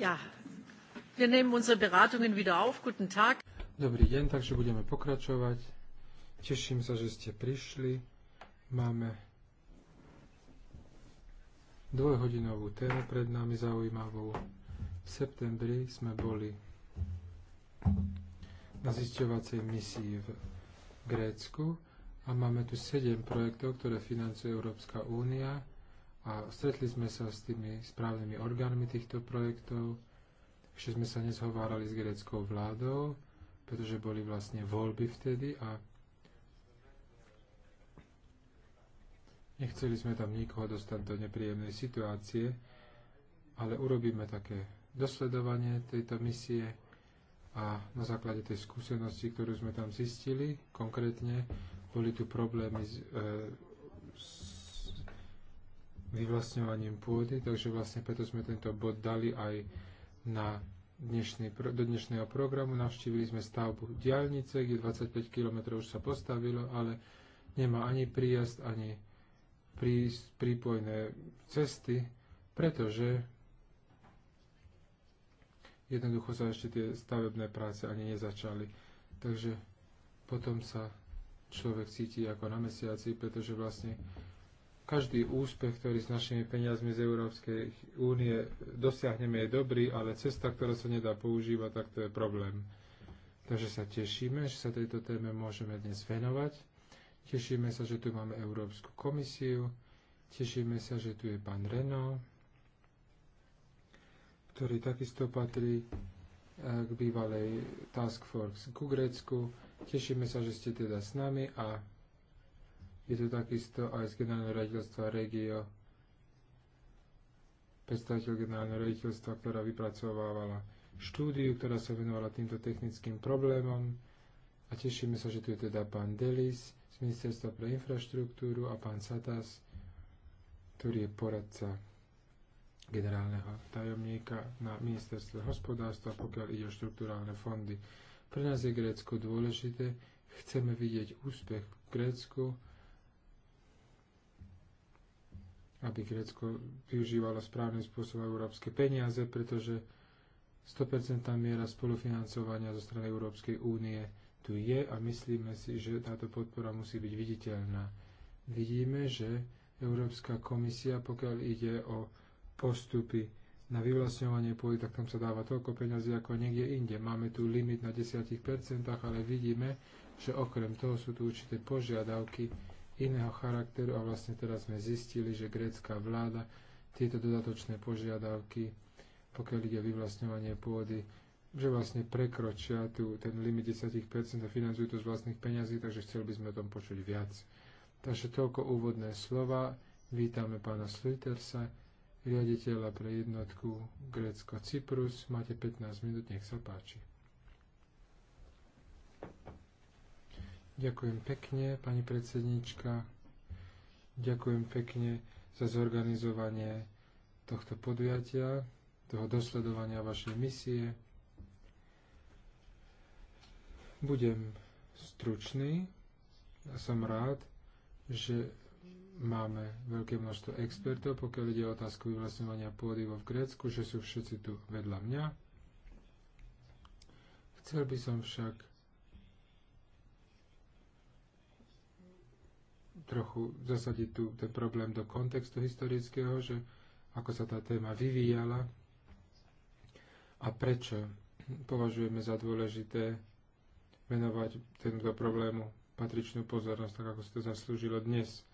Ja, wir nehmen unsere Beratungen wieder auf. Guten Tag. Dobrý deň, takže budeme pokračovať. Teším sa, že ste prišli. Máme dvojhodinovú tému pred nami zaujímavou. V septembri sme boli na zisťovacej misii v Grécku a máme tu 7 projektov, ktoré financuje Európska únia a stretli sme sa s tými správnymi orgánmi týchto projektov. Ešte sme sa nezhovárali s greckou vládou, pretože boli vlastne voľby vtedy a nechceli sme tam nikoho dostať do nepríjemnej situácie, ale urobíme také dosledovanie tejto misie a na základe tej skúsenosti, ktorú sme tam zistili, konkrétne boli tu problémy s e, vyvlastňovaním pôdy, takže vlastne preto sme tento bod dali aj na dnešný, do dnešného programu. Navštívili sme stavbu diálnice, kde 25 km už sa postavilo, ale nemá ani príjazd, ani prípojné cesty, pretože jednoducho sa ešte tie stavebné práce ani nezačali. Takže potom sa človek cíti ako na mesiaci, pretože vlastne každý úspech, ktorý s našimi peniazmi z Európskej únie dosiahneme, je dobrý, ale cesta, ktorá sa nedá používať, tak to je problém. Takže sa tešíme, že sa tejto téme môžeme dnes venovať. Tešíme sa, že tu máme Európsku komisiu. Tešíme sa, že tu je pán Reno, ktorý takisto patrí eh, k bývalej Task Force ku Grécku. Tešíme sa, že ste teda s nami a je tu takisto aj z generálneho raditeľstva Regio, predstaviteľ generálneho raditeľstva, ktorá vypracovávala štúdiu, ktorá sa venovala týmto technickým problémom. A tešíme sa, že tu je teda pán Delis z Ministerstva pre infraštruktúru a pán Satas, ktorý je poradca generálneho tajomníka na ministerstve hospodárstva, pokiaľ ide o štruktúrálne fondy. Pre nás je Grécko dôležité, chceme vidieť úspech v Grécku aby Grécko využívalo správnym spôsobom európske peniaze, pretože 100% miera spolufinancovania zo strany Európskej únie tu je a myslíme si, že táto podpora musí byť viditeľná. Vidíme, že Európska komisia, pokiaľ ide o postupy na vyvlastňovanie pôdy, tak tam sa dáva toľko peňazí ako niekde inde. Máme tu limit na 10%, ale vidíme, že okrem toho sú tu určité požiadavky, iného charakteru a vlastne teraz sme zistili, že grécka vláda tieto dodatočné požiadavky, pokiaľ ide o vyvlastňovanie pôdy, že vlastne prekročia tu ten limit 10% a financujú to z vlastných peňazí, takže chceli by sme o tom počuť viac. Takže toľko úvodné slova. Vítame pána Slitersa, riaditeľa pre jednotku Grécko-Cyprus. Máte 15 minút, nech sa páči. Ďakujem pekne, pani predsednička. Ďakujem pekne za zorganizovanie tohto podujatia, toho dosledovania vašej misie. Budem stručný. a som rád, že máme veľké množstvo expertov, pokiaľ ide o otázku vyvlastňovania pôdy vo v Grécku, že sú všetci tu vedľa mňa. Chcel by som však trochu zasadiť tu, ten problém do kontextu historického, že ako sa tá téma vyvíjala a prečo považujeme za dôležité venovať tento problému patričnú pozornosť, tak ako si to zaslúžilo dnes.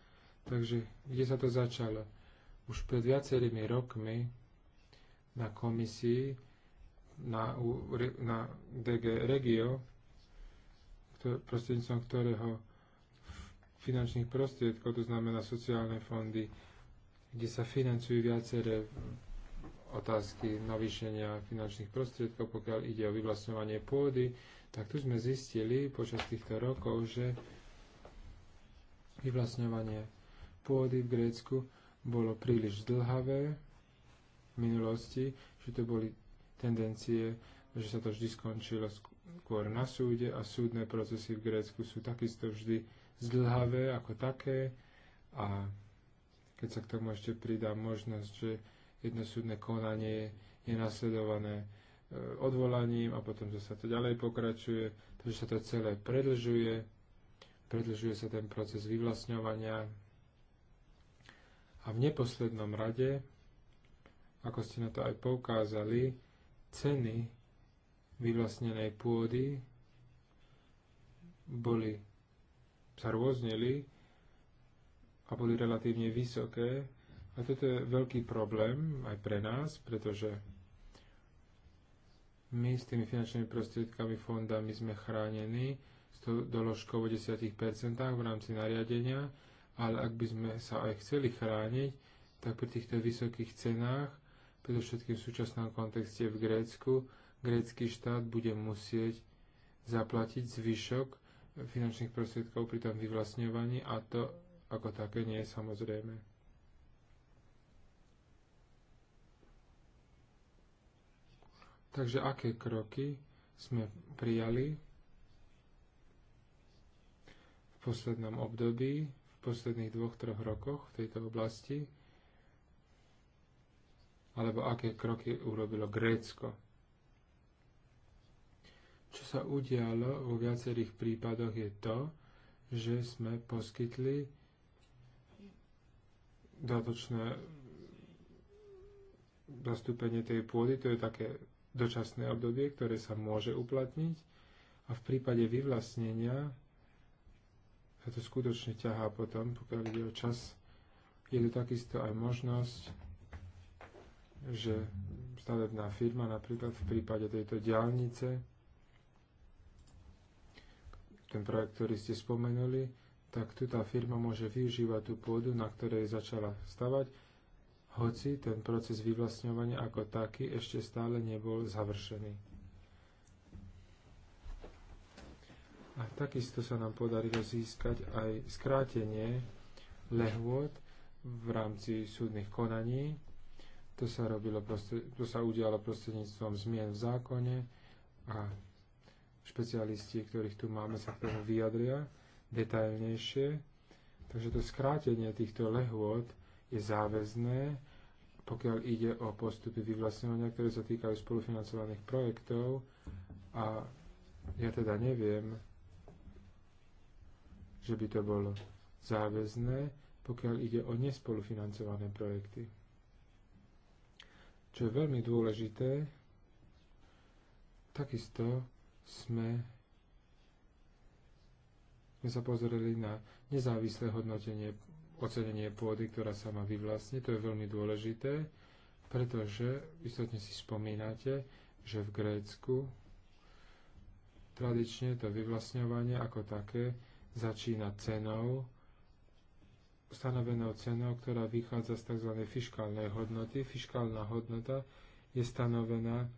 Takže kde sa to začalo? Už pred viacerými rokmi na komisii na, na DG Regio, ktor, prostredníctvom ktorého finančných prostriedkov, to znamená sociálne fondy, kde sa financujú viaceré otázky navýšenia finančných prostriedkov, pokiaľ ide o vyvlastňovanie pôdy, tak tu sme zistili počas týchto rokov, že vyvlastňovanie pôdy v Grécku bolo príliš zdlhavé v minulosti, že to boli tendencie, že sa to vždy skončilo skôr na súde a súdne procesy v Grécku sú takisto vždy zdlhavé ako také a keď sa k tomu ešte pridá možnosť, že jednosúdne konanie je nasledované e, odvolaním a potom sa to ďalej pokračuje, takže sa to celé predlžuje, predlžuje sa ten proces vyvlastňovania a v neposlednom rade, ako ste na to aj poukázali, ceny vyvlastnenej pôdy boli sa rôznili a boli relatívne vysoké. A toto je veľký problém aj pre nás, pretože my s tými finančnými prostriedkami fondami sme chránení s tou doložkou o 10% v rámci nariadenia, ale ak by sme sa aj chceli chrániť, tak pri týchto vysokých cenách, predovšetkým v súčasnom kontexte v Grécku, grécky štát bude musieť zaplatiť zvyšok finančných prostriedkov pri tom vyvlastňovaní a to ako také nie je samozrejme. Takže aké kroky sme prijali v poslednom období, v posledných dvoch, troch rokoch v tejto oblasti, alebo aké kroky urobilo Grécko čo sa udialo vo viacerých prípadoch je to, že sme poskytli dodatočné zastúpenie tej pôdy, to je také dočasné obdobie, ktoré sa môže uplatniť a v prípade vyvlastnenia sa to skutočne ťahá potom, pokiaľ ide o čas, je to takisto aj možnosť, že stavebná firma napríklad v prípade tejto diálnice ten projekt, ktorý ste spomenuli, tak tu tá firma môže využívať tú pôdu, na ktorej začala stavať, hoci ten proces vyvlastňovania ako taký ešte stále nebol završený. A takisto sa nám podarilo získať aj skrátenie lehôd v rámci súdnych konaní. To sa, robilo proste, to sa udialo prostredníctvom zmien v zákone a špecialisti, ktorých tu máme, sa k tomu vyjadria detailnejšie. Takže to skrátenie týchto lehôd je záväzné, pokiaľ ide o postupy vyvlastňovania, ktoré sa týkajú spolufinancovaných projektov. A ja teda neviem, že by to bolo záväzné, pokiaľ ide o nespolufinancované projekty. Čo je veľmi dôležité, takisto sme, sme sa pozreli na nezávislé hodnotenie, ocenenie pôdy, ktorá sa má vyvlastniť. To je veľmi dôležité, pretože istotne si spomínate, že v Grécku tradične to vyvlastňovanie ako také začína cenou, stanovenou cenou, ktorá vychádza z tzv. fiskálnej hodnoty. Fiškálna hodnota je stanovená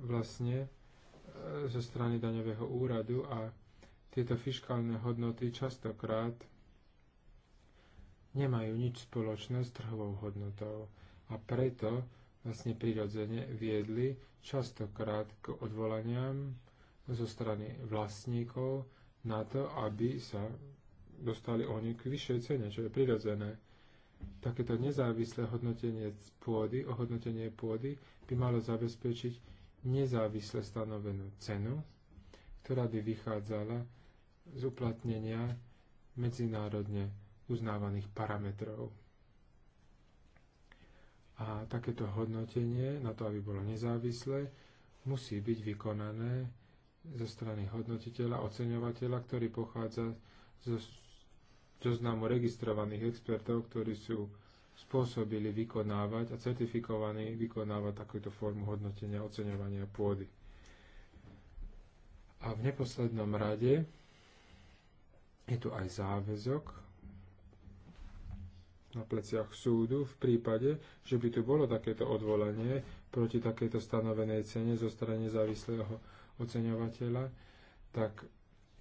vlastne zo strany daňového úradu a tieto fiškálne hodnoty častokrát nemajú nič spoločné s trhovou hodnotou a preto vlastne prirodzene viedli častokrát k odvolaniam zo strany vlastníkov na to, aby sa dostali oni k vyššej cene, čo je prirodzené. Takéto nezávislé hodnotenie pôdy, ohodnotenie pôdy by malo zabezpečiť nezávisle stanovenú cenu, ktorá by vychádzala z uplatnenia medzinárodne uznávaných parametrov. A takéto hodnotenie, na to, aby bolo nezávislé, musí byť vykonané zo strany hodnotiteľa, oceňovateľa, ktorý pochádza zo zoznamu registrovaných expertov, ktorí sú spôsobili vykonávať a certifikovaní vykonávať takúto formu hodnotenia oceňovania pôdy. A v neposlednom rade je tu aj záväzok na pleciach súdu v prípade, že by tu bolo takéto odvolanie proti takéto stanovenej cene zo strany nezávislého oceňovateľa, tak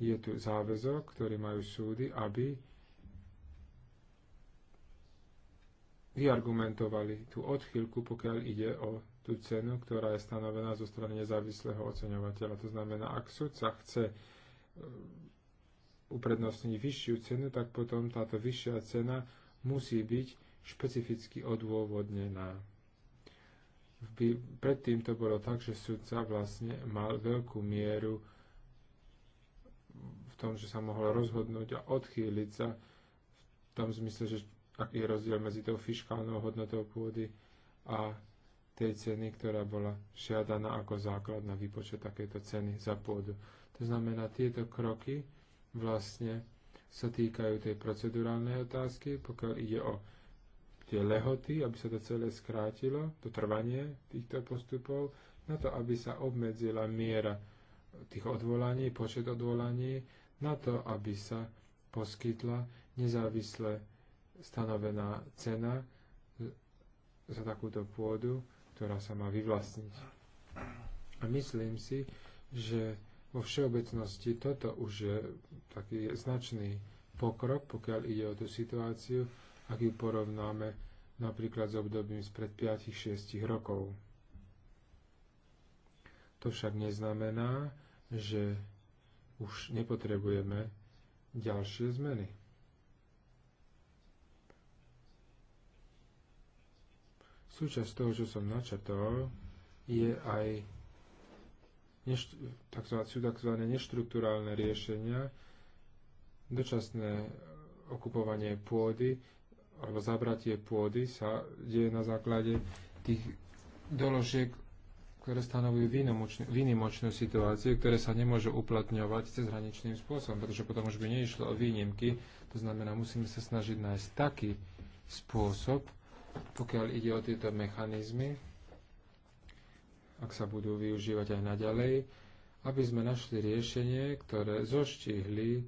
je tu záväzok, ktorý majú súdy, aby vyargumentovali tú odchýlku, pokiaľ ide o tú cenu, ktorá je stanovená zo strany nezávislého oceňovateľa. To znamená, ak sudca chce e, uprednostniť vyššiu cenu, tak potom táto vyššia cena musí byť špecificky odôvodnená. Predtým to bolo tak, že sudca vlastne mal veľkú mieru v tom, že sa mohol rozhodnúť a odchýliť sa v tom zmysle, že aký je rozdiel medzi tou fiskálnou hodnotou pôdy a tej ceny, ktorá bola žiadaná ako základ na výpočet takéto ceny za pôdu. To znamená, tieto kroky vlastne sa týkajú tej procedurálnej otázky, pokiaľ ide o tie lehoty, aby sa to celé skrátilo, to trvanie týchto postupov, na to, aby sa obmedzila miera tých odvolaní, počet odvolaní, na to, aby sa poskytla nezávislé stanovená cena za takúto pôdu, ktorá sa má vyvlastniť. A myslím si, že vo všeobecnosti toto už je taký značný pokrok, pokiaľ ide o tú situáciu, ak ju porovnáme napríklad s obdobím spred 5-6 rokov. To však neznamená, že už nepotrebujeme ďalšie zmeny. Súčasť toho, čo som načatol, je aj sú tzv. neštrukturálne riešenia, dočasné okupovanie pôdy alebo zabratie pôdy sa deje na základe tých doložiek, ktoré stanovujú výnimočnú situáciu, ktoré sa nemôžu uplatňovať cez hraničným spôsobom, pretože potom už by neišlo o výnimky. To znamená, musíme sa snažiť nájsť taký spôsob, pokiaľ ide o tieto mechanizmy, ak sa budú využívať aj naďalej, aby sme našli riešenie, ktoré zoštihli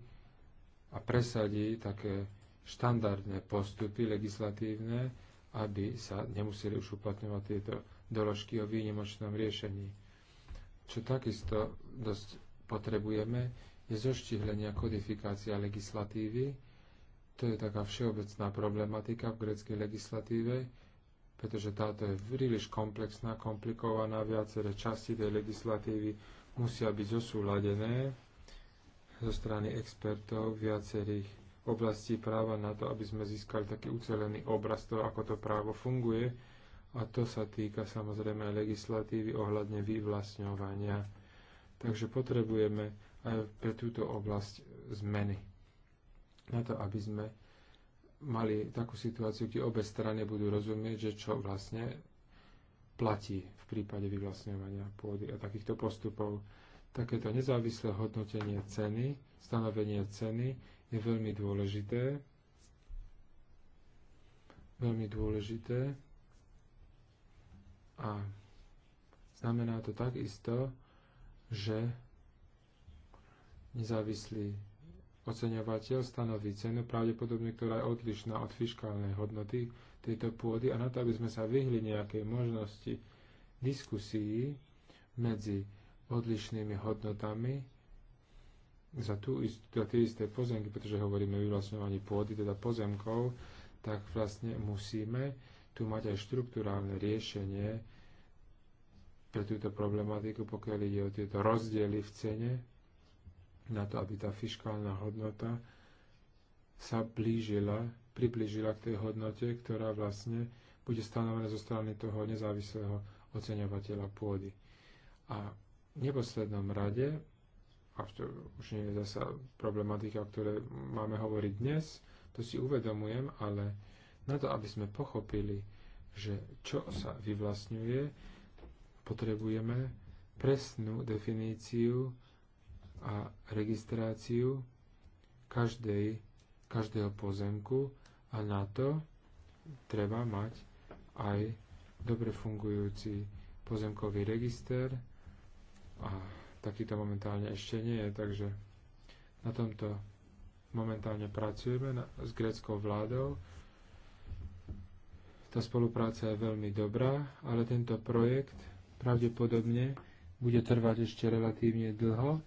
a presadí také štandardné postupy legislatívne, aby sa nemuseli už uplatňovať tieto doložky o výnimočnom riešení. Čo takisto dosť potrebujeme, je zoštihlenia kodifikácia legislatívy, to je taká všeobecná problematika v greckej legislatíve, pretože táto je príliš komplexná, komplikovaná, viaceré časti tej legislatívy musia byť zosúladené zo strany expertov viacerých oblastí práva na to, aby sme získali taký ucelený obraz toho, ako to právo funguje. A to sa týka samozrejme aj legislatívy ohľadne vyvlastňovania. Takže potrebujeme aj pre túto oblasť zmeny na to, aby sme mali takú situáciu, kde obe strany budú rozumieť, že čo vlastne platí v prípade vyvlastňovania pôdy a takýchto postupov. Takéto nezávislé hodnotenie ceny, stanovenie ceny je veľmi dôležité. Veľmi dôležité. A znamená to takisto, že nezávislý oceňovateľ stanoví cenu, pravdepodobne ktorá je odlišná od fiskálnej hodnoty tejto pôdy a na to, aby sme sa vyhli nejakej možnosti diskusii medzi odlišnými hodnotami za, tú, za tie isté pozemky, pretože hovoríme o vyvlastňovaní pôdy, teda pozemkov, tak vlastne musíme tu mať aj štruktúrálne riešenie pre túto problematiku, pokiaľ ide o tieto rozdiely v cene na to, aby tá fiskálna hodnota sa blížila, priblížila k tej hodnote, ktorá vlastne bude stanovená zo strany toho nezávislého oceňovateľa pôdy. A v neposlednom rade, a to už nie je zasa problematika, o ktorej máme hovoriť dnes, to si uvedomujem, ale na to, aby sme pochopili, že čo sa vyvlastňuje, potrebujeme presnú definíciu a registráciu každej, každého pozemku a na to treba mať aj dobre fungujúci pozemkový register a takýto momentálne ešte nie je, takže na tomto momentálne pracujeme na, s gréckou vládou. Tá spolupráca je veľmi dobrá, ale tento projekt pravdepodobne bude trvať ešte relatívne dlho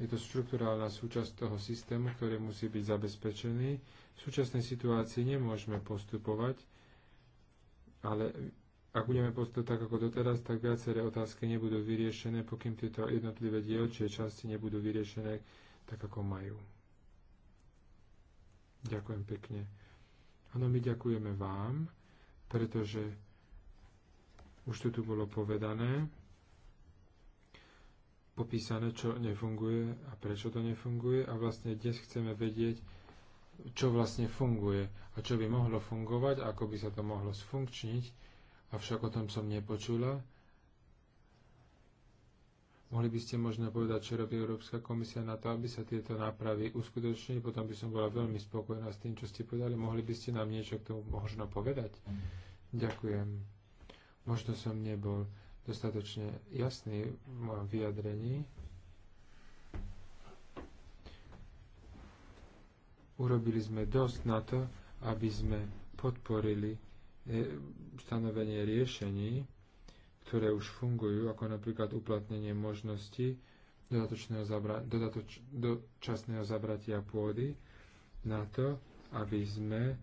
je to štruktúrálna súčasť toho systému, ktorý musí byť zabezpečený. V súčasnej situácii nemôžeme postupovať, ale ak budeme postupovať tak ako doteraz, tak viaceré otázky nebudú vyriešené, pokým tieto jednotlivé dielčie časti nebudú vyriešené tak, ako majú. Ďakujem pekne. Áno, my ďakujeme vám, pretože už to tu bolo povedané popísané, čo nefunguje a prečo to nefunguje a vlastne dnes chceme vedieť, čo vlastne funguje a čo by mohlo fungovať, ako by sa to mohlo sfunkčniť, avšak o tom som nepočula. Mohli by ste možno povedať, čo robí Európska komisia na to, aby sa tieto nápravy uskutočnili, potom by som bola veľmi spokojná s tým, čo ste povedali. Mohli by ste nám niečo k tomu možno povedať? Mm. Ďakujem. Možno som nebol dostatočne jasný v mojom vyjadrení. Urobili sme dosť na to, aby sme podporili e, stanovenie riešení, ktoré už fungujú, ako napríklad uplatnenie možnosti dodatočného zabra- dodatoč- dočasného zabratia pôdy na to, aby sme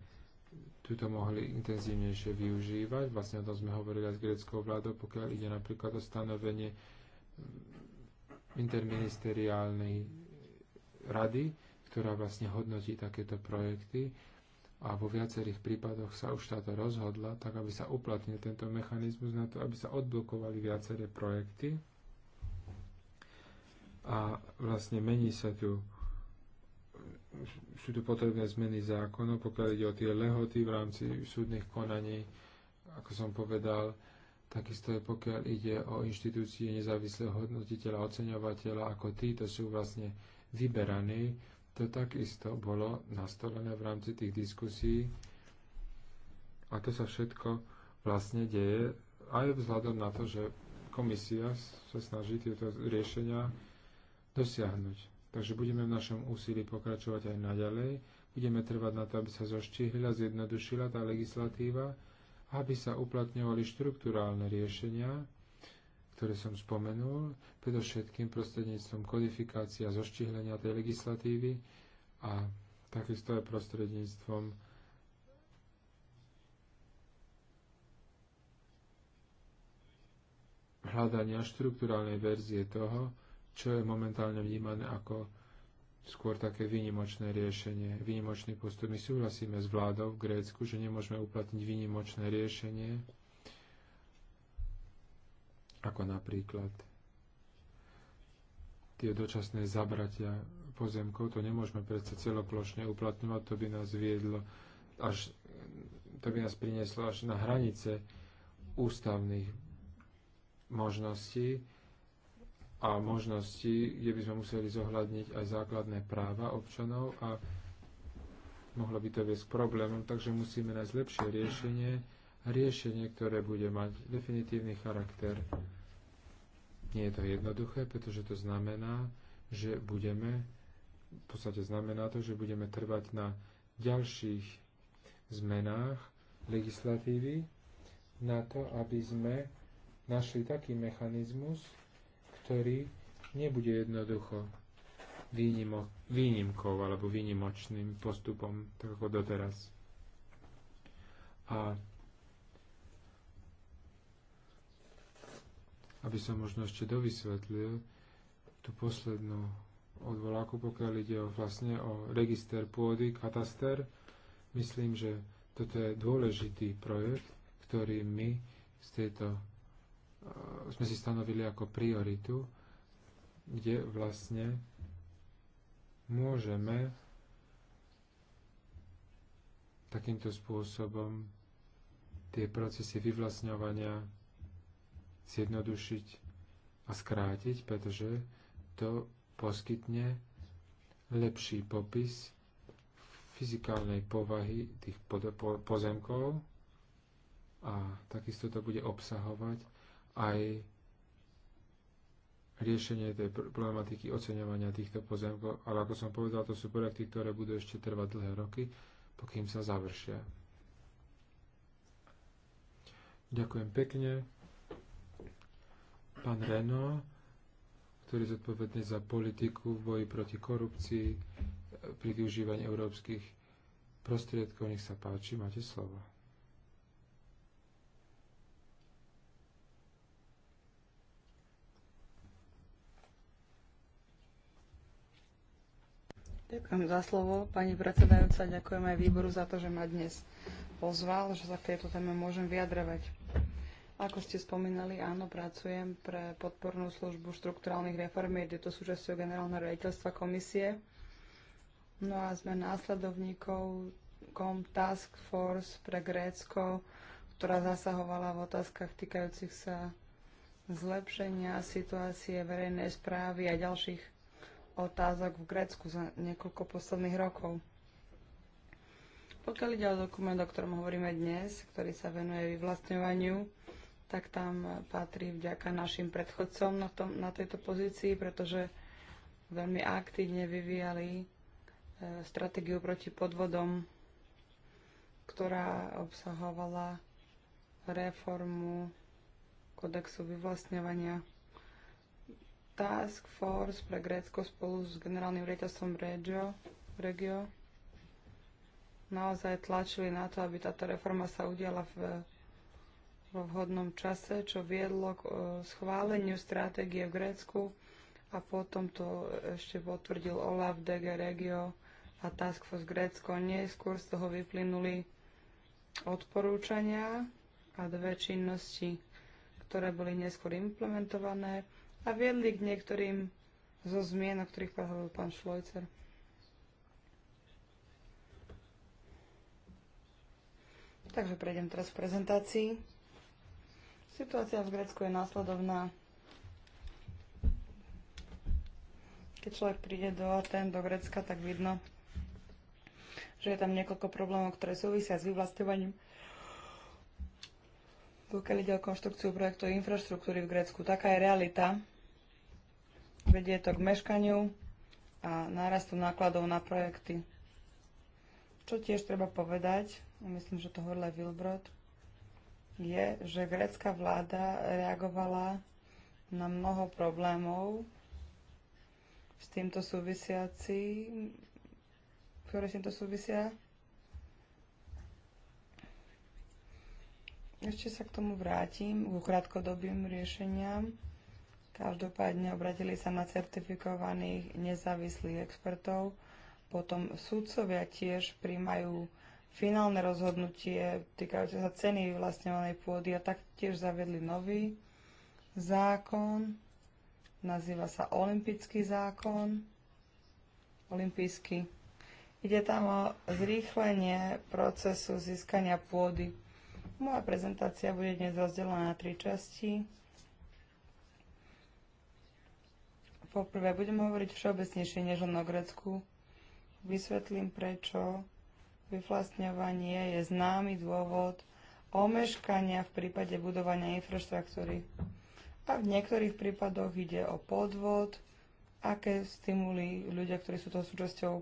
túto mohli intenzívnejšie využívať. Vlastne o tom sme hovorili aj s greckou vládou, pokiaľ ide napríklad o stanovenie mm, interministeriálnej rady, ktorá vlastne hodnotí takéto projekty a vo viacerých prípadoch sa už táto rozhodla, tak aby sa uplatnil tento mechanizmus na to, aby sa odblokovali viaceré projekty. A vlastne mení sa tu sú tu potrebné zmeny zákonov, pokiaľ ide o tie lehoty v rámci súdnych konaní, ako som povedal, takisto je pokiaľ ide o inštitúcie nezávislého hodnotiteľa, oceňovateľa, ako tí, to sú vlastne vyberaní, to takisto bolo nastolené v rámci tých diskusí a to sa všetko vlastne deje aj vzhľadom na to, že komisia sa snaží tieto riešenia dosiahnuť. Takže budeme v našom úsilí pokračovať aj naďalej. Budeme trvať na to, aby sa zoštihlila, zjednodušila tá legislatíva, aby sa uplatňovali štruktúrálne riešenia, ktoré som spomenul, predovšetkým prostredníctvom kodifikácia a zoštihlenia tej legislatívy a takisto aj prostredníctvom hľadania štruktúrálnej verzie toho, čo je momentálne vnímané ako skôr také výnimočné riešenie. Výnimočný postup. My súhlasíme s vládou v Grécku, že nemôžeme uplatniť výnimočné riešenie, ako napríklad tie dočasné zabratia pozemkov, to nemôžeme predsa celoplošne uplatňovať, to by nás viedlo až, to by nás prinieslo až na hranice ústavných možností a možnosti, kde by sme museli zohľadniť aj základné práva občanov a mohlo by to viesť k problémom, takže musíme nájsť lepšie riešenie, riešenie, ktoré bude mať definitívny charakter. Nie je to jednoduché, pretože to znamená, že budeme, v podstate znamená to, že budeme trvať na ďalších zmenách legislatívy na to, aby sme našli taký mechanizmus, ktorý nebude jednoducho výnimo, výnimkou alebo výnimočným postupom, tak ako doteraz. A aby som možno ešte dovysvetlil tú poslednú odvoláku, pokiaľ ide o, vlastne o register pôdy, kataster, myslím, že toto je dôležitý projekt, ktorý my z tejto E, sme si stanovili ako prioritu, kde vlastne môžeme takýmto spôsobom tie procesy vyvlastňovania zjednodušiť a skrátiť, pretože to poskytne lepší popis fyzikálnej povahy tých pozemkov a takisto to bude obsahovať aj riešenie tej problematiky oceňovania týchto pozemkov, ale ako som povedal, to sú projekty, ktoré budú ešte trvať dlhé roky, pokým sa završia. Ďakujem pekne. Pán Reno, ktorý je zodpovedný za politiku v boji proti korupcii pri využívaní európskych prostriedkov, nech sa páči, máte slovo. Ďakujem za slovo. Pani predsedajúca, ďakujem aj výboru za to, že ma dnes pozval, že sa k tejto téme môžem vyjadrovať. Ako ste spomínali, áno, pracujem pre podpornú službu štrukturálnych reform, je to súčasťou generálneho rejiteľstva komisie. No a sme následovníkov kom Task Force pre Grécko, ktorá zasahovala v otázkach týkajúcich sa zlepšenia situácie verejnej správy a ďalších otázok v Grécku za niekoľko posledných rokov. Pokiaľ ide o dokument, o ktorom hovoríme dnes, ktorý sa venuje vyvlastňovaniu, tak tam patrí vďaka našim predchodcom na, tom, na tejto pozícii, pretože veľmi aktívne vyvíjali e, stratégiu proti podvodom, ktorá obsahovala reformu kodexu vyvlastňovania Task Force pre Grécko spolu s generálnym riaditeľstvom Regio, Regio naozaj tlačili na to, aby táto reforma sa udiala v, vo vhodnom čase, čo viedlo k e, schváleniu stratégie v Grécku a potom to ešte potvrdil Olaf, DG Regio a Task Force Grécko. Neskôr z toho vyplynuli odporúčania a dve činnosti, ktoré boli neskôr implementované a viedli k niektorým zo zmien, o ktorých hovoril pán Šlojcer. Takže prejdem teraz v prezentácii. Situácia v Grécku je následovná. Keď človek príde do Aten, do Grécka, tak vidno, že je tam niekoľko problémov, ktoré súvisia s vyvlastňovaním. Pokiaľ ide o konštrukciu projektov infraštruktúry v Grécku, taká je realita. Vedie to k meškaniu a nárastu nákladov na projekty. Čo tiež treba povedať, myslím, že to hovoril aj Wilbrod, je, že grécka vláda reagovala na mnoho problémov s týmto súvisiaci, ktoré s týmto súvisia. Ešte sa k tomu vrátim, k krátkodobým riešeniam. Každopádne obratili sa na certifikovaných nezávislých expertov. Potom sudcovia tiež príjmajú finálne rozhodnutie týkajúce sa ceny vlastňovanej pôdy a taktiež zaviedli nový zákon. Nazýva sa olympický zákon. Olympijský. Ide tam o zrýchlenie procesu získania pôdy. Moja prezentácia bude dnes rozdelená na tri časti. Poprvé, budem hovoriť všeobecnejšie než len o Grécku. Vysvetlím, prečo vyflastňovanie je známy dôvod omeškania v prípade budovania infraštruktúry. A v niektorých prípadoch ide o podvod, aké stimuly ľudia, ktorí sú toho súčasťou,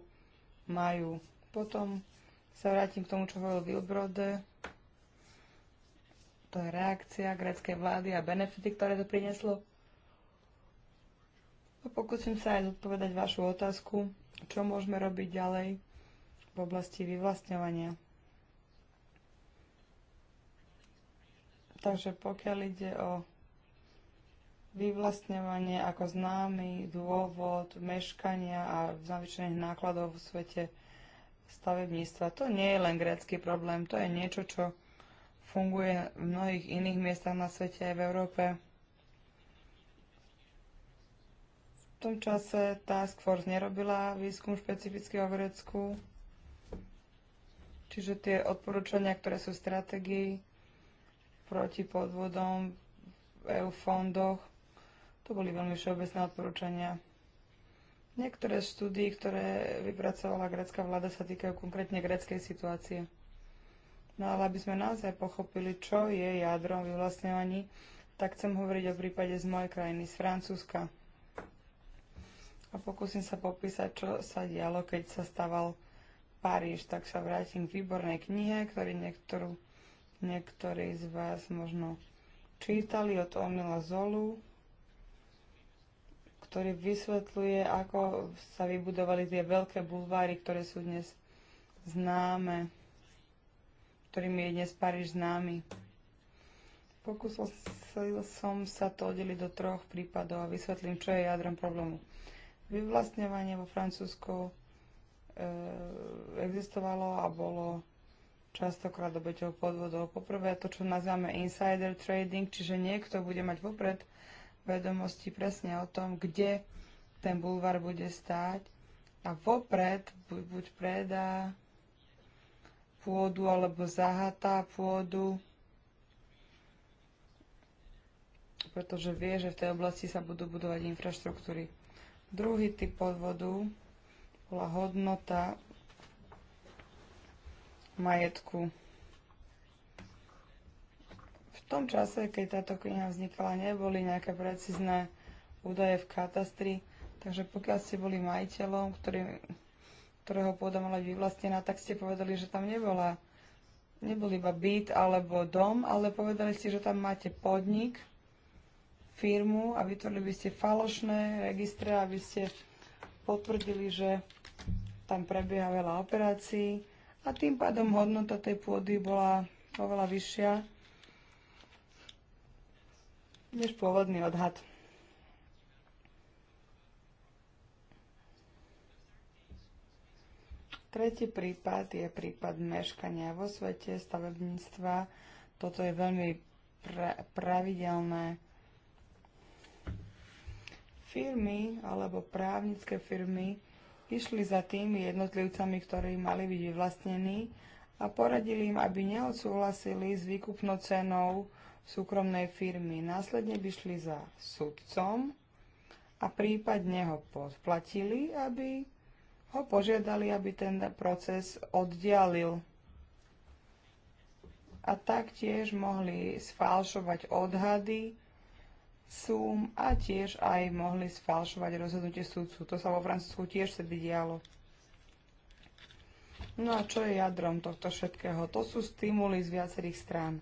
majú. Potom sa vrátim k tomu, čo hovoril Wilbrode. To je reakcia gréckej vlády a benefity, ktoré to prinieslo. Pokúsim sa aj zodpovedať vašu otázku, čo môžeme robiť ďalej v oblasti vyvlastňovania. Takže pokiaľ ide o vyvlastňovanie ako známy dôvod meškania a zavičených nákladov v svete stavebníctva, to nie je len grécky problém, to je niečo, čo funguje v mnohých iných miestach na svete aj v Európe. tom čase Task Force nerobila výskum špecificky o Grécku, čiže tie odporúčania, ktoré sú v stratégii proti podvodom v EU fondoch, to boli veľmi všeobecné odporúčania. Niektoré štúdie, ktoré vypracovala grécka vláda, sa týkajú konkrétne gréckej situácie. No ale aby sme naozaj pochopili, čo je jadrom vyvlastňovaní, tak chcem hovoriť o prípade z mojej krajiny, z Francúzska a pokúsim sa popísať, čo sa dialo, keď sa staval Paríž. Tak sa vrátim k výbornej knihe, ktorý niektorú, niektorí z vás možno čítali od Omila Zolu, ktorý vysvetľuje, ako sa vybudovali tie veľké bulváry, ktoré sú dnes známe, ktorým je dnes Paríž známy. Pokúsil som sa to oddeliť do troch prípadov a vysvetlím, čo je jadrom problému. Vyvlastňovanie vo Francúzsku e, existovalo a bolo častokrát obeťou podvodov. Poprvé to, čo nazývame insider trading, čiže niekto bude mať vopred vedomosti presne o tom, kde ten bulvar bude stáť a vopred buď, buď predá pôdu alebo zahatá pôdu, pretože vie, že v tej oblasti sa budú budovať infraštruktúry. Druhý typ podvodu bola hodnota majetku. V tom čase, keď táto kniha vznikala, neboli nejaké precízne údaje v katastri, takže pokiaľ ste boli majiteľom, ktorý, ktorého pôda mala vyvlastnená, tak ste povedali, že tam nebola nebol iba byt alebo dom, ale povedali ste, že tam máte podnik, firmu a vytvorili by ste falošné registre, aby ste potvrdili, že tam prebieha veľa operácií a tým pádom hodnota tej pôdy bola oveľa vyššia než pôvodný odhad. Tretí prípad je prípad meškania vo svete stavebníctva. Toto je veľmi pra- pravidelné firmy alebo právnické firmy išli za tými jednotlivcami, ktorí mali byť vyvlastnení a poradili im, aby neodsúhlasili s výkupnou cenou súkromnej firmy. Následne by šli za sudcom a prípadne ho podplatili, aby ho požiadali, aby ten proces oddialil. A taktiež mohli sfalšovať odhady, Sum a tiež aj mohli sfalšovať rozhodnutie súdcu. To sa vo Francúzsku tiež sa dialo. No a čo je jadrom tohto všetkého? To sú stimuly z viacerých strán.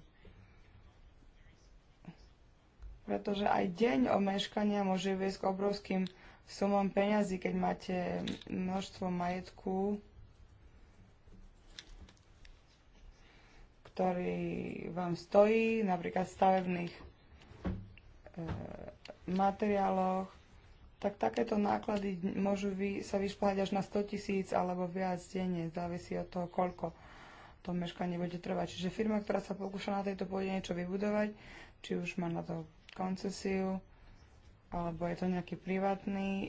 Pretože aj deň omeškania môže viesť k obrovským sumom peňazí, keď máte množstvo majetku, ktorý vám stojí, napríklad stavebných Eh, materiáloch, tak takéto náklady môžu vy, sa vyšplhať až na 100 tisíc alebo viac denne, závisí od toho, koľko to meškanie bude trvať. Čiže firma, ktorá sa pokúša na tejto pôde niečo vybudovať, či už má na to koncesiu, alebo je to nejaký privátny e,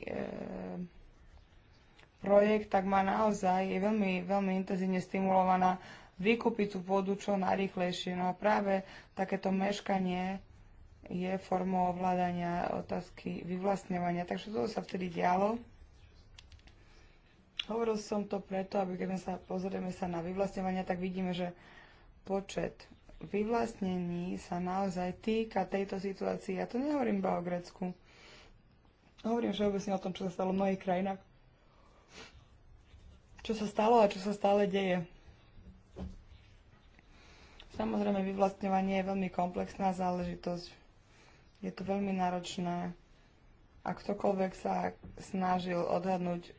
projekt, tak má naozaj, je veľmi, veľmi intenzívne stimulovaná vykúpiť tú pôdu čo najrychlejšie. No a práve takéto meškanie je formou ovládania otázky vyvlastňovania. Takže toto sa vtedy dialo. Hovoril som to preto, aby keď sa pozrieme sa na vyvlastňovania, tak vidíme, že počet vyvlastnení sa naozaj týka tejto situácii. Ja to nehovorím iba o Grécku. Hovorím všeobecne o tom, čo sa stalo v mnohých krajinách. Čo sa stalo a čo sa stále deje. Samozrejme, vyvlastňovanie je veľmi komplexná záležitosť je to veľmi náročné a ktokoľvek sa snažil odhadnúť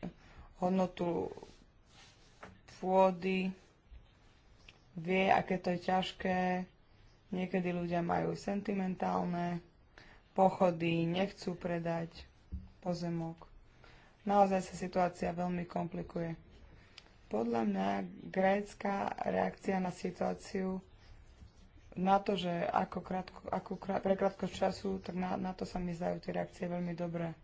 hodnotu pôdy, vie, aké to je ťažké. Niekedy ľudia majú sentimentálne pochody, nechcú predať pozemok. Naozaj sa situácia veľmi komplikuje. Podľa mňa grécka reakcia na situáciu na to, že ako krátko, ako krát, pre krátko času, tak na, na to sa mi zdajú tie reakcie veľmi dobré.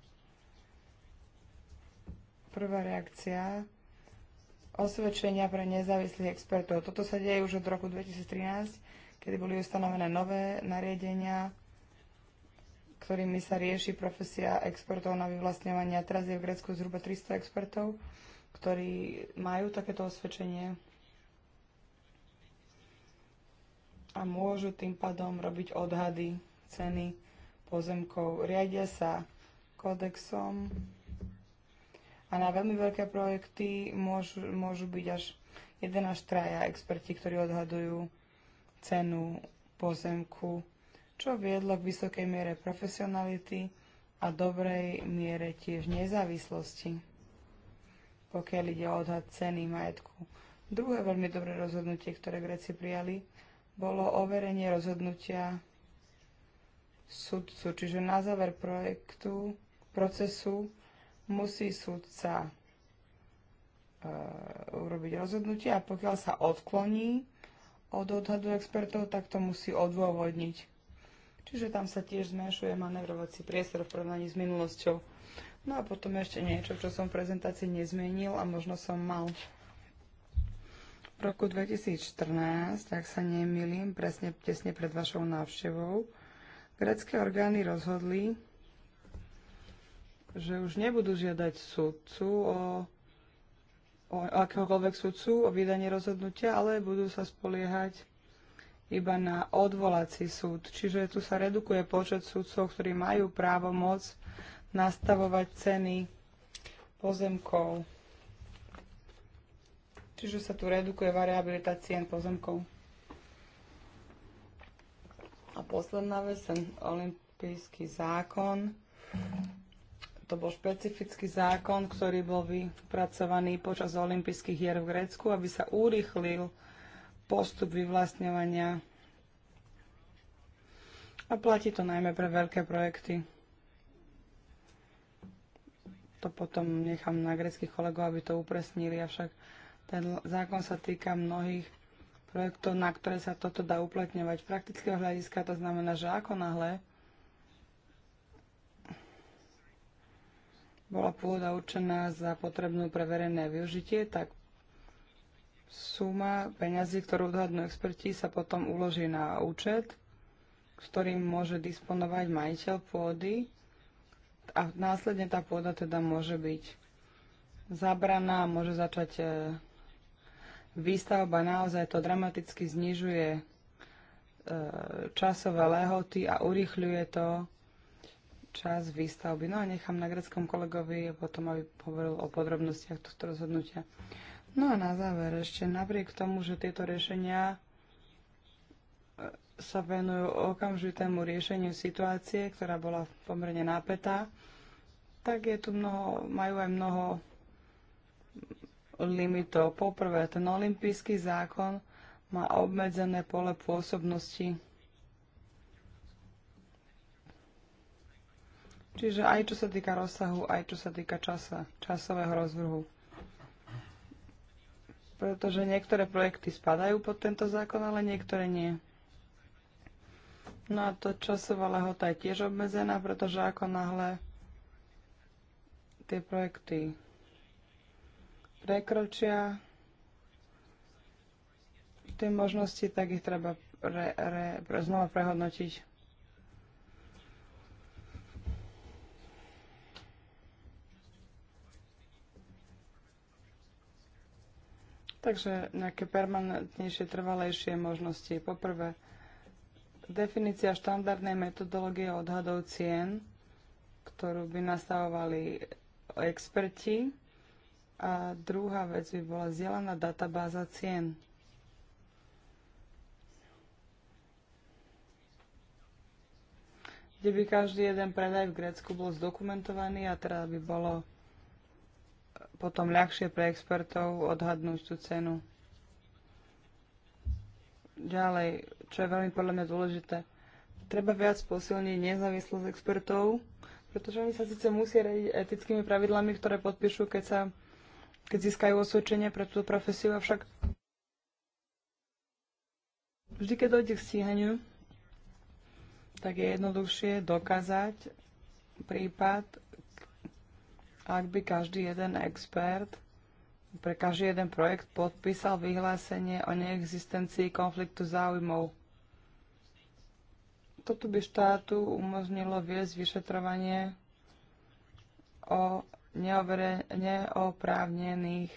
Prvá reakcia, osvedčenia pre nezávislých expertov. Toto sa deje už od roku 2013, kedy boli ustanovené nové nariadenia, ktorými sa rieši profesia expertov na vyvlastňovanie. Teraz je v Grécku zhruba 300 expertov, ktorí majú takéto osvedčenie. a môžu tým pádom robiť odhady ceny pozemkov. Riadia sa kodexom a na veľmi veľké projekty môžu, môžu byť až jeden až traja experti, ktorí odhadujú cenu pozemku, čo viedlo k vysokej miere profesionality a dobrej miere tiež nezávislosti, pokiaľ ide o odhad ceny majetku. Druhé veľmi dobré rozhodnutie, ktoré Gréci prijali, bolo overenie rozhodnutia sudcu. Čiže na záver projektu, procesu musí sudca e, urobiť rozhodnutie a pokiaľ sa odkloní od odhadu expertov, tak to musí odôvodniť. Čiže tam sa tiež zmenšuje manevrovací priestor v porovnaní s minulosťou. No a potom ešte niečo, čo som v prezentácii nezmenil a možno som mal v roku 2014, ak sa nemýlim, presne tesne pred vašou návštevou, grecké orgány rozhodli, že už nebudú žiadať sudcu o, o akéhokoľvek sudcu o vydanie rozhodnutia, ale budú sa spoliehať iba na odvolací súd. Čiže tu sa redukuje počet súdcov, ktorí majú právo moc nastavovať ceny pozemkov. Čiže sa tu redukuje variabilita cien pozemkov. A posledná vec, ten olimpijský zákon. To bol špecifický zákon, ktorý bol vypracovaný počas olympijských hier v Grécku, aby sa urýchlil postup vyvlastňovania. A platí to najmä pre veľké projekty. To potom nechám na greckých kolegov, aby to upresnili, avšak ten zákon sa týka mnohých projektov, na ktoré sa toto dá uplatňovať. Praktického hľadiska to znamená, že ako náhle bola pôda určená za potrebnú pre verejné využitie, tak suma peňazí, ktorú odhadnú experti, sa potom uloží na účet, ktorým môže disponovať majiteľ pôdy a následne tá pôda teda môže byť zabraná a môže začať e, výstavba naozaj to dramaticky znižuje e, časové lehoty a urychľuje to čas výstavby. No a nechám na greckom kolegovi potom, aby hovoril o podrobnostiach tohto rozhodnutia. No a na záver ešte, napriek tomu, že tieto riešenia e, sa venujú okamžitému riešeniu situácie, ktorá bola pomerne nápetá, tak je tu mnoho, majú aj mnoho limitov. Poprvé, ten olimpijský zákon má obmedzené pole pôsobnosti. Čiže aj čo sa týka rozsahu, aj čo sa týka časa, časového rozvrhu. Pretože niektoré projekty spadajú pod tento zákon, ale niektoré nie. No a to časová lehota je tiež obmedzená, pretože ako náhle tie projekty prekročia tie možnosti, tak ich treba re, re, pre, znova prehodnotiť. Takže nejaké permanentnejšie, trvalejšie možnosti. Poprvé, definícia štandardnej metodológie odhadov cien, ktorú by nastavovali experti a druhá vec by bola zdieľaná databáza cien. kde by každý jeden predaj v Grécku bol zdokumentovaný a teda by bolo e, potom ľahšie pre expertov odhadnúť tú cenu. Ďalej, čo je veľmi podľa mňa dôležité, treba viac posilniť nezávislosť expertov, pretože oni sa síce musia radiť etickými pravidlami, ktoré podpíšu, keď sa keď získajú osvedčenie pre túto profesiu, avšak vždy, keď dojde k stíhaniu, tak je jednoduchšie dokázať prípad, ak by každý jeden expert pre každý jeden projekt podpísal vyhlásenie o neexistencii konfliktu záujmov. Toto by štátu umožnilo viesť vyšetrovanie o neoprávnených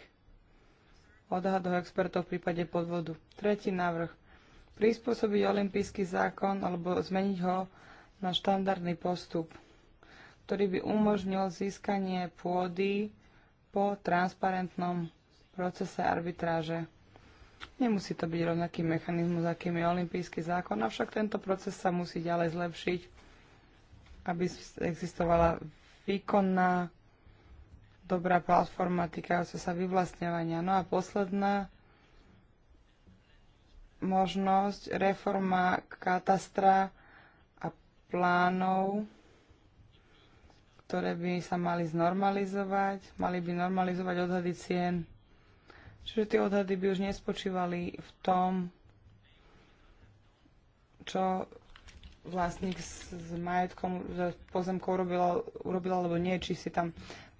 odhadov expertov v prípade podvodu. Tretí návrh. Prispôsobiť olimpijský zákon alebo zmeniť ho na štandardný postup, ktorý by umožnil získanie pôdy po transparentnom procese arbitráže. Nemusí to byť rovnaký mechanizmus, akým je olimpijský zákon, avšak tento proces sa musí ďalej zlepšiť, aby existovala výkonná dobrá platforma týkajúca sa vyvlastňovania. No a posledná možnosť, reforma katastra a plánov, ktoré by sa mali znormalizovať, mali by normalizovať odhady cien. Čiže tie odhady by už nespočívali v tom, čo vlastník s majetkom, s pozemkou urobil, urobil alebo nie, či si tam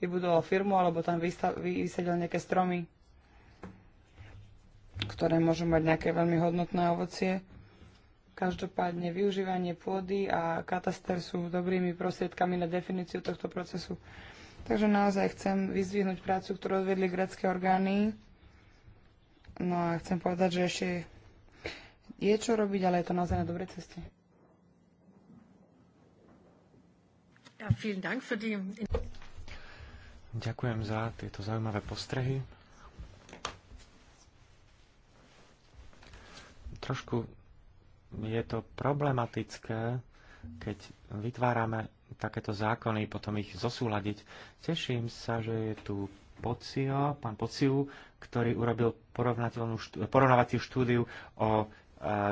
vybudoval firmu alebo tam vysadil nejaké stromy, ktoré môžu mať nejaké veľmi hodnotné ovocie. Každopádne využívanie pôdy a kataster sú dobrými prostriedkami na definíciu tohto procesu. Takže naozaj chcem vyzvihnúť prácu, ktorú odvedli grecké orgány. No a chcem povedať, že ešte je čo robiť, ale je to naozaj na dobrej ceste. Ďakujem za tieto zaujímavé postrehy. Trošku je to problematické, keď vytvárame takéto zákony, potom ich zosúľadiť. Teším sa, že je tu Pocio, pán Pociu, ktorý urobil štú, porovnávaciu štúdiu o e,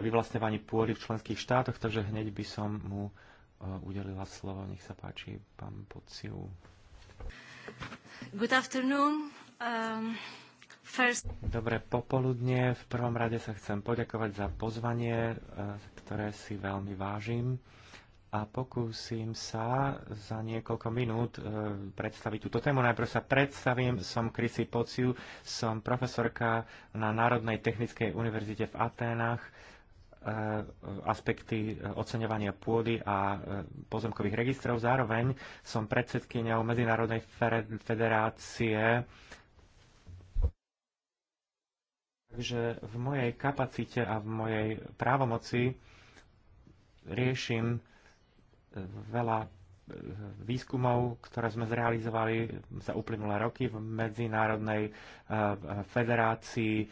vyvlastňovaní pôdy v členských štátoch, takže hneď by som mu e, udelila slovo. Nech sa páči, pán Pociu. Good afternoon. Um, first... Dobré popoludne. V prvom rade sa chcem poďakovať za pozvanie, eh, ktoré si veľmi vážim a pokúsim sa za niekoľko minút e, predstaviť túto tému. Najprv sa predstavím, som Krisi Pociu, som profesorka na Národnej technickej univerzite v Aténach, E, aspekty e, oceňovania pôdy a e, pozemkových registrov. Zároveň som predsedkyňou Medzinárodnej federácie Takže v mojej kapacite a v mojej právomoci riešim veľa výskumov, ktoré sme zrealizovali za uplynulé roky v Medzinárodnej federácii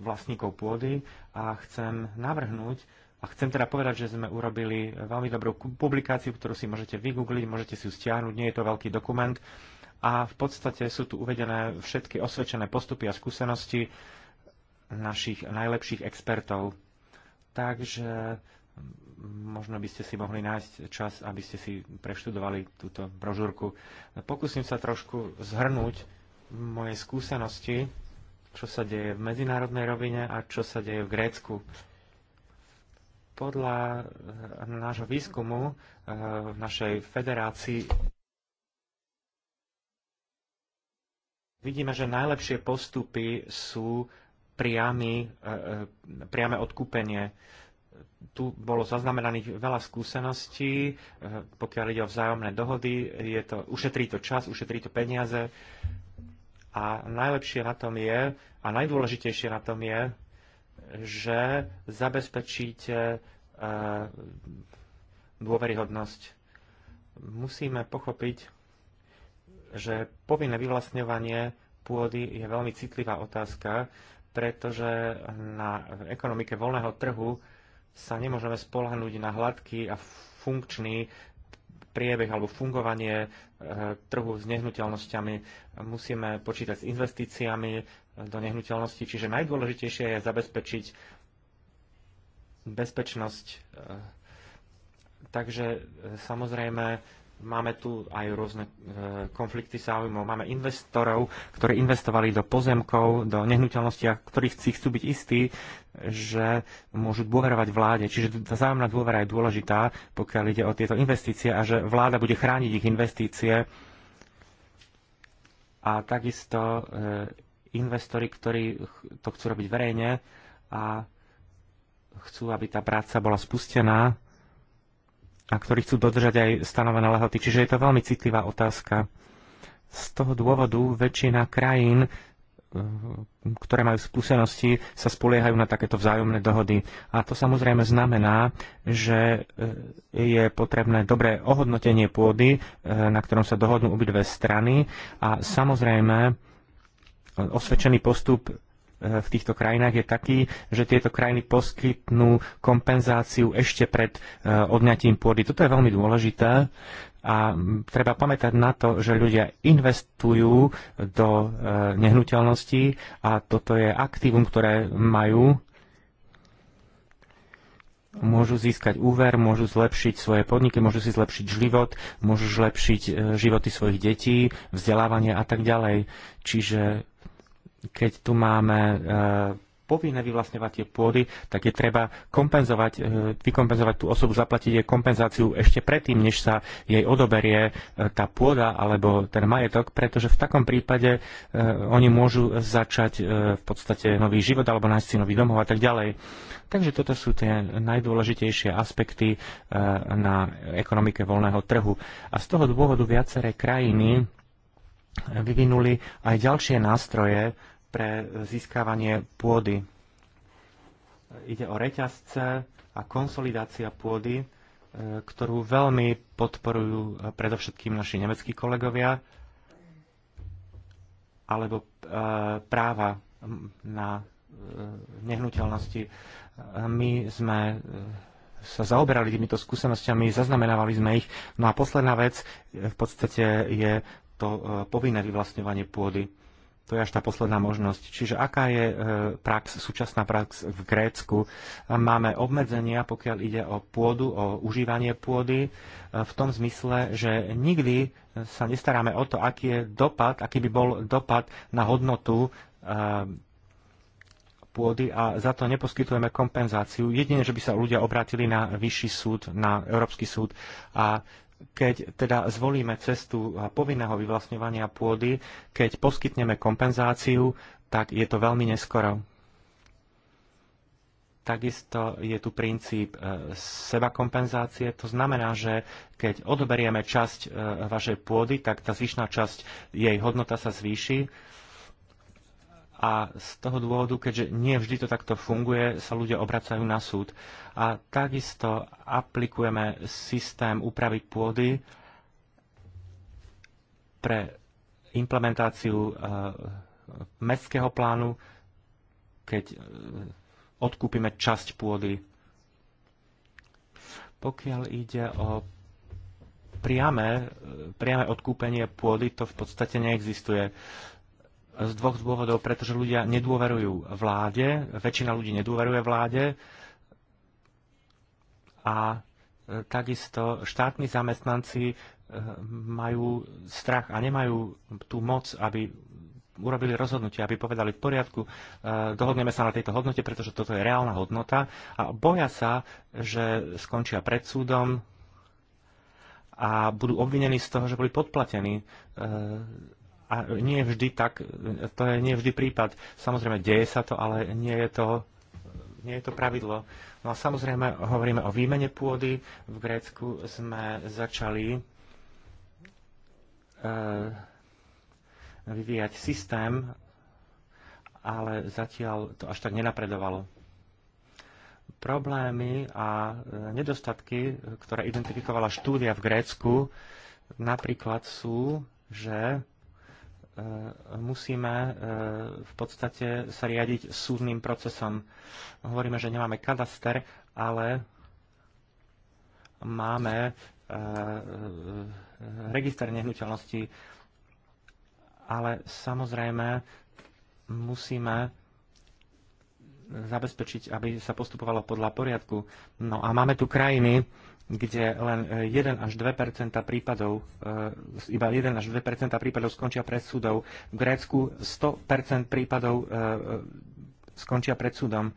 vlastníkov pôdy a chcem navrhnúť, a chcem teda povedať, že sme urobili veľmi dobrú publikáciu, ktorú si môžete vygoogliť, môžete si ju stiahnuť, nie je to veľký dokument. A v podstate sú tu uvedené všetky osvedčené postupy a skúsenosti našich najlepších expertov. Takže možno by ste si mohli nájsť čas, aby ste si preštudovali túto brožúrku. Pokúsim sa trošku zhrnúť moje skúsenosti čo sa deje v medzinárodnej rovine a čo sa deje v Grécku. Podľa eh, nášho výskumu eh, v našej federácii vidíme, že najlepšie postupy sú priamy, eh, priame odkúpenie. Tu bolo zaznamenaných veľa skúseností, pokiaľ ide o vzájomné dohody, je to, ušetrí to čas, ušetrí to peniaze a najlepšie na tom je, a najdôležitejšie na tom je, že zabezpečíte e, dôveryhodnosť. Musíme pochopiť, že povinné vyvlastňovanie pôdy je veľmi citlivá otázka, pretože na ekonomike voľného trhu sa nemôžeme spolahnúť na hladký a funkčný priebeh alebo fungovanie eh, trhu s nehnuteľnosťami. Musíme počítať s investíciami eh, do nehnuteľnosti, čiže najdôležitejšie je zabezpečiť bezpečnosť. Eh. Takže samozrejme Máme tu aj rôzne e, konflikty záujmov. Máme investorov, ktorí investovali do pozemkov, do nehnuteľností a ktorých si chcú byť istí, že môžu dôverovať vláde. Čiže tá zájomná dôvera je dôležitá, pokiaľ ide o tieto investície a že vláda bude chrániť ich investície. A takisto e, investori, ktorí to chcú robiť verejne a chcú, aby tá práca bola spustená, a ktorí chcú dodržať aj stanovené lehoty. Čiže je to veľmi citlivá otázka. Z toho dôvodu väčšina krajín, eh, ktoré majú skúsenosti, sa spoliehajú na takéto vzájomné dohody. A to samozrejme znamená, že eh, je potrebné dobré ohodnotenie pôdy, eh, na ktorom sa dohodnú obidve strany. A samozrejme, osvedčený postup Eh, v týchto krajinách je taký, že tieto krajiny poskytnú kompenzáciu ešte pred eh, odňatím pôdy. Toto je veľmi dôležité a mm, treba pamätať na to, že ľudia investujú do eh, nehnuteľností a toto je aktívum, ktoré majú môžu získať úver, môžu zlepšiť svoje podniky, môžu si zlepšiť život, môžu zlepšiť životy svojich detí, vzdelávanie a tak ďalej. Čiže keď tu máme eh, povinné vyvlastňovať tie pôdy, tak je treba kompenzovať, eh, vykompenzovať tú osobu, zaplatiť jej kompenzáciu ešte predtým, než sa jej odoberie eh, tá pôda alebo ten majetok, pretože v takom prípade oni môžu začať v podstate nový život alebo nájsť si nový domov a tak ďalej. Takže toto sú tie najdôležitejšie aspekty na ekonomike voľného trhu. A z toho dôvodu viaceré krajiny vyvinuli aj ďalšie nástroje, pre získavanie pôdy. Ide o reťazce a konsolidácia pôdy, e, ktorú veľmi podporujú e, predovšetkým naši nemeckí kolegovia, alebo e, práva na nehnuteľnosti. My sme sa zaoberali týmito skúsenostiami, zaznamenávali sme ich. No a posledná vec v podstate je to povinné vyvlastňovanie pôdy. To je až tá posledná možnosť. Čiže aká je e, prax, súčasná prax v Grécku? Máme obmedzenia, pokiaľ ide o pôdu, o užívanie pôdy, e, v tom zmysle, že nikdy sa nestaráme o to, aký je dopad, aký by bol dopad na hodnotu e, pôdy a za to neposkytujeme kompenzáciu. Jedine, že by sa ľudia obrátili na vyšší súd, na Európsky súd a keď teda zvolíme cestu povinného vyvlastňovania pôdy, keď poskytneme kompenzáciu, tak je to veľmi neskoro. Takisto je tu princíp e, seba kompenzácie. To znamená, že keď odoberieme časť e, vašej pôdy, tak tá zvyšná časť, jej hodnota sa zvýši a z toho dôvodu, keďže nie vždy to takto funguje, sa ľudia obracajú na súd. A takisto aplikujeme systém úpravy pôdy pre implementáciu e, mestského plánu, keď e, odkúpime časť pôdy. Pokiaľ ide o priame, e, priame odkúpenie pôdy, to v podstate neexistuje z dvoch dôvodov, pretože ľudia nedôverujú vláde, väčšina ľudí nedôveruje vláde a e, takisto štátni zamestnanci e, majú strach a nemajú tú moc, aby urobili rozhodnutie, aby povedali v poriadku, e, dohodneme sa na tejto hodnote, pretože toto je reálna hodnota a boja sa, že skončia pred súdom a budú obvinení z toho, že boli podplatení a nie vždy tak, to je nie vždy prípad. Samozrejme, deje sa to, ale nie je to, nie je to pravidlo. No a samozrejme, hovoríme o výmene pôdy. V Grécku sme začali e, vyvíjať systém, ale zatiaľ to až tak nenapredovalo problémy a eh, nedostatky, ktoré identifikovala štúdia v Grécku, napríklad sú, že E, musíme e, v podstate sa riadiť súdnym procesom. Hovoríme, že nemáme kadaster, ale máme e, register nehnuteľností, ale samozrejme musíme zabezpečiť, aby sa postupovalo podľa poriadku. No a máme tu krajiny, kde len 1 e, až 2 prípadov, e, iba 1 až 2 prípadov skončia pred súdom. V Grécku 100 prípadov e, skončia pred súdom.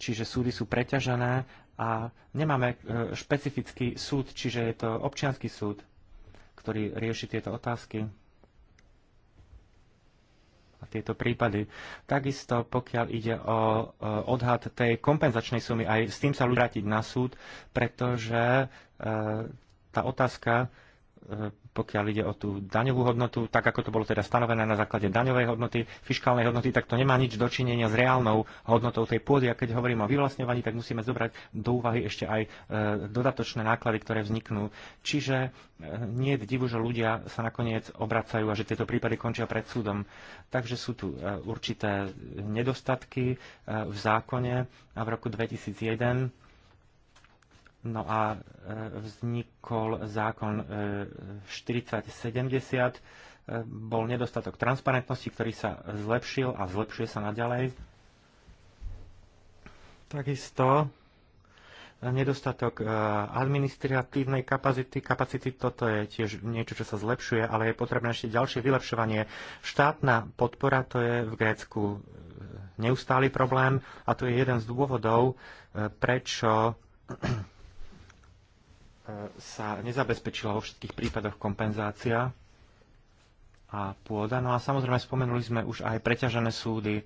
Čiže súdy sú preťažené a nemáme špecifický súd, čiže je to občianský súd, ktorý rieši tieto otázky tieto prípady. Takisto, pokiaľ ide o odhad tej kompenzačnej sumy, aj s tým sa ľudia vrátiť na súd, pretože e, tá otázka E, pokiaľ ide o tú daňovú hodnotu, tak ako to bolo teda stanovené na základe daňovej hodnoty, fiskálnej hodnoty, tak to nemá nič dočinenia s reálnou hodnotou tej pôdy. A keď hovorím o vyvlastňovaní, tak musíme zobrať do úvahy ešte aj e, dodatočné náklady, ktoré vzniknú. Čiže e, nie je divu, že ľudia sa nakoniec obracajú a že tieto prípady končia pred súdom. Takže sú tu určité nedostatky v zákone a v roku 2001 No a e, vznikol zákon 4070, e, e, bol nedostatok transparentnosti, ktorý sa zlepšil a zlepšuje sa naďalej. Takisto nedostatok administratívnej kapacity, kapacity, toto je tiež niečo, čo sa zlepšuje, ale je potrebné ešte ďalšie vylepšovanie. Štátna podpora, to je v Grécku neustály problém a to je jeden z dôvodov, prečo sa nezabezpečila vo všetkých prípadoch kompenzácia a pôda. No a samozrejme spomenuli sme už aj preťažené súdy,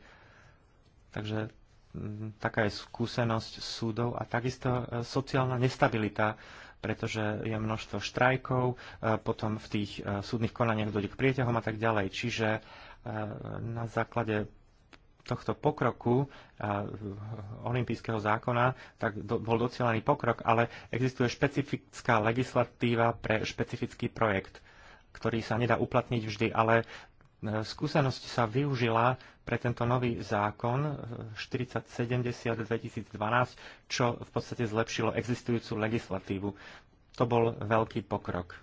takže mm, taká je skúsenosť súdov a takisto e, sociálna nestabilita, pretože je množstvo štrajkov, e, potom v tých e, súdnych konaniach dojde k prieťahom a tak ďalej. Čiže na základe tohto pokroku olympijského zákona, tak do, bol docielený pokrok, ale existuje špecifická legislatíva pre špecifický projekt, ktorý sa nedá uplatniť vždy, ale e, skúsenosť sa využila pre tento nový zákon 4070-2012, e, čo v podstate zlepšilo existujúcu legislatívu. To bol veľký pokrok.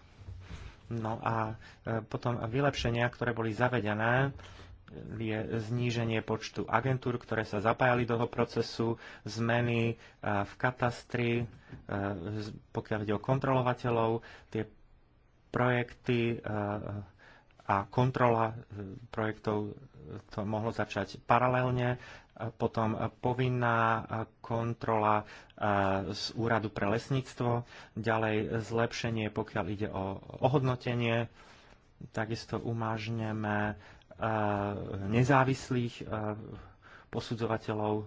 No a e, potom vylepšenia, ktoré boli zavedené, je zníženie počtu agentúr, ktoré sa zapájali do toho procesu, zmeny e, v katastri, e, pokiaľ ide o kontrolovateľov, tie projekty e, a kontrola projektov to mohlo začať paralelne, potom povinná kontrola z úradu pre lesníctvo, ďalej zlepšenie, pokiaľ ide o ohodnotenie, takisto umážneme nezávislých posudzovateľov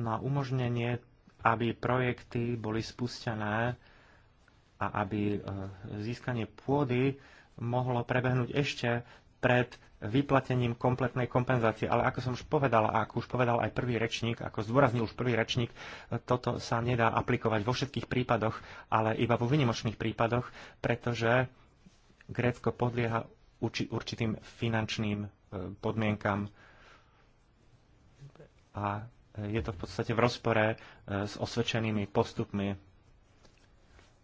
na no umožnenie, aby projekty boli spustené a aby e, získanie pôdy mohlo prebehnúť ešte pred vyplatením kompletnej kompenzácie. Ale ako som už povedala, a ako už povedal aj prvý rečník, ako zdôraznil už prvý rečník, toto sa nedá aplikovať vo všetkých prípadoch, ale iba vo vynimočných prípadoch, pretože Grécko podlieha určitým finančným e, podmienkam a je to v podstate v rozpore e, s osvedčenými postupmi.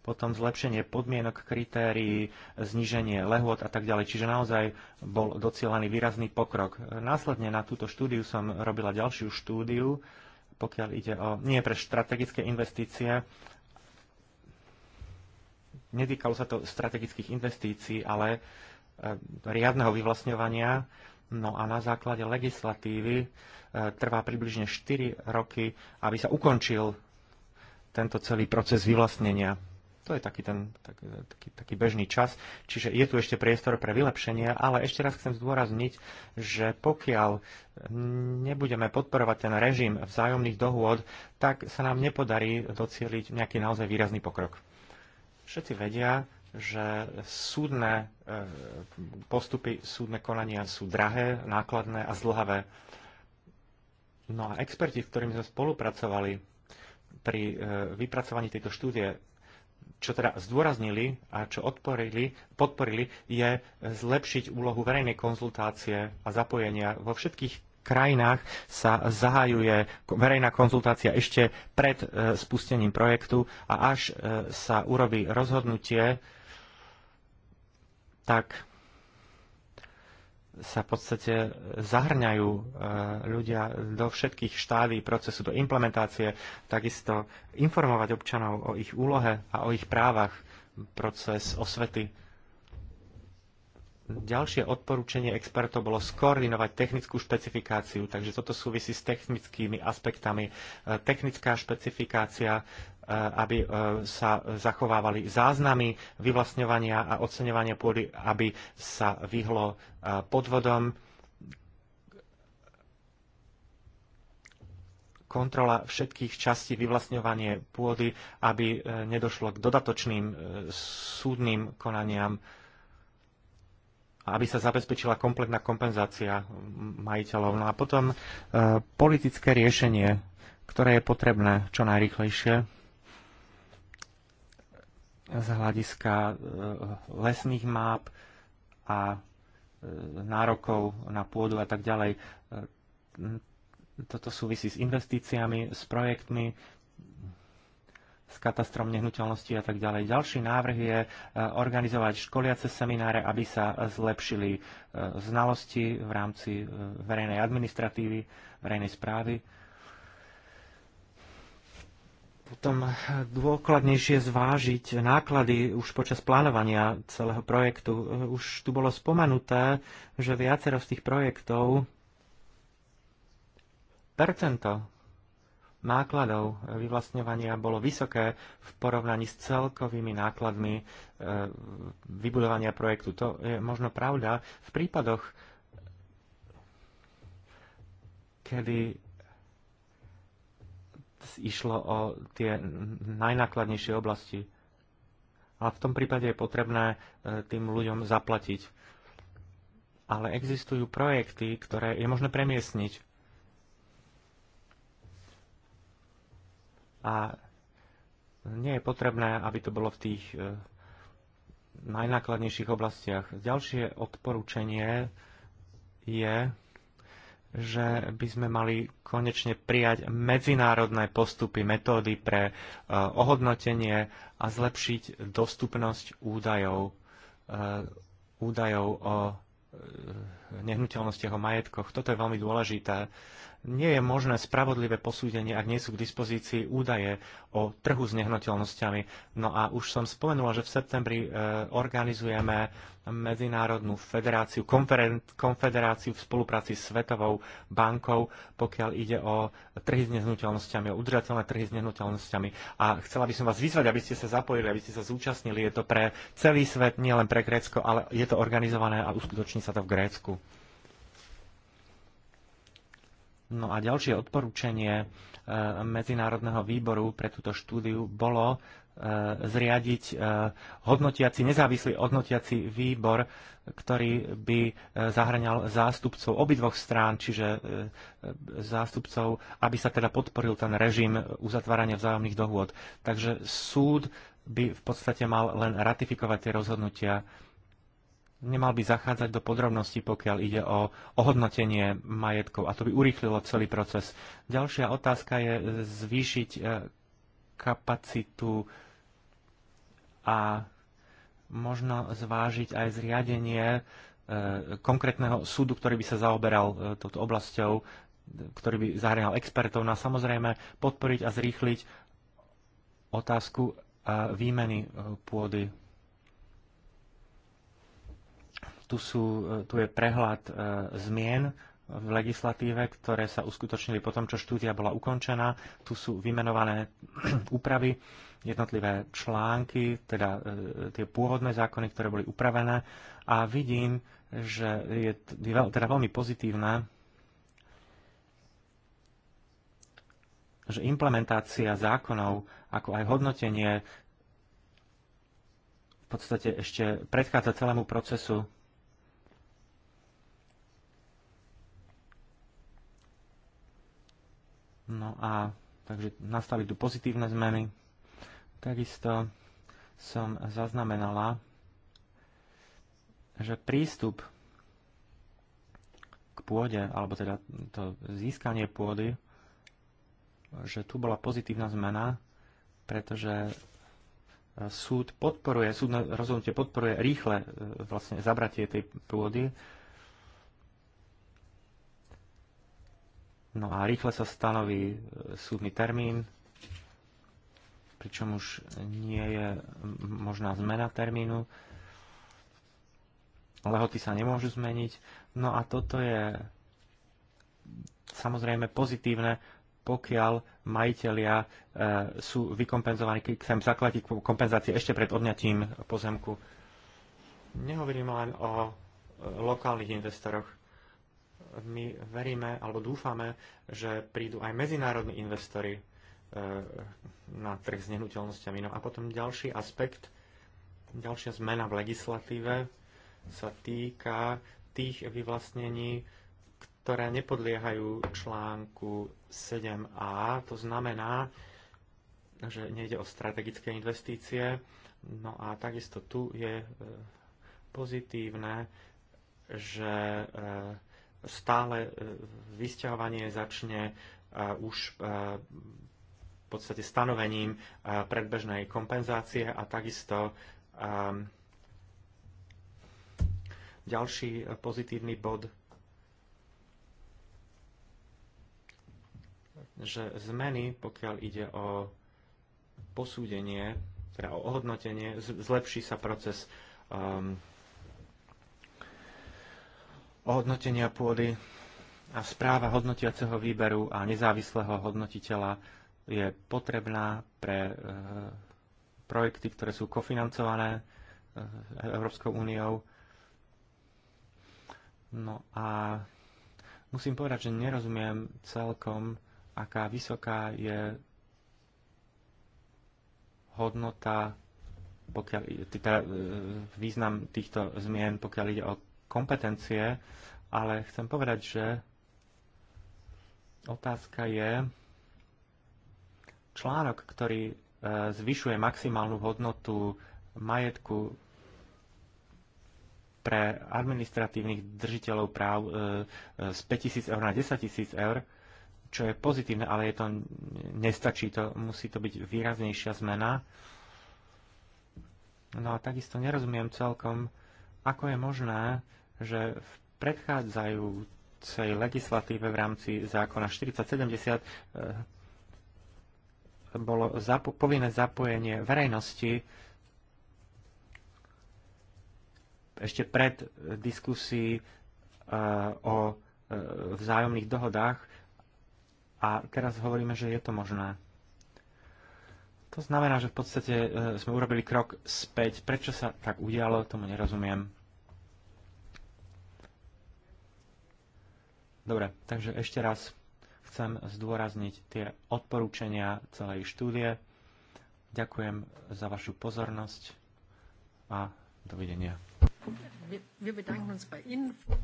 Potom zlepšenie podmienok, kritérií, zníženie lehôd a tak ďalej. Čiže naozaj bol docielaný výrazný pokrok. Následne na túto štúdiu som robila ďalšiu štúdiu, pokiaľ ide o... Nie pre strategické investície, Nedýkalo sa to strategických investícií, ale E, riadneho vyvlastňovania. No a na základe legislatívy e, trvá približne 4 roky, aby sa ukončil tento celý proces vyvlastnenia. To je taký, ten, tak, e, taký, taký bežný čas, čiže je tu ešte priestor pre vylepšenie, ale ešte raz chcem zdôrazniť, že pokiaľ nebudeme podporovať ten režim vzájomných dohôd, tak sa nám nepodarí docieliť nejaký naozaj výrazný pokrok. Všetci vedia, že súdne e, postupy, súdne konania sú drahé, nákladné a zdlhavé. No a experti, s ktorými sme spolupracovali pri e, vypracovaní tejto štúdie, čo teda zdôraznili a čo odporili, podporili, je zlepšiť úlohu verejnej konzultácie a zapojenia. Vo všetkých krajinách sa zahajuje verejná konzultácia ešte pred e, spustením projektu a až sa urobí rozhodnutie, tak sa v podstate zahrňajú e, ľudia do všetkých štádí procesu, do implementácie, takisto informovať občanov o ich úlohe a o ich právach, proces osvety. Ďalšie odporúčanie expertov bolo skoordinovať technickú špecifikáciu, takže toto súvisí s technickými aspektami. E, technická špecifikácia E, aby e, sa zachovávali záznamy vyvlastňovania a oceňovania pôdy, aby sa vyhlo e, podvodom. kontrola všetkých častí vyvlastňovanie pôdy, aby nedošlo k dodatočným súdnym konaniam a aby sa zabezpečila kompletná kompenzácia majiteľov. No a potom politické riešenie, ktoré je potrebné čo najrychlejšie z hľadiska e, lesných máp a e, nárokov na pôdu a tak ďalej. E, toto súvisí s investíciami, s projektmi, s katastrom nehnuteľnosti a tak ďalej. Ďalší návrh je organizovať školiace semináre, aby sa zlepšili znalosti v rámci verejnej administratívy, verejnej správy potom eh, dôkladnejšie zvážiť náklady už počas plánovania celého projektu. Eh, už tu bolo spomenuté, že viacero z tých projektov percento nákladov vyvlastňovania bolo vysoké v porovnaní s celkovými nákladmi eh, vybudovania projektu. To je možno pravda v prípadoch, kedy išlo o tie najnákladnejšie oblasti. A v tom prípade je potrebné e, tým ľuďom zaplatiť. Ale existujú projekty, ktoré je možné premiesniť. A nie je potrebné, aby to bolo v tých e, najnákladnejších oblastiach. Ďalšie odporúčanie je že by sme mali konečne prijať medzinárodné postupy, metódy pre e, ohodnotenie a zlepšiť dostupnosť údajov, e, údajov o e, nehnuteľnostiach, o majetkoch. Toto je veľmi dôležité nie je možné spravodlivé posúdenie, ak nie sú k dispozícii údaje o trhu s nehnuteľnosťami. No a už som spomenula, že v septembri e, organizujeme Medzinárodnú federáciu, konfederáciu v spolupráci s Svetovou bankou, pokiaľ ide o trhy s nehnuteľnosťami, o udržateľné trhy s nehnuteľnosťami. A chcela by som vás vyzvať, aby ste sa zapojili, aby ste sa zúčastnili. Je to pre celý svet, nielen pre Grécko, ale je to organizované a uskutoční sa to v Grécku. No a ďalšie odporúčanie e, Medzinárodného výboru pre túto štúdiu bolo e, zriadiť e, hodnotiaci, nezávislý hodnotiaci výbor, ktorý by zahraňal zástupcov obidvoch strán, čiže zástupcov, aby sa teda podporil ten režim uzatvárania vzájomných dohôd. Takže súd by v podstate mal len ratifikovať tie rozhodnutia nemal by zachádzať do podrobností, pokiaľ ide o ohodnotenie majetkov a to by urýchlilo celý proces. Ďalšia otázka je zvýšiť e, kapacitu a možno zvážiť aj zriadenie e, konkrétneho súdu, ktorý by sa zaoberal e, touto oblasťou, ktorý by zahrňal expertov no a samozrejme podporiť a zrýchliť otázku výmeny pôdy tu, sú, e, tu je prehľad e, zmien v legislatíve, ktoré sa uskutočnili po tom, čo štúdia bola ukončená. Tu sú vymenované úpravy, jednotlivé články, teda e, tie pôvodné zákony, ktoré boli upravené. A vidím, že je teda veľmi pozitívne, že implementácia zákonov, ako aj hodnotenie v podstate ešte predchádza celému procesu No a takže nastali tu pozitívne zmeny. Takisto som zaznamenala, že prístup k pôde, alebo teda to získanie pôdy, že tu bola pozitívna zmena, pretože e, súd podporuje, súdne rozhodnutie podporuje rýchle e, vlastne zabratie tej pôdy No a rýchle sa stanoví e, súdny termín, pričom už nie je možná zmena termínu. Lehoty sa nemôžu zmeniť. No a toto je samozrejme pozitívne, pokiaľ majiteľia e, sú vykompenzovaní keď chcem zaklati kompenzácie ešte pred odňatím pozemku. Nehovorím len o e, lokálnych investoroch my veríme alebo dúfame, že prídu aj medzinárodní investori e, na trh s nehnuteľnosťami. No a potom ďalší aspekt, ďalšia zmena v legislatíve sa týka tých vyvlastnení, ktoré nepodliehajú článku 7a. To znamená, že nejde o strategické investície. No a takisto tu je e, pozitívne, že e, stále e, vysťahovanie začne e, už e, v podstate stanovením predbežnej kompenzácie a takisto ďalší pozitívny bod, že zmeny, pokiaľ ide o posúdenie, teda o ohodnotenie, zlepší sa proces um, ohodnotenia pôdy a správa hodnotiaceho výberu a nezávislého hodnotiteľa je potrebná pre eh, projekty, ktoré sú kofinancované eh, Európskou úniou. No a musím povedať, že nerozumiem celkom, aká vysoká je hodnota, pokiaľ, teda eh, význam týchto zmien, pokiaľ ide o kompetencie, ale chcem povedať, že otázka je článok, ktorý e, zvyšuje maximálnu hodnotu majetku pre administratívnych držiteľov práv e, e, z 5000 eur na 10 000 eur, čo je pozitívne, ale je to nestačí, to, musí to byť výraznejšia zmena. No a takisto nerozumiem celkom, ako je možné, že v predchádzajúcej legislatíve v rámci zákona 4070 eh, bolo zapo- povinné zapojenie verejnosti ešte pred diskusí eh, o eh, vzájomných dohodách a teraz hovoríme, že je to možné. To znamená, že v podstate sme urobili krok späť. Prečo sa tak udialo, tomu nerozumiem. Dobre, takže ešte raz chcem zdôrazniť tie odporúčania celej štúdie. Ďakujem za vašu pozornosť a dovidenia.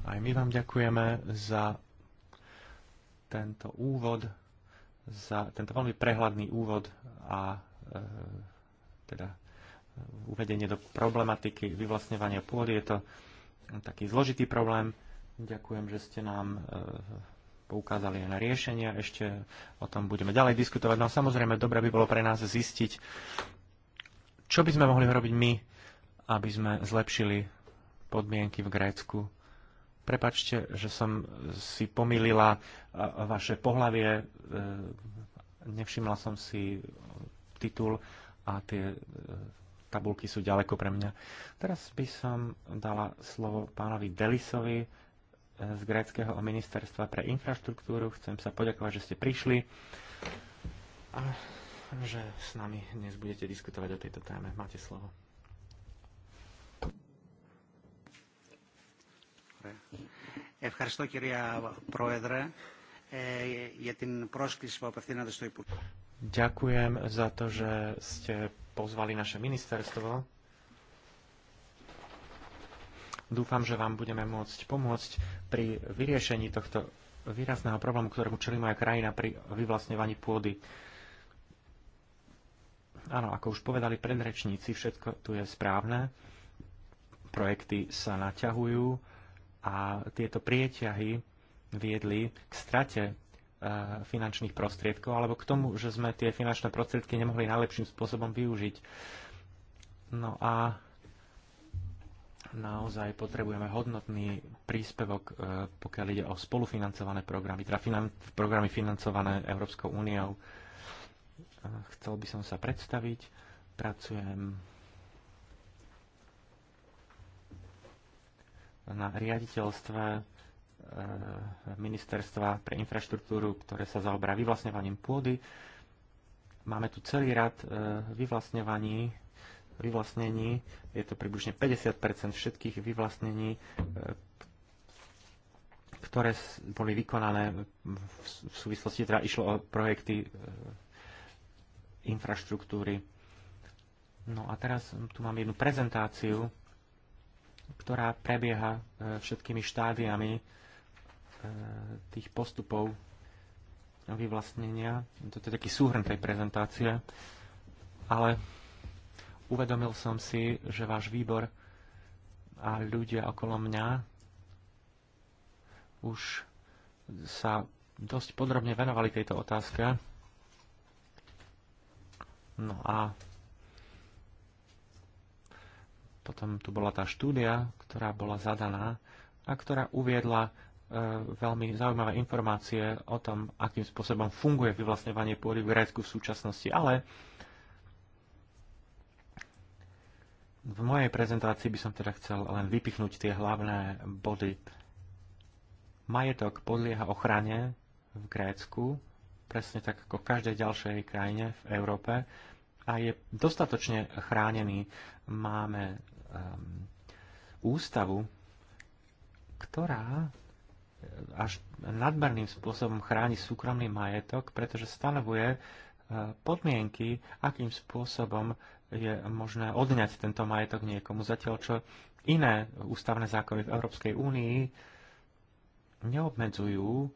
Aj my vám ďakujeme za tento úvod, za tento veľmi prehľadný úvod a e, teda e, uvedenie do problematiky vyvlastňovania pôdy. Je to taký zložitý problém. Ďakujem, že ste nám e, poukázali na riešenia. Ešte o tom budeme ďalej diskutovať. No a samozrejme, dobre by bolo pre nás zistiť, čo by sme mohli robiť my, aby sme zlepšili podmienky v Grécku. Prepačte, že som si pomýlila e, vaše pohlavie. E, nevšimla som si titul a tie tabulky sú ďaleko pre mňa. Teraz by som dala slovo pánovi Delisovi, z gréckého ministerstva pre infraštruktúru. Chcem sa poďakovať, že ste prišli a že s nami dnes budete diskutovať o tejto téme. Máte slovo. Ďakujem za to, že ste pozvali naše ministerstvo Dúfam, že vám budeme môcť pomôcť pri vyriešení tohto výrazného problému, ktorému čelí moja krajina pri vyvlastňovaní pôdy. Áno, ako už povedali predrečníci, všetko tu je správne. Projekty sa naťahujú a tieto prieťahy viedli k strate e, finančných prostriedkov alebo k tomu, že sme tie finančné prostriedky nemohli najlepším spôsobom využiť. No a naozaj potrebujeme hodnotný príspevok, e, pokiaľ ide o spolufinancované programy, teda finan- programy financované Európskou úniou. E, chcel by som sa predstaviť. Pracujem na riaditeľstve e, ministerstva pre infraštruktúru, ktoré sa zaoberá vyvlastňovaním pôdy. Máme tu celý rad vyvlastňovaní vyvlastnení. Je to približne 50 všetkých vyvlastnení, e, ktoré boli vykonané v súvislosti, teda išlo o projekty e, infraštruktúry. No a teraz tu mám jednu prezentáciu, ktorá prebieha e, všetkými štádiami tých postupov vyvlastnenia. To je taký súhrn tej prezentácie, ale Uvedomil som si, že váš výbor a ľudia okolo mňa už sa dosť podrobne venovali tejto otázke. No a potom tu bola tá štúdia, ktorá bola zadaná a ktorá uviedla e, veľmi zaujímavé informácie o tom, akým spôsobom funguje vyvlastňovanie pôdy v Grécku v súčasnosti. Ale V mojej prezentácii by som teda chcel len vypichnúť tie hlavné body. Majetok podlieha ochrane v Grécku, presne tak ako v každej ďalšej krajine v Európe a je dostatočne chránený. Máme um, ústavu, ktorá eh, až nadmerným spôsobom chráni súkromný majetok, pretože stanovuje eh, podmienky, akým spôsobom je možné odňať tento majetok niekomu, zatiaľ čo iné ústavné zákony v Európskej únii neobmedzujú e,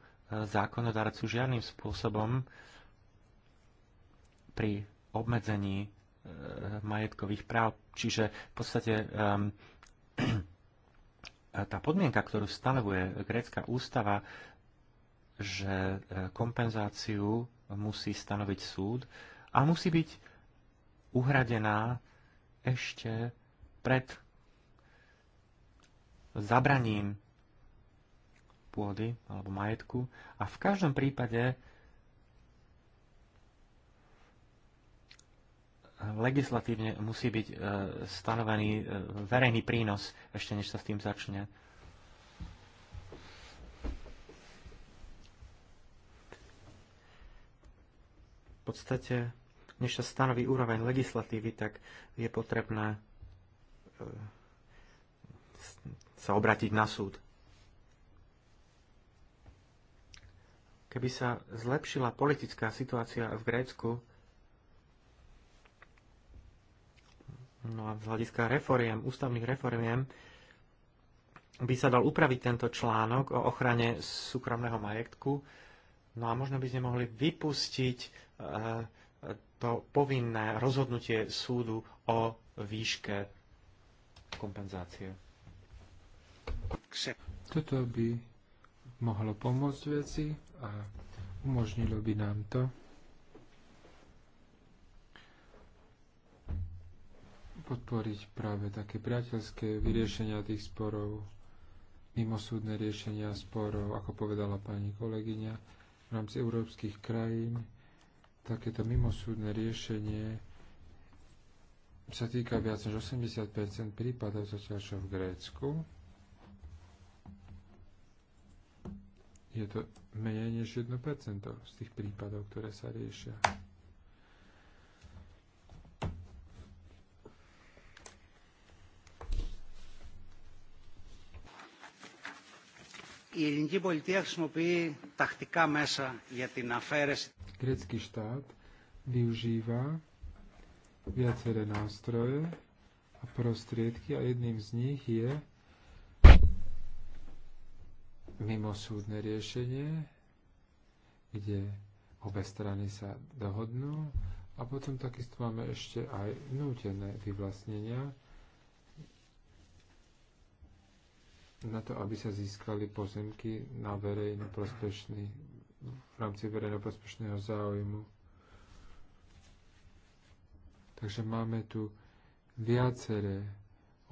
zákonodarcu žiadnym spôsobom pri obmedzení e, majetkových práv. Čiže v podstate um, tá podmienka, ktorú stanovuje grécka ústava, že kompenzáciu musí stanoviť súd a musí byť uhradená ešte pred zabraním pôdy alebo majetku a v každom prípade legislatívne musí byť e, stanovený e, verejný prínos, ešte než sa s tým začne. V podstate než sa stanoví úroveň legislatívy, tak je potrebné e, sa obratiť na súd. Keby sa zlepšila politická situácia v Grécku, no a z hľadiska reforiem, ústavných reforiem, by sa dal upraviť tento článok o ochrane súkromného majetku. No a možno by sme mohli vypustiť e, to povinné rozhodnutie súdu o výške kompenzácie. Toto by mohlo pomôcť veci a umožnilo by nám to podporiť práve také priateľské vyriešenia tých sporov, mimosúdne riešenia sporov, ako povedala pani kolegyňa, v rámci európskych krajín takéto mimosúdne riešenie sa týka viac než 80 prípadov, zatiaľ čo v Grécku je to menej než 1% z tých prípadov, ktoré sa riešia. Grecký štát využíva viaceré nástroje a prostriedky a jedným z nich je mimosúdne riešenie, kde obe strany sa dohodnú a potom takisto máme ešte aj nútené vyvlastnenia, na to, aby sa získali pozemky na prospešný, v rámci prospešného záujmu. Takže máme tu viaceré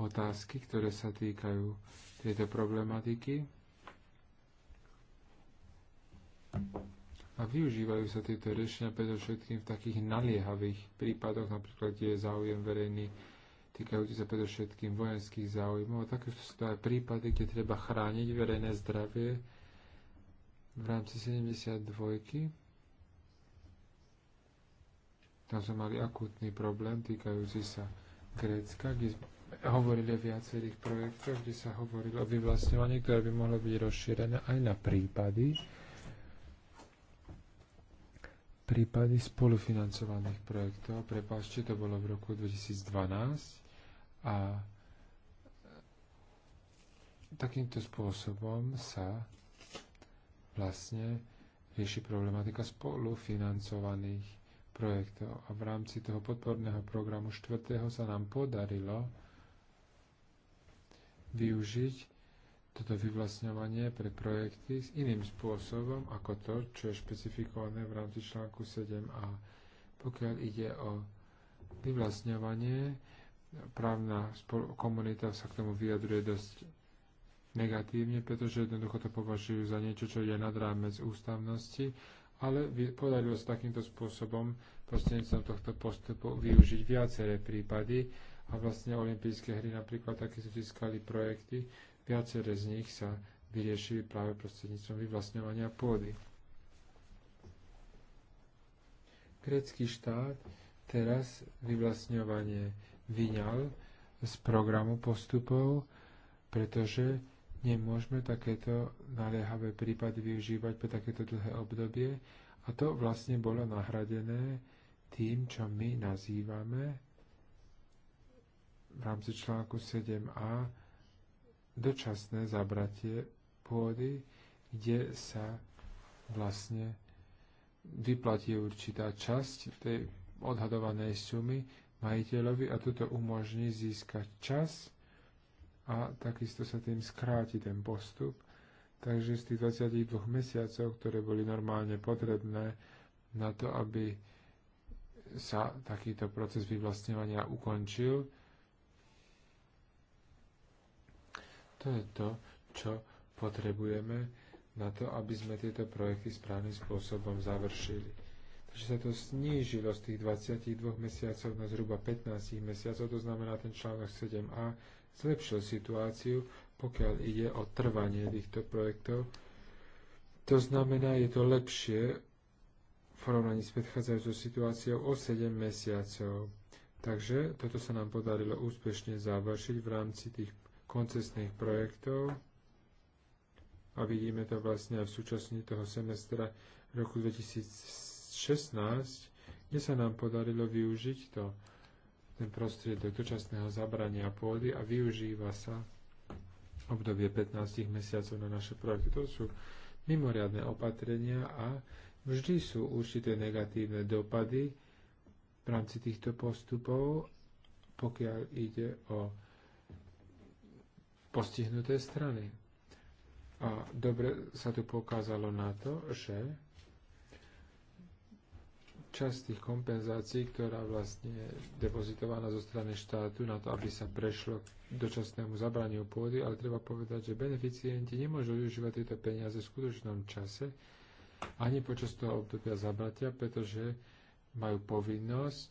otázky, ktoré sa týkajú tejto problematiky. A využívajú sa tieto riešenia predovšetkým v takých naliehavých prípadoch, napríklad, kde je záujem verejný týkajúci sa predovšetkým vojenských záujmov. A také sú to aj prípady, kde treba chrániť verejné zdravie v rámci 72. Tam sme mali akutný problém týkajúci sa Grécka, kde hovorili o viacerých projektoch, kde sa hovorilo o vyvlastňovaní, ktoré by mohlo byť rozšírené aj na prípady, prípady spolufinancovaných projektov. Prepáčte, to bolo v roku 2012. A takýmto spôsobom sa vlastne rieši problematika spolufinancovaných projektov. A v rámci toho podporného programu 4. sa nám podarilo využiť toto vyvlastňovanie pre projekty s iným spôsobom ako to, čo je špecifikované v rámci článku 7a. Pokiaľ ide o vyvlastňovanie, právna komunita sa k tomu vyjadruje dosť negatívne, pretože jednoducho to považujú za niečo, čo je nad rámec ústavnosti, ale podarilo sa takýmto spôsobom prostredníctvom tohto postupu využiť viaceré prípady a vlastne olympijské hry napríklad také sa získali projekty, viaceré z nich sa vyriešili práve prostredníctvom vyvlastňovania pôdy. Grécky štát teraz vyvlastňovanie vyňal z programu postupov, pretože nemôžeme takéto naliehavé prípady využívať pre takéto dlhé obdobie a to vlastne bolo nahradené tým, čo my nazývame v rámci článku 7a dočasné zabratie pôdy, kde sa vlastne vyplatí určitá časť tej odhadovanej sumy majiteľovi a toto umožní získať čas a takisto sa tým skráti ten postup. Takže z tých 22 mesiacov, ktoré boli normálne potrebné na to, aby sa takýto proces vyvlastňovania ukončil, to je to, čo potrebujeme na to, aby sme tieto projekty správnym spôsobom završili že sa to snížilo z tých 22 mesiacov na zhruba 15 mesiacov, to znamená ten článok 7a zlepšil situáciu, pokiaľ ide o trvanie týchto projektov. To znamená, je to lepšie v porovnaní s predchádzajúcou situáciou o 7 mesiacov. Takže toto sa nám podarilo úspešne završiť v rámci tých koncesných projektov a vidíme to vlastne aj v súčasnosti toho semestra roku 2017 16, kde sa nám podarilo využiť to, ten prostriedok dočasného zabrania pôdy a využíva sa obdobie 15 mesiacov na naše projekty. To sú mimoriadne opatrenia a vždy sú určité negatívne dopady v rámci týchto postupov, pokiaľ ide o postihnuté strany. A dobre sa tu pokázalo na to, že časť tých kompenzácií, ktorá vlastne je depozitovaná zo strany štátu na to, aby sa prešlo k dočasnému zabraniu pôdy, ale treba povedať, že beneficienti nemôžu využívať tieto peniaze v skutočnom čase ani počas toho obdobia zabratia, pretože majú povinnosť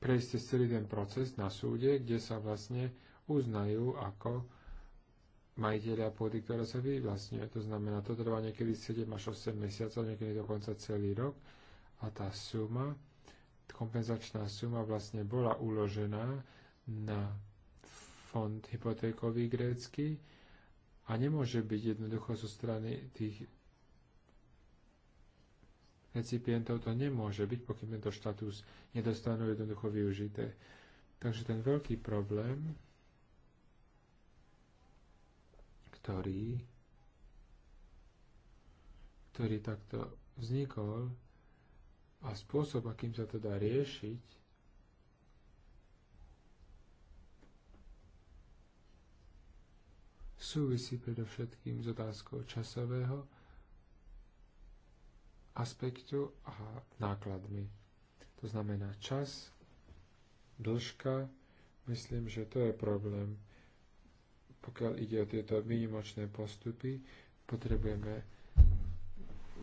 prejsť cez celý ten proces na súde, kde sa vlastne uznajú ako majiteľa pôdy, ktorá sa vyvlastňuje. To znamená, to trvá niekedy 7 až 8 mesiacov, niekedy dokonca celý rok. A tá suma, kompenzačná suma vlastne bola uložená na fond hypotékový grécky a nemôže byť jednoducho zo strany tých recipientov to nemôže byť, pokým tento štatus nedostanú jednoducho využité. Takže ten veľký problém ktorý, ktorý takto vznikol a spôsob, akým sa to dá riešiť, súvisí predovšetkým s otázkou časového aspektu a nákladmi. To znamená čas, dĺžka, myslím, že to je problém pokiaľ ide o tieto výnimočné postupy, potrebujeme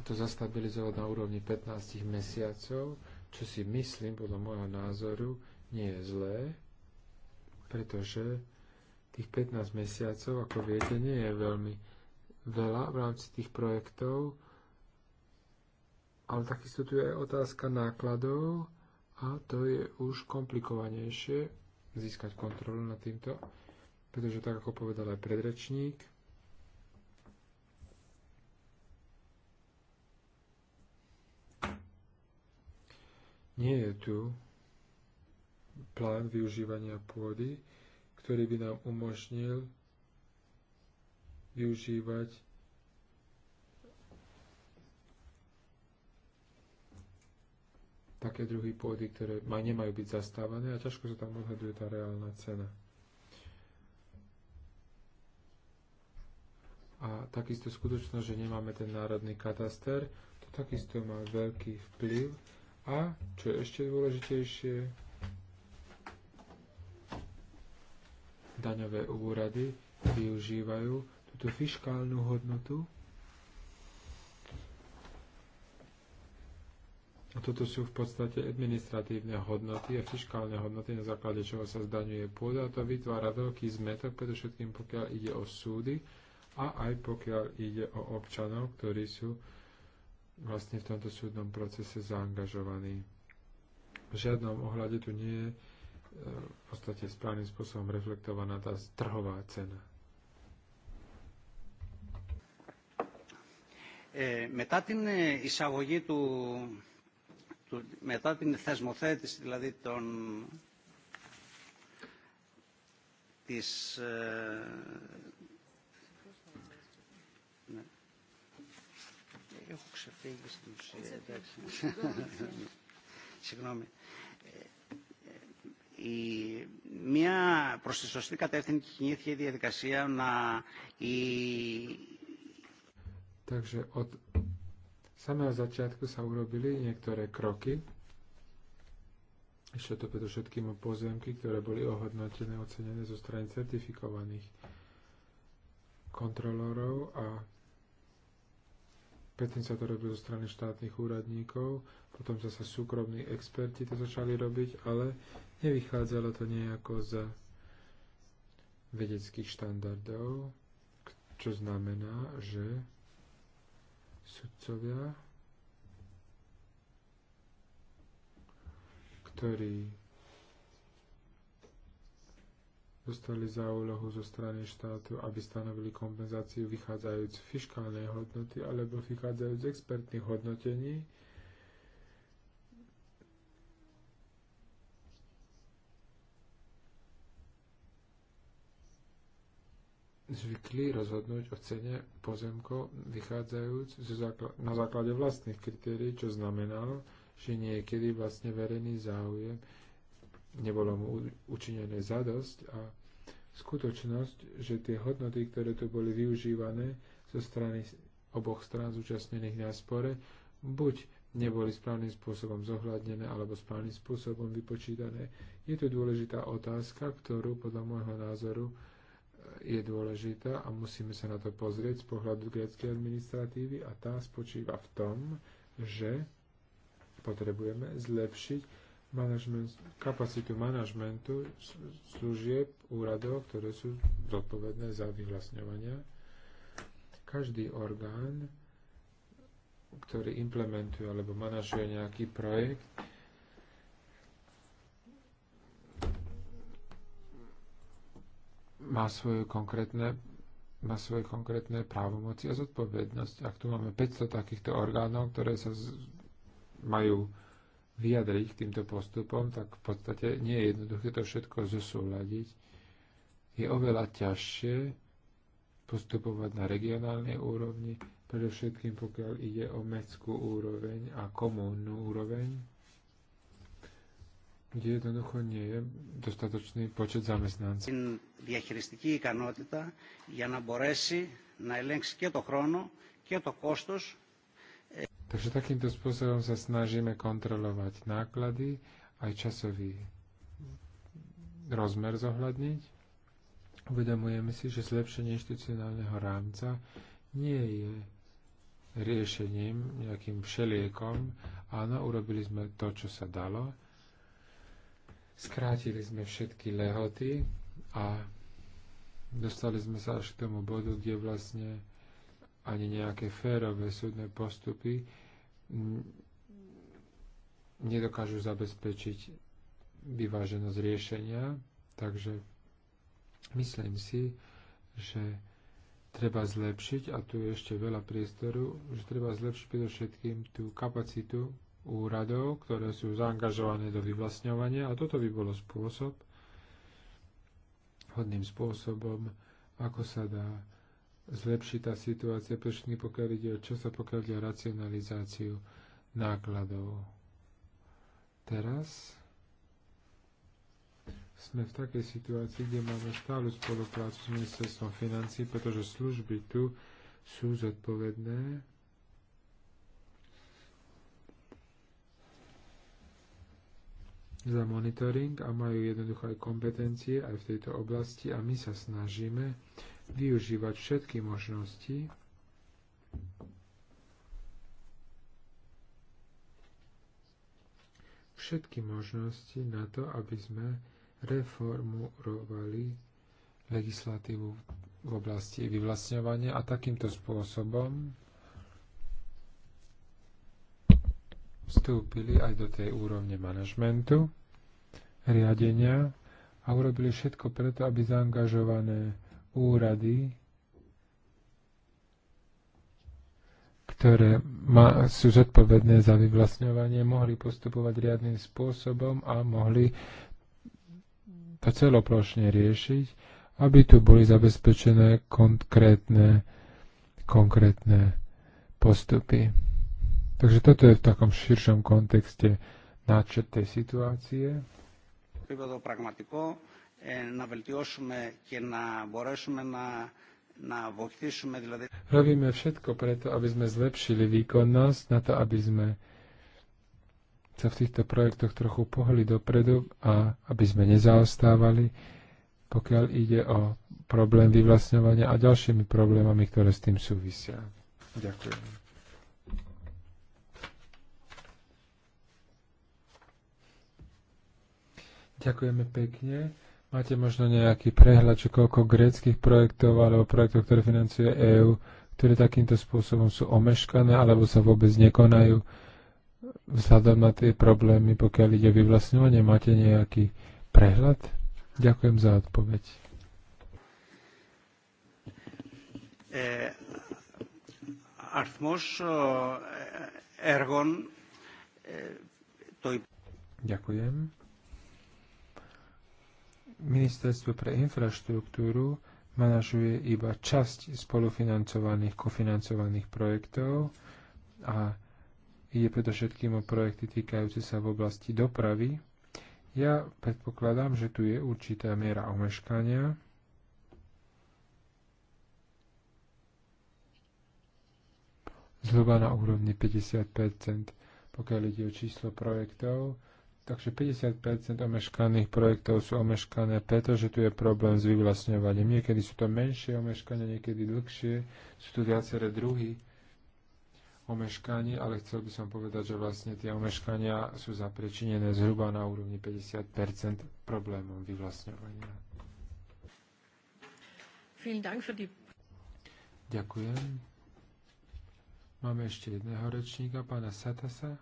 to zastabilizovať na úrovni 15 mesiacov, čo si myslím, podľa môjho názoru, nie je zlé, pretože tých 15 mesiacov, ako viete, nie je veľmi veľa v rámci tých projektov, ale takisto tu je aj otázka nákladov a to je už komplikovanejšie získať kontrolu nad týmto pretože tak ako povedal aj predrečník, nie je tu plán využívania pôdy, ktorý by nám umožnil využívať také druhy pôdy, ktoré nemajú byť zastávané a ťažko sa tam odhaduje tá reálna cena. A takisto skutočno, že nemáme ten národný kataster, to takisto má veľký vplyv. A čo je ešte dôležitejšie, daňové úrady využívajú túto fiškálnu hodnotu. A toto sú v podstate administratívne hodnoty a fiskálne hodnoty, na základe čoho sa zdaňuje pôda. A to vytvára veľký zmetok, predovšetkým pokiaľ ide o súdy, a aj pokiaľ ide o občanov, ktorí sú vlastne v tomto súdnom procese zaangažovaní. V žiadnom ohľade tu nie je e, v podstate správnym spôsobom reflektovaná tá trhová cena. μετά την εισαγωγή του, του, μετά την θεσμοθέτηση δηλαδή των, της, ε, Έχω ξεφύγει στην ουσία, εντάξει. Συγγνώμη. Η, μία προς τη σωστή κατεύθυνση κινήθηκε η διαδικασία να η... Takže od samého začiatku sa urobili niektoré kroky. Išlo to predovšetkým o pozemky, ktoré boli ohodnotené, ocenené zo strany certifikovaných kontrolórov a Predtým sa to robilo zo strany štátnych úradníkov, potom zase súkromní experti to začali robiť, ale nevychádzalo to nejako z vedeckých štandardov, čo znamená, že sudcovia, ktorí dostali za úlohu zo strany štátu, aby stanovili kompenzáciu vychádzajúc z fiskálnej hodnoty alebo vychádzajúc z expertných hodnotení. zvykli rozhodnúť o cene pozemkov vychádzajúc na základe vlastných kritérií, čo znamenalo, že niekedy vlastne verejný záujem nebolo mu učinené zadosť a skutočnosť, že tie hodnoty, ktoré tu boli využívané zo strany oboch strán zúčastnených na spore, buď neboli správnym spôsobom zohľadnené alebo správnym spôsobom vypočítané. Je tu dôležitá otázka, ktorú podľa môjho názoru eh, je dôležitá a musíme sa na to pozrieť z pohľadu gréckej administratívy a tá spočíva v tom, že potrebujeme zlepšiť manažment, kapacitu manažmentu služieb úradov, ktoré sú zodpovedné za vyvlastňovania. Každý orgán, ktorý implementuje alebo manažuje nejaký projekt, má svoje konkrétne má svoje konkrétne právomoci a zodpovednosť. Ak tu máme 500 takýchto orgánov, ktoré sa z, majú vyjadriť k týmto postupom, tak v podstate nie je jednoduché to všetko zosúľadiť. Je oveľa ťažšie postupovať na regionálnej úrovni, predovšetkým pokiaľ ide o mestskú úroveň a komúnnu úroveň, kde jednoducho nie je dostatočný počet zamestnancov. Takže takýmto spôsobom sa snažíme kontrolovať náklady, aj časový rozmer zohľadniť. Uvedomujeme si, že zlepšenie inštitucionálneho rámca nie je riešením, nejakým všeliekom. Áno, urobili sme to, čo sa dalo. Skrátili sme všetky lehoty a dostali sme sa až k tomu bodu, kde vlastne ani nejaké férové súdne postupy nedokážu zabezpečiť vyváženosť riešenia, takže myslím si, že treba zlepšiť, a tu je ešte veľa priestoru, že treba zlepšiť predovšetkým tú kapacitu úradov, ktoré sú zaangažované do vyvlastňovania a toto by bolo spôsob, hodným spôsobom, ako sa dá zlepší tá situácia, prečne pokiaľ ide o čo sa pokiaľ ide o racionalizáciu nákladov. Teraz sme v takej situácii, kde máme stálu spoluprácu s ministerstvom financí, pretože služby tu sú zodpovedné za monitoring a majú jednoducho aj kompetencie aj v tejto oblasti a my sa snažíme využívať všetky možnosti, všetky možnosti na to, aby sme reformurovali legislatívu v oblasti vyvlastňovania a takýmto spôsobom vstúpili aj do tej úrovne manažmentu, riadenia a urobili všetko preto, aby zaangažované úrady, ktoré má, sú zodpovedné za vyvlastňovanie, mohli postupovať riadným spôsobom a mohli to celoplošne riešiť, aby tu boli zabezpečené konkrétne, konkrétne postupy. Takže toto je v takom širšom kontexte náčet tej situácie. pragmatiko, να βελτιώσουμε και να μπορέσουμε να Robíme všetko preto, aby sme zlepšili výkonnosť, na to, aby sme sa v týchto projektoch trochu pohli dopredu a aby sme nezaostávali, pokiaľ ide o problém vyvlastňovania a ďalšími problémami, ktoré s tým súvisia. Ďakujem. Ďakujeme pekne. Máte možno nejaký prehľad, že koľko gréckých projektov alebo projektov, ktoré financuje EÚ, ktoré takýmto spôsobom sú omeškané alebo sa vôbec nekonajú vzhľadom na tie problémy, pokiaľ ide o vyvlastňovanie. Máte nejaký prehľad? Ďakujem za odpoveď. Eh, eh, eh, Ďakujem. Ministerstvo pre infraštruktúru manažuje iba časť spolufinancovaných, kofinancovaných projektov a ide predovšetkým o projekty týkajúce sa v oblasti dopravy. Ja predpokladám, že tu je určitá miera omeškania. Zhruba na úrovni 50 pokiaľ ide o číslo projektov Takže 50% omeškaných projektov sú omeškané, pretože tu je problém s vyvlastňovaním. Niekedy sú to menšie omeškania, niekedy dlhšie, sú tu viaceré druhy omeškania, ale chcel by som povedať, že vlastne tie omeškania sú zaprečinené zhruba na úrovni 50% problémom vyvlastňovania. Ďakujem. Máme ešte jedného rečníka, pána Satasa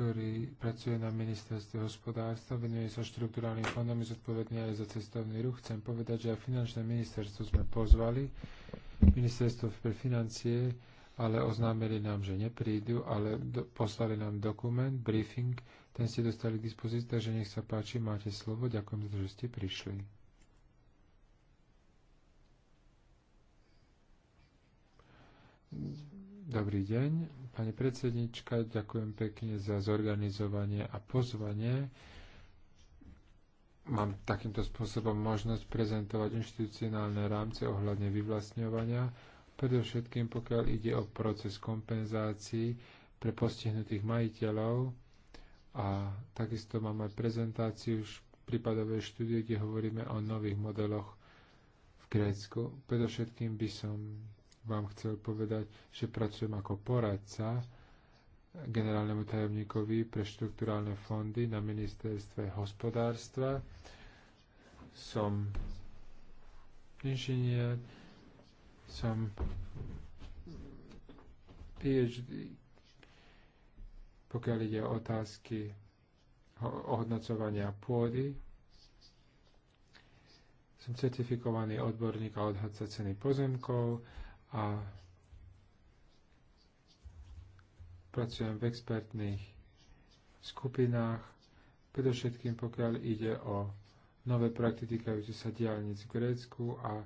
ktorý pracuje na ministerstve hospodárstva, venuje sa štruktúrálnym fondom, je zodpovedný aj za cestovný ruch. Chcem povedať, že aj finančné ministerstvo sme pozvali, ministerstvo pre financie, ale oznámili nám, že neprídu, ale do, poslali nám dokument, briefing, ten ste dostali k dispozícii, takže nech sa páči, máte slovo, ďakujem za to, že ste prišli. Dobrý deň pani predsednička, ďakujem pekne za zorganizovanie a pozvanie. Mám takýmto spôsobom možnosť prezentovať inštitucionálne rámce ohľadne vyvlastňovania, predovšetkým pokiaľ ide o proces kompenzácií pre postihnutých majiteľov a takisto mám aj prezentáciu prípadovej štúdie, kde hovoríme o nových modeloch v Grécku. Predovšetkým by som vám chcel povedať, že pracujem ako poradca generálnemu tajomníkovi pre štruktúrálne fondy na ministerstve hospodárstva. Som inžinier, som PhD, pokiaľ ide o otázky ohodnocovania pôdy. Som certifikovaný odborník a odhadca ceny pozemkov a pracujem v expertných skupinách, predovšetkým pokiaľ ide o nové praktiky týkajúce sa diálnic v Grécku a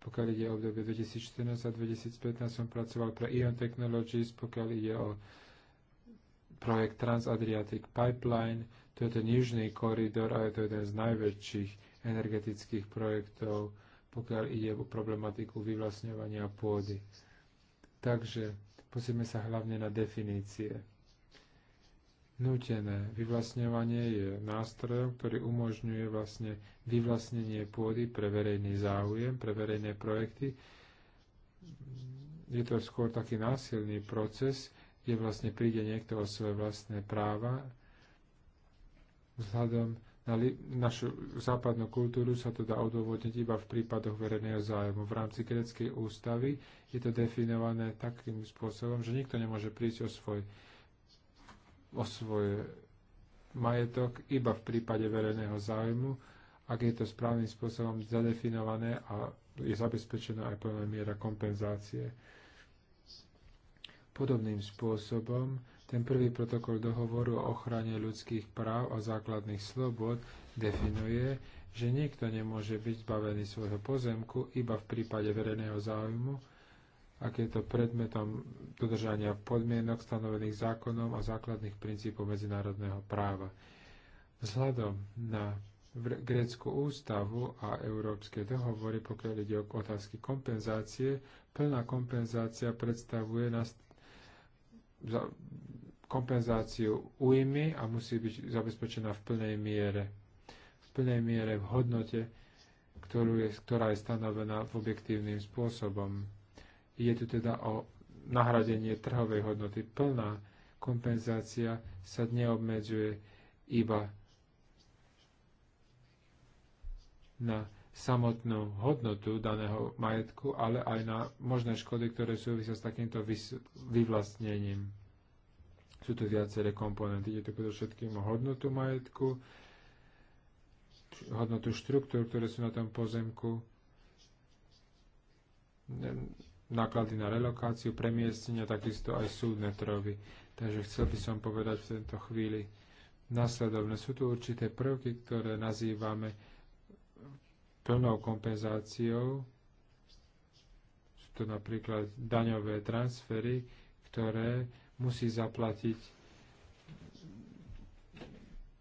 pokiaľ ide o obdobie 2014 a 2015 som pracoval pre Ion Technologies, pokiaľ ide o projekt Transadriatic Pipeline, to je ten južný koridor a je to jeden z najväčších energetických projektov, pokiaľ ide o problematiku vyvlastňovania pôdy. Takže pozrieme sa hlavne na definície. Nutené vyvlastňovanie je nástrojom, ktorý umožňuje vlastne vyvlastnenie pôdy pre verejný záujem, pre verejné projekty. Je to skôr taký násilný proces, kde vlastne príde niekto o svoje vlastné práva vzhľadom na našu západnú kultúru sa to dá odôvodniť iba v prípadoch verejného zájmu. V rámci greckej ústavy je to definované takým spôsobom, že nikto nemôže prísť o svoj o svoj majetok iba v prípade verejného zájmu, ak je to správnym spôsobom zadefinované a je zabezpečená aj plná miera kompenzácie. Podobným spôsobom ten prvý protokol dohovoru o ochrane ľudských práv a základných slobod definuje, že nikto nemôže byť zbavený svojho pozemku iba v prípade verejného záujmu, ak je to predmetom dodržania podmienok stanovených zákonom a základných princípov medzinárodného práva. Vzhľadom na grécku ústavu a európske dohovory, pokiaľ ide o otázky kompenzácie, plná kompenzácia predstavuje na kompenzáciu újmy a musí byť zabezpečená v plnej miere. V plnej miere v hodnote, ktorú je, ktorá je stanovená v objektívnym spôsobom. Ide tu teda o nahradenie trhovej hodnoty. Plná kompenzácia sa neobmedzuje iba na samotnú hodnotu daného majetku, ale aj na možné škody, ktoré súvisia s takýmto vyvlastnením. Sú tu viaceré komponenty. Je tu predovšetkým o hodnotu majetku, hodnotu štruktúr, ktoré sú na tom pozemku, náklady na relokáciu, premiestnenia, takisto aj súdne trovy. Takže chcel by som povedať v tento chvíli nasledovne. Sú tu určité prvky, ktoré nazývame plnou kompenzáciou. Sú to napríklad daňové transfery, ktoré musí zaplatiť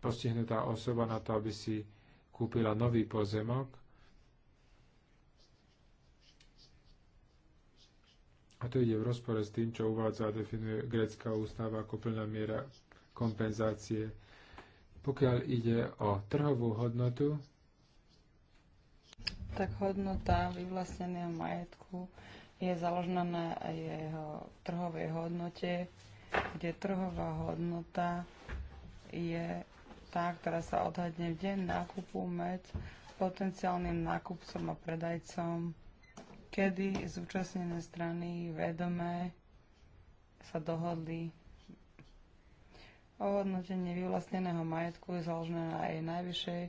postihnutá osoba na to, aby si kúpila nový pozemok. A to ide v rozpore s tým, čo uvádza a definuje grécka ústava ako plná miera kompenzácie. Pokiaľ ide o trhovú hodnotu, tak hodnota vyvlastneného majetku je založená na jeho trhovej hodnote kde trhová hodnota je tá, ktorá sa odhadne v deň nákupu med potenciálnym nákupcom a predajcom, kedy zúčastnené strany vedomé sa dohodli Ohodnotenie vyvlastneného majetku je založené na jej najvyššej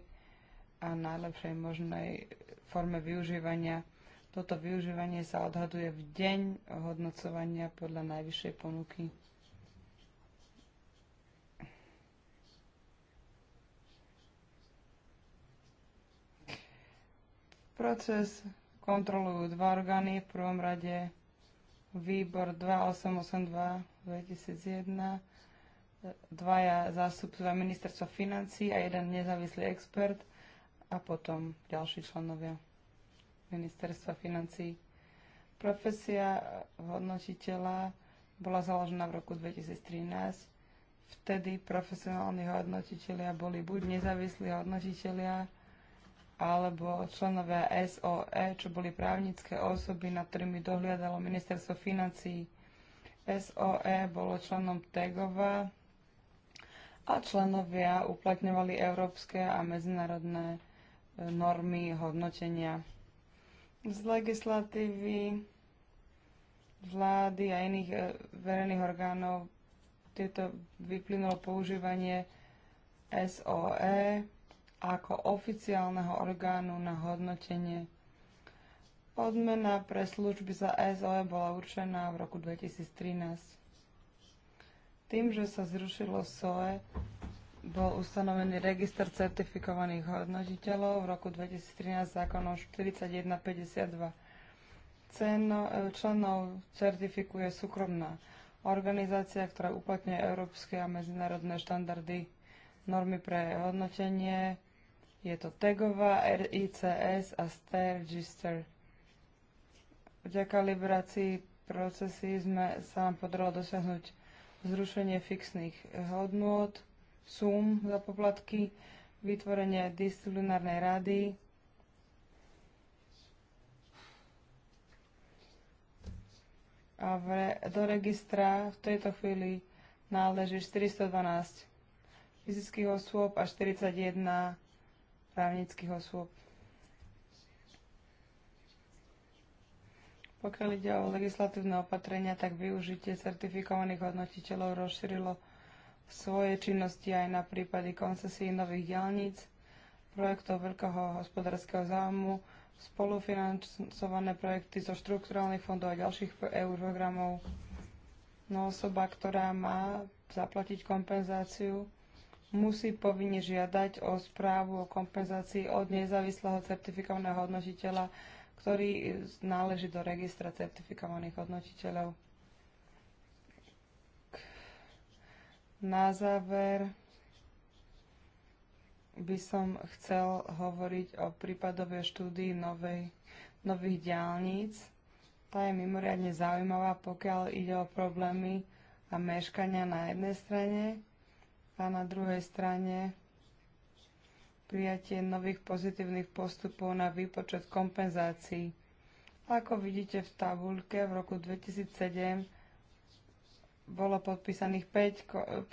a najlepšej možnej forme využívania. Toto využívanie sa odhaduje v deň hodnocovania podľa najvyššej ponuky. Proces kontrolujú dva orgány, v prvom rade výbor 2882 2001, dvaja zástupcovia ministerstva financí a jeden nezávislý expert a potom ďalší členovia ministerstva financí. Profesia hodnotiteľa bola založená v roku 2013. Vtedy profesionálni hodnotiteľia boli buď nezávislí hodnotiteľia, alebo členovia SOE, čo boli právnické osoby, nad ktorými dohliadalo ministerstvo financií. SOE bolo členom TEGOVA a členovia uplatňovali európske a medzinárodné e, normy hodnotenia. Z legislatívy vlády a iných e, verejných orgánov tieto vyplynulo používanie SOE, ako oficiálneho orgánu na hodnotenie. Odmena pre služby za SOE bola určená v roku 2013. Tým, že sa zrušilo SOE, bol ustanovený register certifikovaných hodnotiteľov v roku 2013 zákonom 4152. E, členov certifikuje súkromná organizácia, ktorá uplatňuje európske a medzinárodné štandardy, normy pre hodnotenie, je to TAGová, RICS a STAIR Register. Vďaka liberácii procesy sme, sa nám podarilo dosiahnuť zrušenie fixných hodnôt, sum za poplatky, vytvorenie disciplinárnej rady, a re, do registra v tejto chvíli náleží 412 fyzických osôb a 41 právnických osôb. Pokiaľ ide o legislatívne opatrenia, tak využitie certifikovaných hodnotiteľov rozšírilo svoje činnosti aj na prípady koncesí nových diálnic, projektov veľkého hospodárskeho záujmu, spolufinancované projekty zo štrukturálnych fondov a ďalších EU programov. No osoba, ktorá má zaplatiť kompenzáciu, musí povinne žiadať o správu o kompenzácii od nezávislého certifikovaného hodnotiteľa, ktorý náleží do registra certifikovaných hodnotiteľov. Na záver by som chcel hovoriť o prípadovej štúdii novej, nových diálnic. Tá je mimoriadne zaujímavá, pokiaľ ide o problémy a meškania na jednej strane a na druhej strane prijatie nových pozitívnych postupov na výpočet kompenzácií. Ako vidíte v tabulke, v roku 2007 bolo podpísaných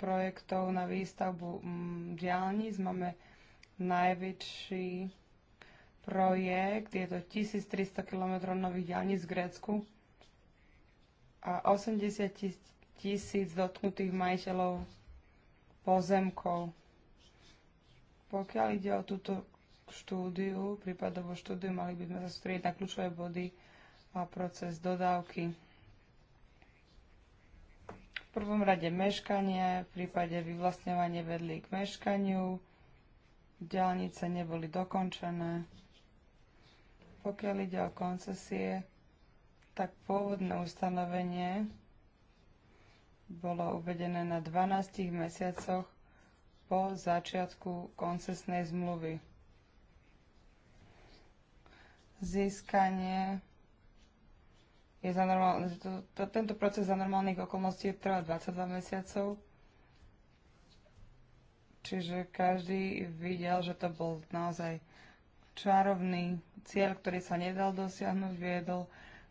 5 projektov na výstavbu mm, diálnic. Máme najväčší projekt, je to 1300 km nových diálnic v Grécku a 80 tisíc dotknutých majiteľov pozemkov. Pokiaľ ide o túto štúdiu, prípadovo štúdiu, mali by sme sa na kľúčové body a proces dodávky. V prvom rade meškanie, v prípade vyvlastňovanie vedli k meškaniu, diálnice neboli dokončené. Pokiaľ ide o koncesie, tak pôvodné ustanovenie bolo uvedené na 12 mesiacoch po začiatku koncesnej zmluvy. Získanie je za normál... to, to, tento proces za normálnych okolností trvá 22 mesiacov. Čiže každý videl, že to bol naozaj čarovný cieľ, ktorý sa nedal dosiahnuť, viedol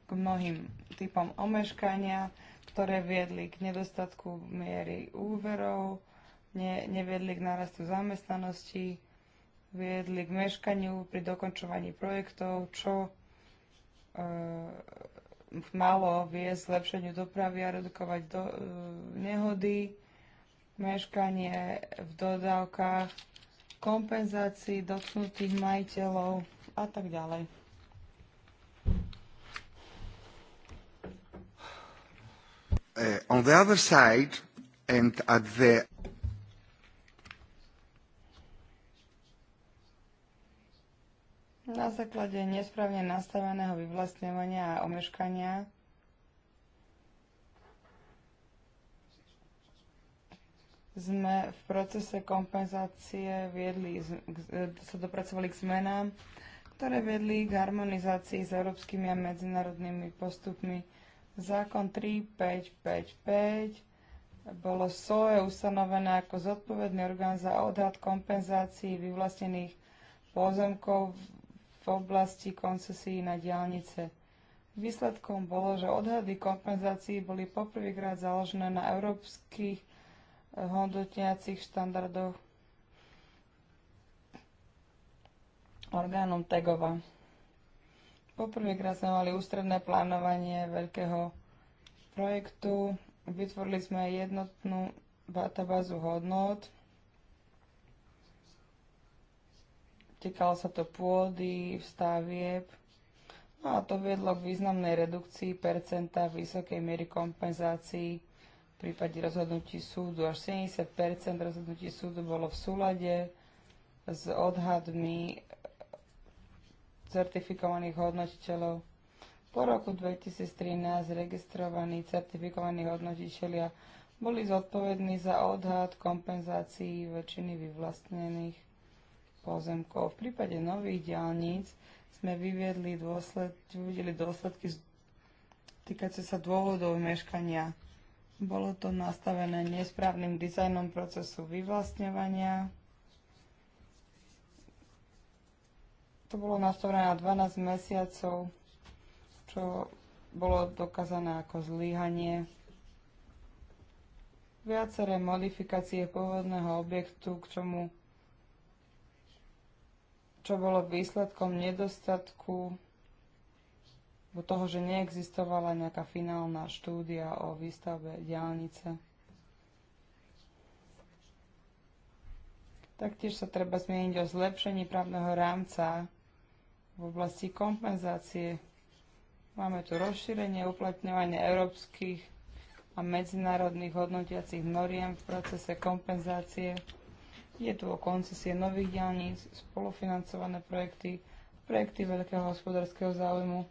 k mnohým typom omeškania, ktoré viedli k nedostatku miery úverov, ne, neviedli k nárastu zamestnanosti, viedli k meškaniu pri dokončovaní projektov, čo uh, malo viesť zlepšeniu dopravy a redukovať do, uh, nehody, meškanie v dodávkach, kompenzácii dotknutých majiteľov a tak ďalej. Uh, on the other side, and at the Na základe nesprávne nastaveného vyvlastňovania a omeškania sme v procese kompenzácie viedli, sa dopracovali k zmenám, ktoré viedli k harmonizácii s európskymi a medzinárodnými postupmi Zákon 3555 bolo SOE ustanovené ako zodpovedný orgán za odhad kompenzácií vyvlastnených pozemkov v oblasti koncesí na diálnice. Výsledkom bolo, že odhady kompenzácií boli poprvýkrát založené na európskych hodnotiacich štandardoch orgánom TEGOVA. Poprvýkrát sme mali ústredné plánovanie veľkého projektu. Vytvorili sme jednotnú databázu hodnot. Týkalo sa to pôdy, vstavieb. No a to viedlo k významnej redukcii percenta vysokej miery kompenzácií v prípade rozhodnutí súdu. Až 70 rozhodnutí súdu bolo v súlade s odhadmi certifikovaných hodnotiteľov. Po roku 2013 registrovaní certifikovaní hodnotiteľia boli zodpovední za odhad kompenzácií väčšiny vyvlastnených pozemkov. V prípade nových diálnic sme vyviedli dôsled, vyvedeli dôsledky týkajúce sa dôvodov meškania. Bolo to nastavené nesprávnym dizajnom procesu vyvlastňovania, To bolo nastavené na 12 mesiacov, čo bolo dokázané ako zlíhanie. Viaceré modifikácie pôvodného objektu, k čomu čo bolo výsledkom nedostatku toho, že neexistovala nejaká finálna štúdia o výstavbe diálnice. Taktiež sa treba zmieniť o zlepšení právneho rámca v oblasti kompenzácie. Máme tu rozšírenie uplatňovania európskych a medzinárodných hodnotiacich noriem v procese kompenzácie. Je tu o koncesie nových diálnic, spolufinancované projekty, projekty veľkého hospodárskeho záujmu,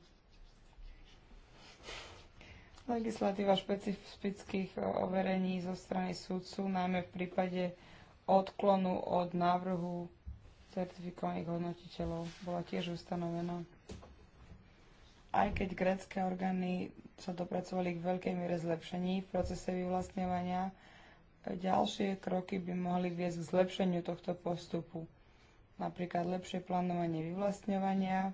legislatíva špecifických overení zo strany súdcu, najmä v prípade odklonu od návrhu certifikovaných hodnotiteľov bola tiež ustanovená. Aj keď grecké orgány sa dopracovali k veľkej miere zlepšení v procese vyvlastňovania, ďalšie kroky by mohli viesť k zlepšeniu tohto postupu. Napríklad lepšie plánovanie vyvlastňovania,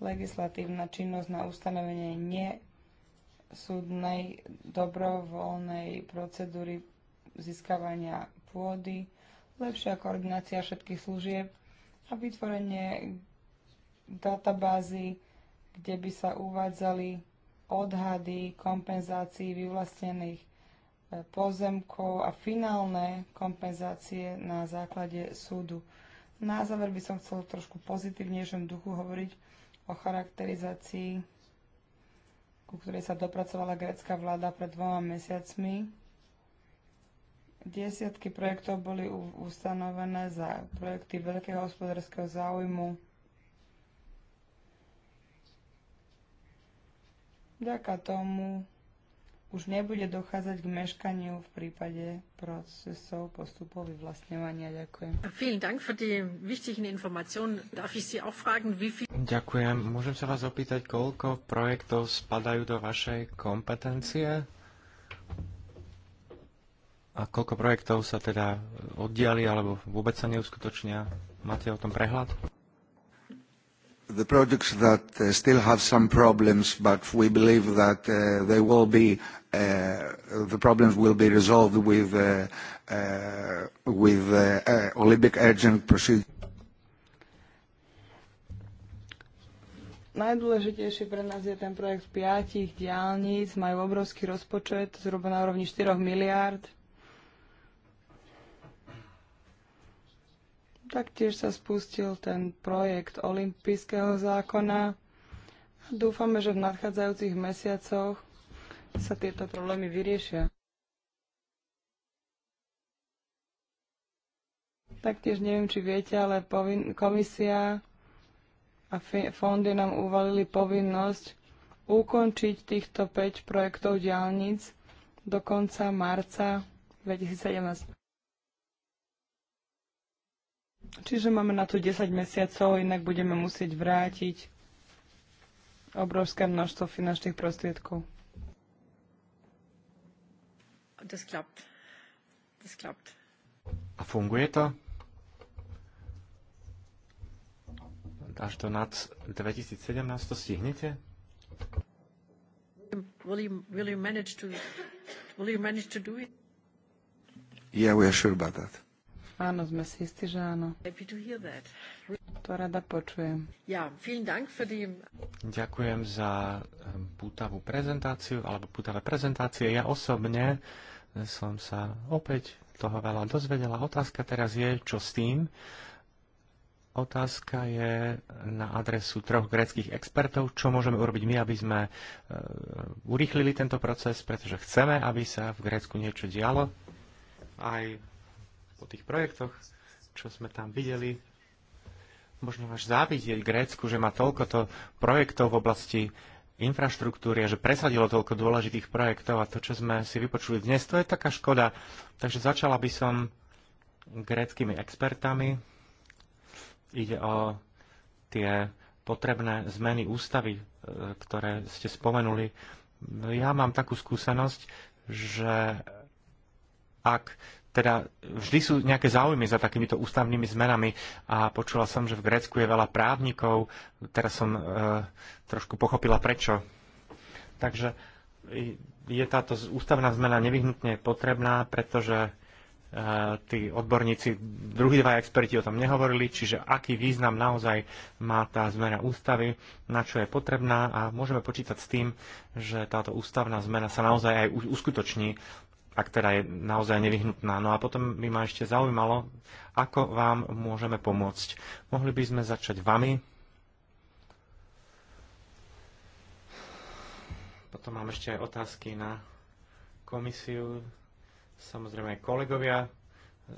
legislatívna činnosť na ustanovenie nesúdnej dobrovoľnej procedúry získavania pôdy, lepšia koordinácia všetkých služieb a vytvorenie databázy, kde by sa uvádzali odhady kompenzácií vyvlastnených e, pozemkov a finálne kompenzácie na základe súdu. Na záver by som chcel trošku pozitívnejšom duchu hovoriť o charakterizácii, ku ktorej sa dopracovala grécka vláda pred dvoma mesiacmi Desiatky projektov boli ustanovené za projekty veľkého hospodárskeho záujmu. Vďaka tomu už nebude dochádzať k meškaniu v prípade procesov postupov vyvlastňovania. Ďakujem. Ďakujem. Môžem sa vás opýtať, koľko projektov spadajú do vašej kompetencie? A koľko projektov sa teda oddiali alebo vôbec sa neuskutočnia? Máte o tom prehľad? The projects that uh, still have some problems, but we believe that uh, they will be, uh, the problems will be resolved with, uh, uh, with uh, uh, Olympic urgent procedure. Najdôležitejší pre nás je ten projekt piatich diálnic, majú obrovský rozpočet, zhruba na úrovni 4 miliárd Taktiež sa spustil ten projekt olympijského zákona. Dúfame, že v nadchádzajúcich mesiacoch sa tieto problémy vyriešia. Taktiež neviem, či viete, ale komisia a fondy nám uvalili povinnosť ukončiť týchto 5 projektov diálnic do konca marca 2017. Čiže máme na to 10 mesiacov, inak budeme musieť vrátiť obrovské množstvo finančných prostriedkov. Das klappt. Das klappt. A funguje to? Až to nad 2017 to stihnete? Will you, will you manage to, will you manage to do it? Yeah, we are sure about that. Áno, sme si istí, že áno. To rada počujem. Ďakujem za eh, pútavú prezentáciu, alebo pútavé prezentácie. Ja osobne eh, som sa opäť toho veľa dozvedela. Otázka teraz je, čo s tým? Otázka je na adresu troch greckých expertov, čo môžeme urobiť my, aby sme eh, urýchlili tento proces, pretože chceme, aby sa v Grécku niečo dialo. Aj po tých projektoch, čo sme tam videli. Možno až závidieť Grécku, že má toľkoto projektov v oblasti infraštruktúry a že presadilo toľko dôležitých projektov a to, čo sme si vypočuli dnes, to je taká škoda. Takže začala by som gréckými expertami. Ide o tie potrebné zmeny ústavy, e, ktoré ste spomenuli. Ja mám takú skúsenosť, že ak teda vždy sú nejaké záujmy za takýmito ústavnými zmenami a počula som, že v Grécku je veľa právnikov, teraz som e, trošku pochopila prečo. Takže je táto ústavná zmena nevyhnutne potrebná, pretože e, tí odborníci, druhí dva experti o tom nehovorili, čiže aký význam naozaj má tá zmena ústavy, na čo je potrebná a môžeme počítať s tým, že táto ústavná zmena sa naozaj aj uskutoční ak teda je naozaj nevyhnutná. No a potom by ma ešte zaujímalo, ako vám môžeme pomôcť. Mohli by sme začať vami. Potom mám ešte aj otázky na komisiu. Samozrejme aj kolegovia.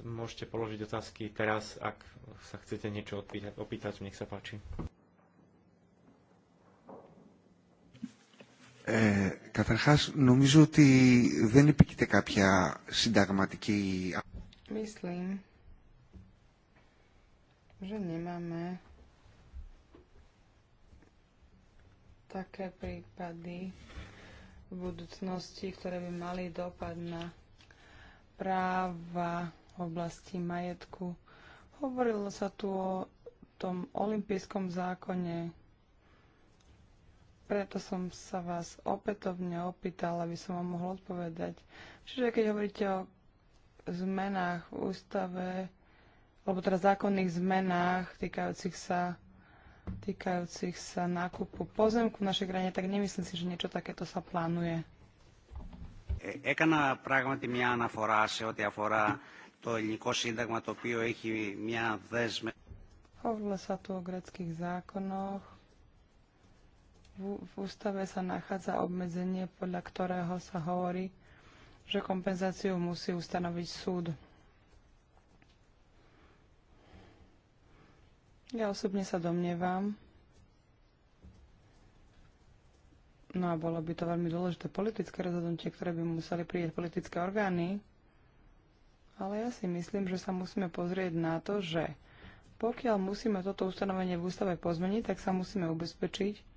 Môžete položiť otázky teraz, ak sa chcete niečo opýtať. Nech sa páči. Ε, καταρχάς, νομίζω ότι δεν επικείται κάποια συνταγματική... Myslím, Δεν είμαμε... Τα prípady v budúcnosti, ktoré by mali dopad na práva v oblasti majetku. Hovorilo sa tu o tom olympijskom zákone, preto som sa vás opätovne opýtal, aby som vám mohol odpovedať. Čiže keď hovoríte o zmenách v ústave, alebo teda zákonných zmenách týkajúcich sa týkajúcich sa nákupu pozemku v našej krajine, tak nemyslím si, že niečo takéto sa plánuje. Έκανα πράγματι μια αναφορά σε ό,τι αφορά το ελληνικό σύνταγμα το οποίο έχει μια δέσμε. Hovorilo sa tu o greckých zákonoch, v, ústave sa nachádza obmedzenie, podľa ktorého sa hovorí, že kompenzáciu musí ustanoviť súd. Ja osobne sa domnievam, no a bolo by to veľmi dôležité politické rozhodnutie, ktoré by museli prijať politické orgány, ale ja si myslím, že sa musíme pozrieť na to, že pokiaľ musíme toto ustanovenie v ústave pozmeniť, tak sa musíme ubezpečiť,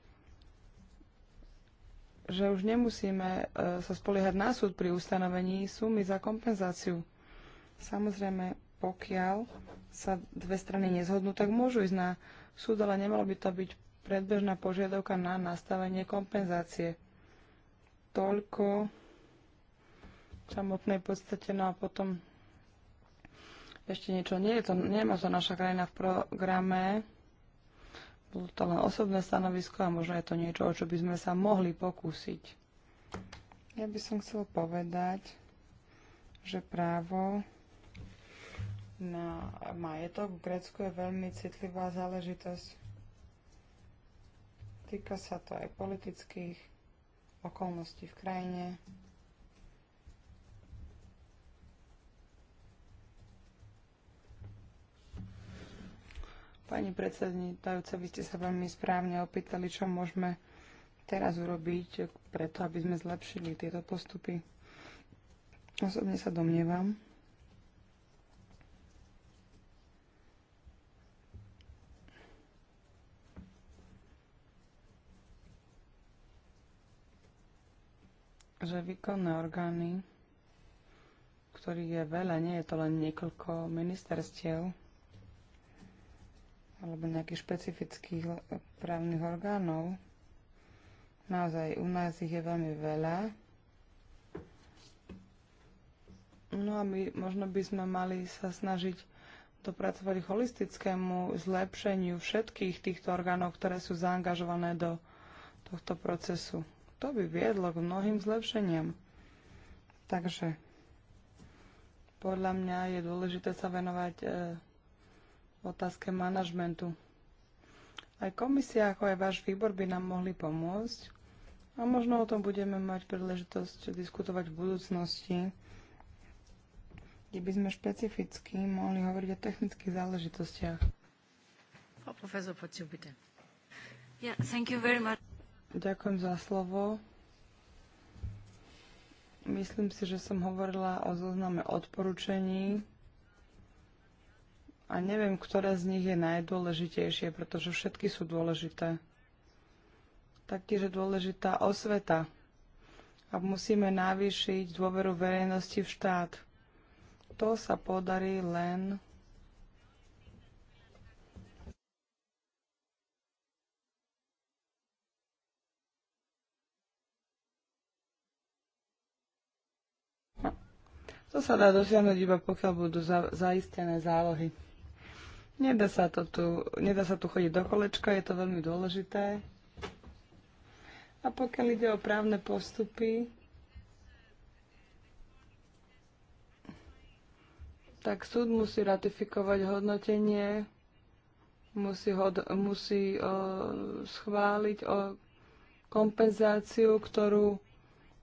že už nemusíme e, sa spoliehať na súd pri ustanovení sumy za kompenzáciu. Samozrejme, pokiaľ sa dve strany nezhodnú, tak môžu ísť na súd, ale nemalo by to byť predbežná požiadavka na nastavenie kompenzácie. Toľko v samotnej podstate, no a potom ešte niečo. Nie je to, nemá to naša krajina v programe, bolo to len osobné stanovisko a možno je to niečo, o čo by sme sa mohli pokúsiť. Ja by som chcel povedať, že právo na majetok v Grécku je veľmi citlivá záležitosť. Týka sa to aj politických okolností v krajine, Pani predsedníca, vy ste sa veľmi správne opýtali, čo môžeme teraz urobiť preto, aby sme zlepšili tieto postupy. Osobne sa domnievam, že výkonné orgány, ktorých je veľa, nie je to len niekoľko ministerstiev, alebo nejakých špecifických právnych orgánov. Naozaj, u nás ich je veľmi veľa. No a my možno by sme mali sa snažiť dopracovať holistickému zlepšeniu všetkých týchto orgánov, ktoré sú zaangažované do tohto procesu. To by viedlo k mnohým zlepšeniam. Takže podľa mňa je dôležité sa venovať e, otázke manažmentu. Aj komisia, ako aj váš výbor by nám mohli pomôcť a možno o tom budeme mať príležitosť diskutovať v budúcnosti, kde by sme špecificky mohli hovoriť o technických záležitostiach. Yeah, thank you very much. Ďakujem za slovo. Myslím si, že som hovorila o zozname odporúčení a neviem, ktoré z nich je najdôležitejšie, pretože všetky sú dôležité. Taktiež je dôležitá osveta a musíme navýšiť dôveru verejnosti v štát. To sa podarí len To sa dá dosiahnuť iba pokiaľ budú za, zaistené zálohy. Nedá sa, to tu, nedá sa tu chodiť do kolečka, je to veľmi dôležité. A pokiaľ ide o právne postupy, tak súd musí ratifikovať hodnotenie, musí, hod, musí o, schváliť o kompenzáciu, ktorú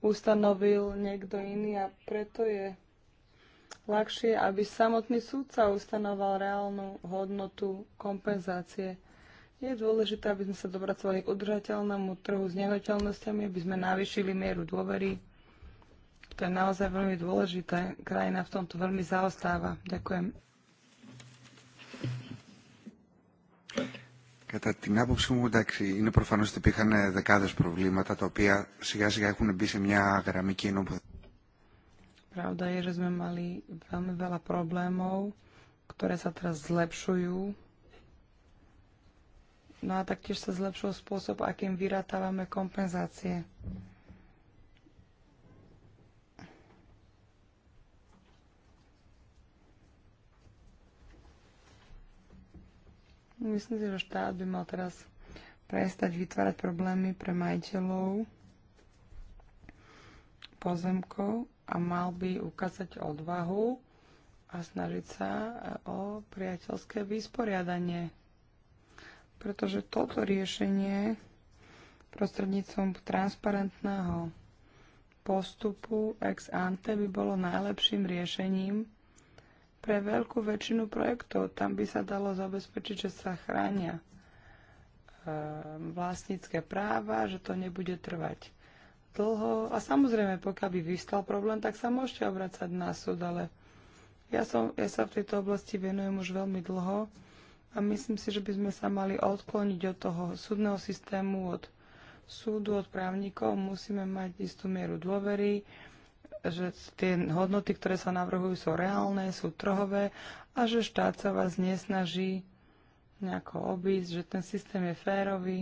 ustanovil niekto iný a preto je ľahšie, aby samotný súdca ustanoval reálnu hodnotu kompenzácie. Je dôležité, aby sme sa dopracovali k udržateľnému trhu s nehnuteľnosťami, aby sme navýšili mieru dôvery. To je naozaj veľmi dôležité. Krajina v tomto veľmi zaostáva. Ďakujem. Κατά την άποψή μου, εντάξει, είναι προφανώς ότι υπήρχαν δεκάδες προβλήματα τα οποία σιγά σιγά έχουν μπει σε μια γραμμή κοινοποθέτηση. Pravda je, že sme mali veľmi veľa problémov, ktoré sa teraz zlepšujú. No a taktiež sa zlepšil spôsob, akým vyratávame kompenzácie. Myslím si, že štát by mal teraz prestať vytvárať problémy pre majiteľov pozemkov a mal by ukázať odvahu a snažiť sa e, o priateľské vysporiadanie. Pretože toto riešenie prostredníctvom transparentného postupu ex ante by bolo najlepším riešením pre veľkú väčšinu projektov. Tam by sa dalo zabezpečiť, že sa chránia e, vlastnícke práva, že to nebude trvať dlho. A samozrejme, pokiaľ by vystal problém, tak sa môžete obracať na súd, ale ja, som, ja sa v tejto oblasti venujem už veľmi dlho a myslím si, že by sme sa mali odkloniť od toho súdneho systému, od súdu, od právnikov. Musíme mať istú mieru dôvery, že tie hodnoty, ktoré sa navrhujú, sú reálne, sú trhové a že štát sa vás nesnaží nejako obísť, že ten systém je férový.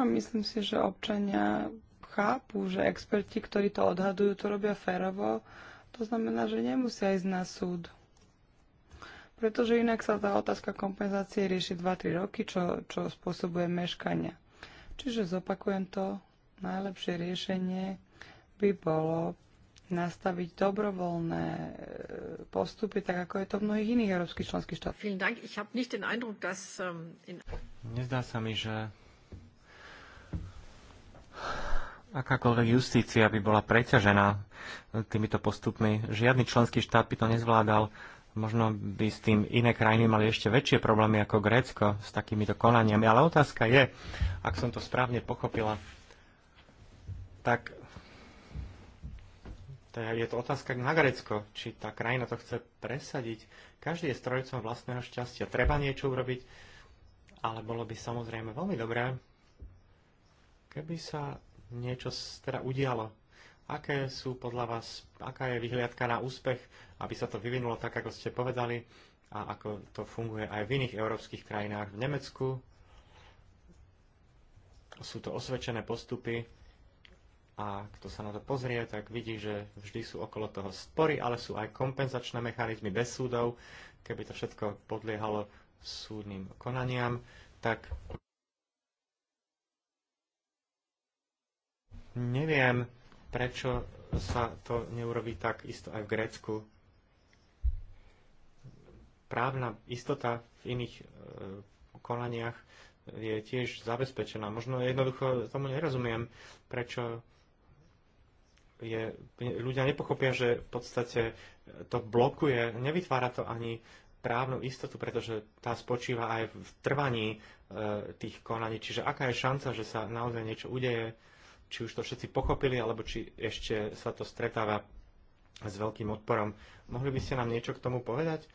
A myslím si, že občania chápu, že experti, ktorí to odhadujú, to robia férovo. To znamená, že nemusia ísť na súd. Pretože inak sa tá otázka kompenzácie rieši 2-3 roky, čo, čo spôsobuje meškania. Čiže zopakujem to, najlepšie riešenie by bolo nastaviť dobrovoľné e, postupy, tak ako je to v mnohých iných európskych členských štátoch. Ähm, Nezdá sa mi, že akákoľvek justícia by bola preťažená týmito postupmi. Žiadny členský štát by to nezvládal. Možno by s tým iné krajiny mali ešte väčšie problémy ako Grécko s takýmito konaniami. Ale otázka je, ak som to správne pochopila, tak je to otázka na Grécko, či tá krajina to chce presadiť. Každý je strojcom vlastného šťastia. Treba niečo urobiť, ale bolo by samozrejme veľmi dobré, keby sa niečo teda udialo. Aké sú podľa vás, aká je vyhliadka na úspech, aby sa to vyvinulo tak, ako ste povedali a ako to funguje aj v iných európskych krajinách. V Nemecku sú to osvedčené postupy a kto sa na to pozrie, tak vidí, že vždy sú okolo toho spory, ale sú aj kompenzačné mechanizmy bez súdov. Keby to všetko podliehalo súdnym konaniam, tak Neviem, prečo sa to neurobí tak isto aj v Grécku. Právna istota v iných e, konaniach je tiež zabezpečená. Možno jednoducho tomu nerozumiem, prečo je, ľudia nepochopia, že v podstate to blokuje, nevytvára to ani právnu istotu, pretože tá spočíva aj v trvaní e, tých konaní. Čiže aká je šanca, že sa naozaj niečo udeje, či už to všetci pochopili, alebo či ešte sa to stretáva s veľkým odporom. Mohli by ste nám niečo k tomu povedať?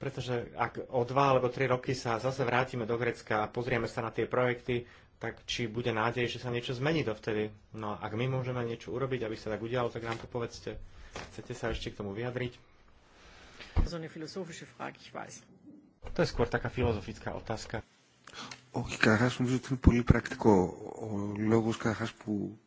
Pretože ak o dva alebo tri roky sa zase vrátime do Grecka a pozrieme sa na tie projekty, tak či bude nádej, že sa niečo zmení dovtedy. No a ak my môžeme niečo urobiť, aby sa tak udialo, tak nám to povedzte. Chcete sa ešte k tomu vyjadriť? To je skôr taká filozofická otázka. Όχι, καταρχάς νομίζω ότι είναι πολύ πρακτικό. Ο λόγο καταρχάς που...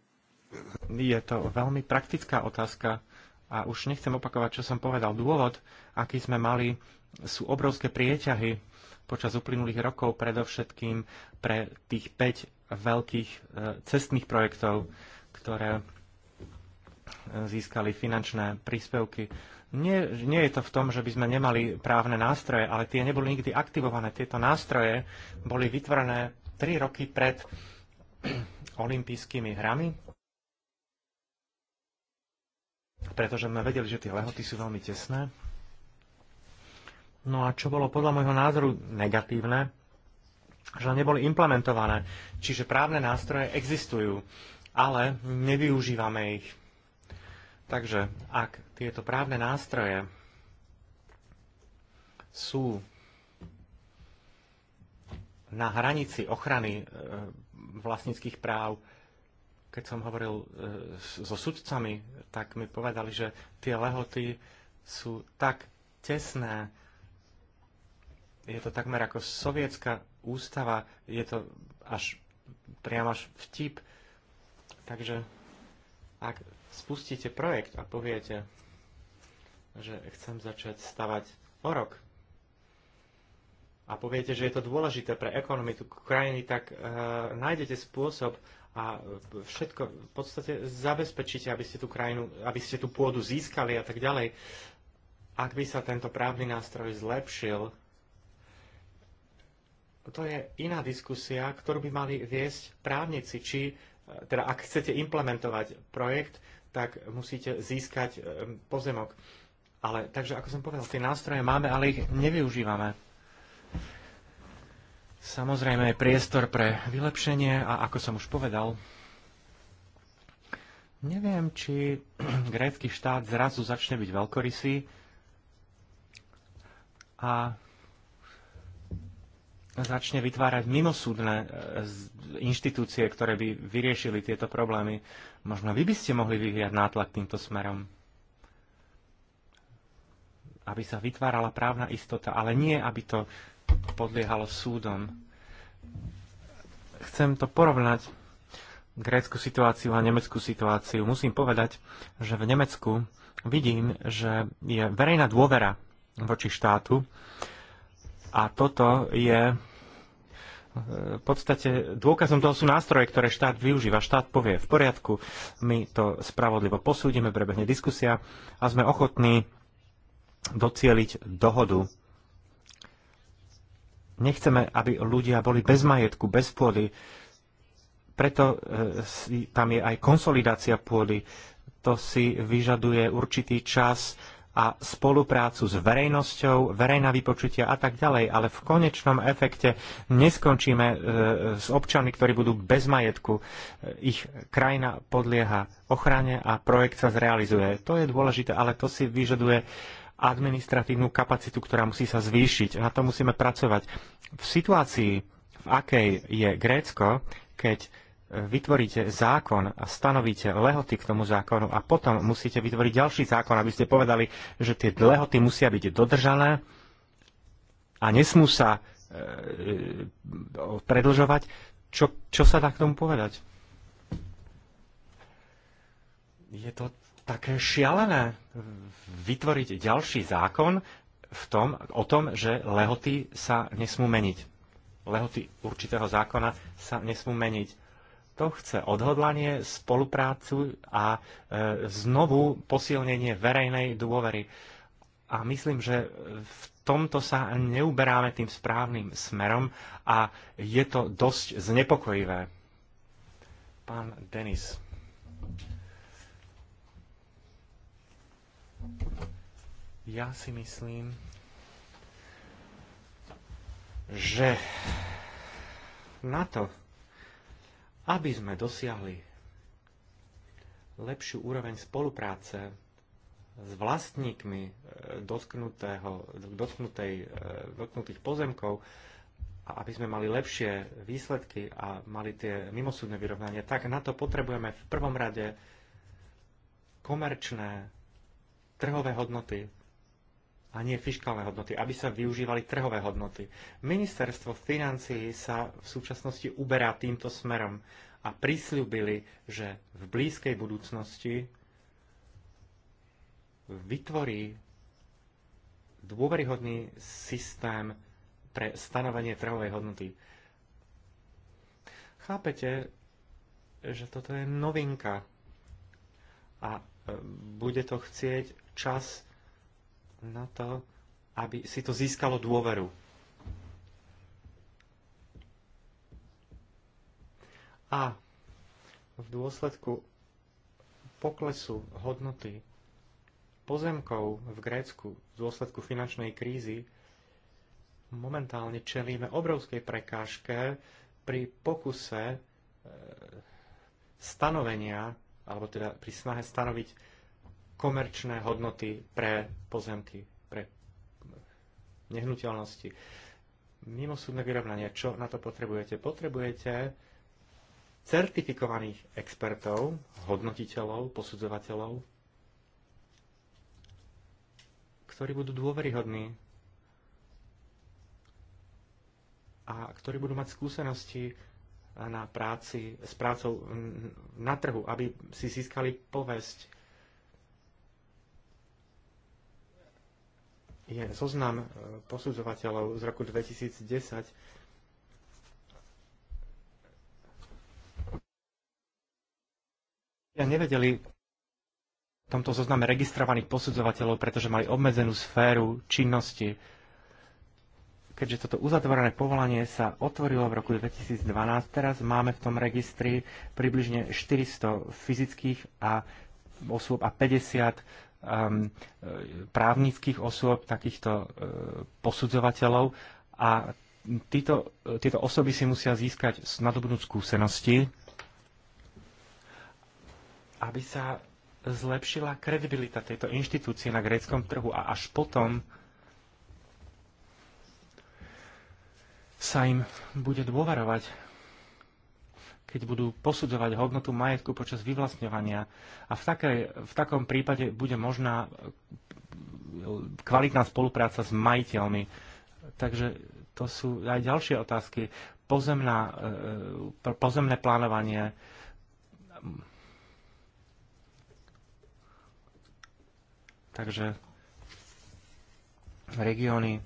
Je to veľmi praktická otázka a už nechcem opakovať, čo som povedal. Dôvod, aký sme mali, sú obrovské prieťahy počas uplynulých rokov, predovšetkým pre tých 5 veľkých eh, cestných projektov, ktoré eh, získali finančné príspevky nie, nie je to v tom, že by sme nemali právne nástroje, ale tie neboli nikdy aktivované. Tieto nástroje boli vytvorené 3 roky pred olympijskými hrami, pretože sme vedeli, že tie lehoty sú veľmi tesné. No a čo bolo podľa môjho názoru negatívne, že neboli implementované. Čiže právne nástroje existujú, ale nevyužívame ich. Takže ak tieto právne nástroje sú na hranici ochrany e, vlastníckých práv, keď som hovoril e, so sudcami, tak mi povedali, že tie lehoty sú tak tesné, je to takmer ako sovietská ústava, je to až priam až vtip. Takže ak spustíte projekt a poviete, že chcem začať stavať o rok a poviete, že je to dôležité pre ekonomiku krajiny, tak e, nájdete spôsob a všetko v podstate zabezpečíte, aby ste tú krajinu, aby ste tú pôdu získali a tak ďalej. Ak by sa tento právny nástroj zlepšil, to je iná diskusia, ktorú by mali viesť právnici, či e, teda ak chcete implementovať projekt, tak musíte získať e, pozemok. Ale, takže ako som povedal, tie nástroje máme, ale ich nevyužívame. Samozrejme je priestor pre vylepšenie a ako som už povedal, neviem, či grécky štát zrazu začne byť veľkorysý a začne vytvárať mimosúdne e, inštitúcie, ktoré by vyriešili tieto problémy. Možno vy by ste mohli vyvíjať nátlak týmto smerom, aby sa vytvárala právna istota, ale nie, aby to podliehalo súdom. Chcem to porovnať grécku situáciu a nemeckú situáciu. Musím povedať, že v Nemecku vidím, že je verejná dôvera voči štátu, a toto je e, v podstate dôkazom toho sú nástroje, ktoré štát využíva. Štát povie v poriadku, my to spravodlivo posúdime, prebehne diskusia a sme ochotní docieliť dohodu. Nechceme, aby ľudia boli bez majetku, bez pôdy. Preto e, tam je aj konsolidácia pôdy. To si vyžaduje určitý čas a spoluprácu s verejnosťou, verejná vypočutia a tak ďalej. Ale v konečnom efekte neskončíme e, s občanmi, ktorí budú bez majetku. E, ich krajina podlieha ochrane a projekt sa zrealizuje. To je dôležité, ale to si vyžaduje administratívnu kapacitu, ktorá musí sa zvýšiť. Na to musíme pracovať. V situácii, v akej je Grécko, keď vytvoríte zákon a stanovíte lehoty k tomu zákonu a potom musíte vytvoriť ďalší zákon, aby ste povedali, že tie lehoty musia byť dodržané a nesmú sa e, e predlžovať, čo, čo sa dá k tomu povedať? Je to také šialené vytvoriť ďalší zákon v tom, o tom, že lehoty sa nesmú meniť. Lehoty určitého zákona sa nesmú meniť to chce odhodlanie, spoluprácu a e, znovu posilnenie verejnej dôvery. A myslím, že v tomto sa neuberáme tým správnym smerom a je to dosť znepokojivé. Pán Denis. Ja si myslím, že na to, aby sme dosiahli lepšiu úroveň spolupráce s vlastníkmi e, dotknutej, e, dotknutých pozemkov, a aby sme mali lepšie výsledky a mali tie mimosúdne vyrovnanie, tak na to potrebujeme v prvom rade komerčné trhové hodnoty a nie fiskálne hodnoty, aby sa využívali trhové hodnoty. Ministerstvo financií sa v súčasnosti uberá týmto smerom a prislúbili, že v blízkej budúcnosti vytvorí dôveryhodný systém pre stanovenie trhovej hodnoty. Chápete, že toto je novinka a e, bude to chcieť čas, na to, aby si to získalo dôveru. A v dôsledku poklesu hodnoty pozemkov v Grécku v dôsledku finančnej krízy momentálne čelíme obrovskej prekážke pri pokuse e, stanovenia, alebo teda pri snahe stanoviť komerčné hodnoty pre pozemky, pre nehnuteľnosti. Mimo súdne vyrovnanie, čo na to potrebujete? Potrebujete certifikovaných expertov, hodnotiteľov, posudzovateľov, ktorí budú dôveryhodní a ktorí budú mať skúsenosti na práci, s prácou na trhu, aby si získali povesť je zoznam e, posudzovateľov z roku 2010. Ja nevedeli v tomto zozname registrovaných posudzovateľov, pretože mali obmedzenú sféru činnosti. Keďže toto uzatvorené povolanie sa otvorilo v roku 2012, teraz máme v tom registri približne 400 fyzických a osôb a 50 Um, právnických osôb, takýchto uh, posudzovateľov a títo, tieto osoby si musia získať nadobudnúť skúsenosti, aby sa zlepšila kredibilita tejto inštitúcie na gréckom trhu a až potom sa im bude dôverovať keď budú posudzovať hodnotu majetku počas vyvlastňovania. A v, takej, v takom prípade bude možná e, kvalitná spolupráca s majiteľmi. Takže to sú aj ďalšie otázky. Pozemná, e, e, pozemné plánovanie, Takže regióny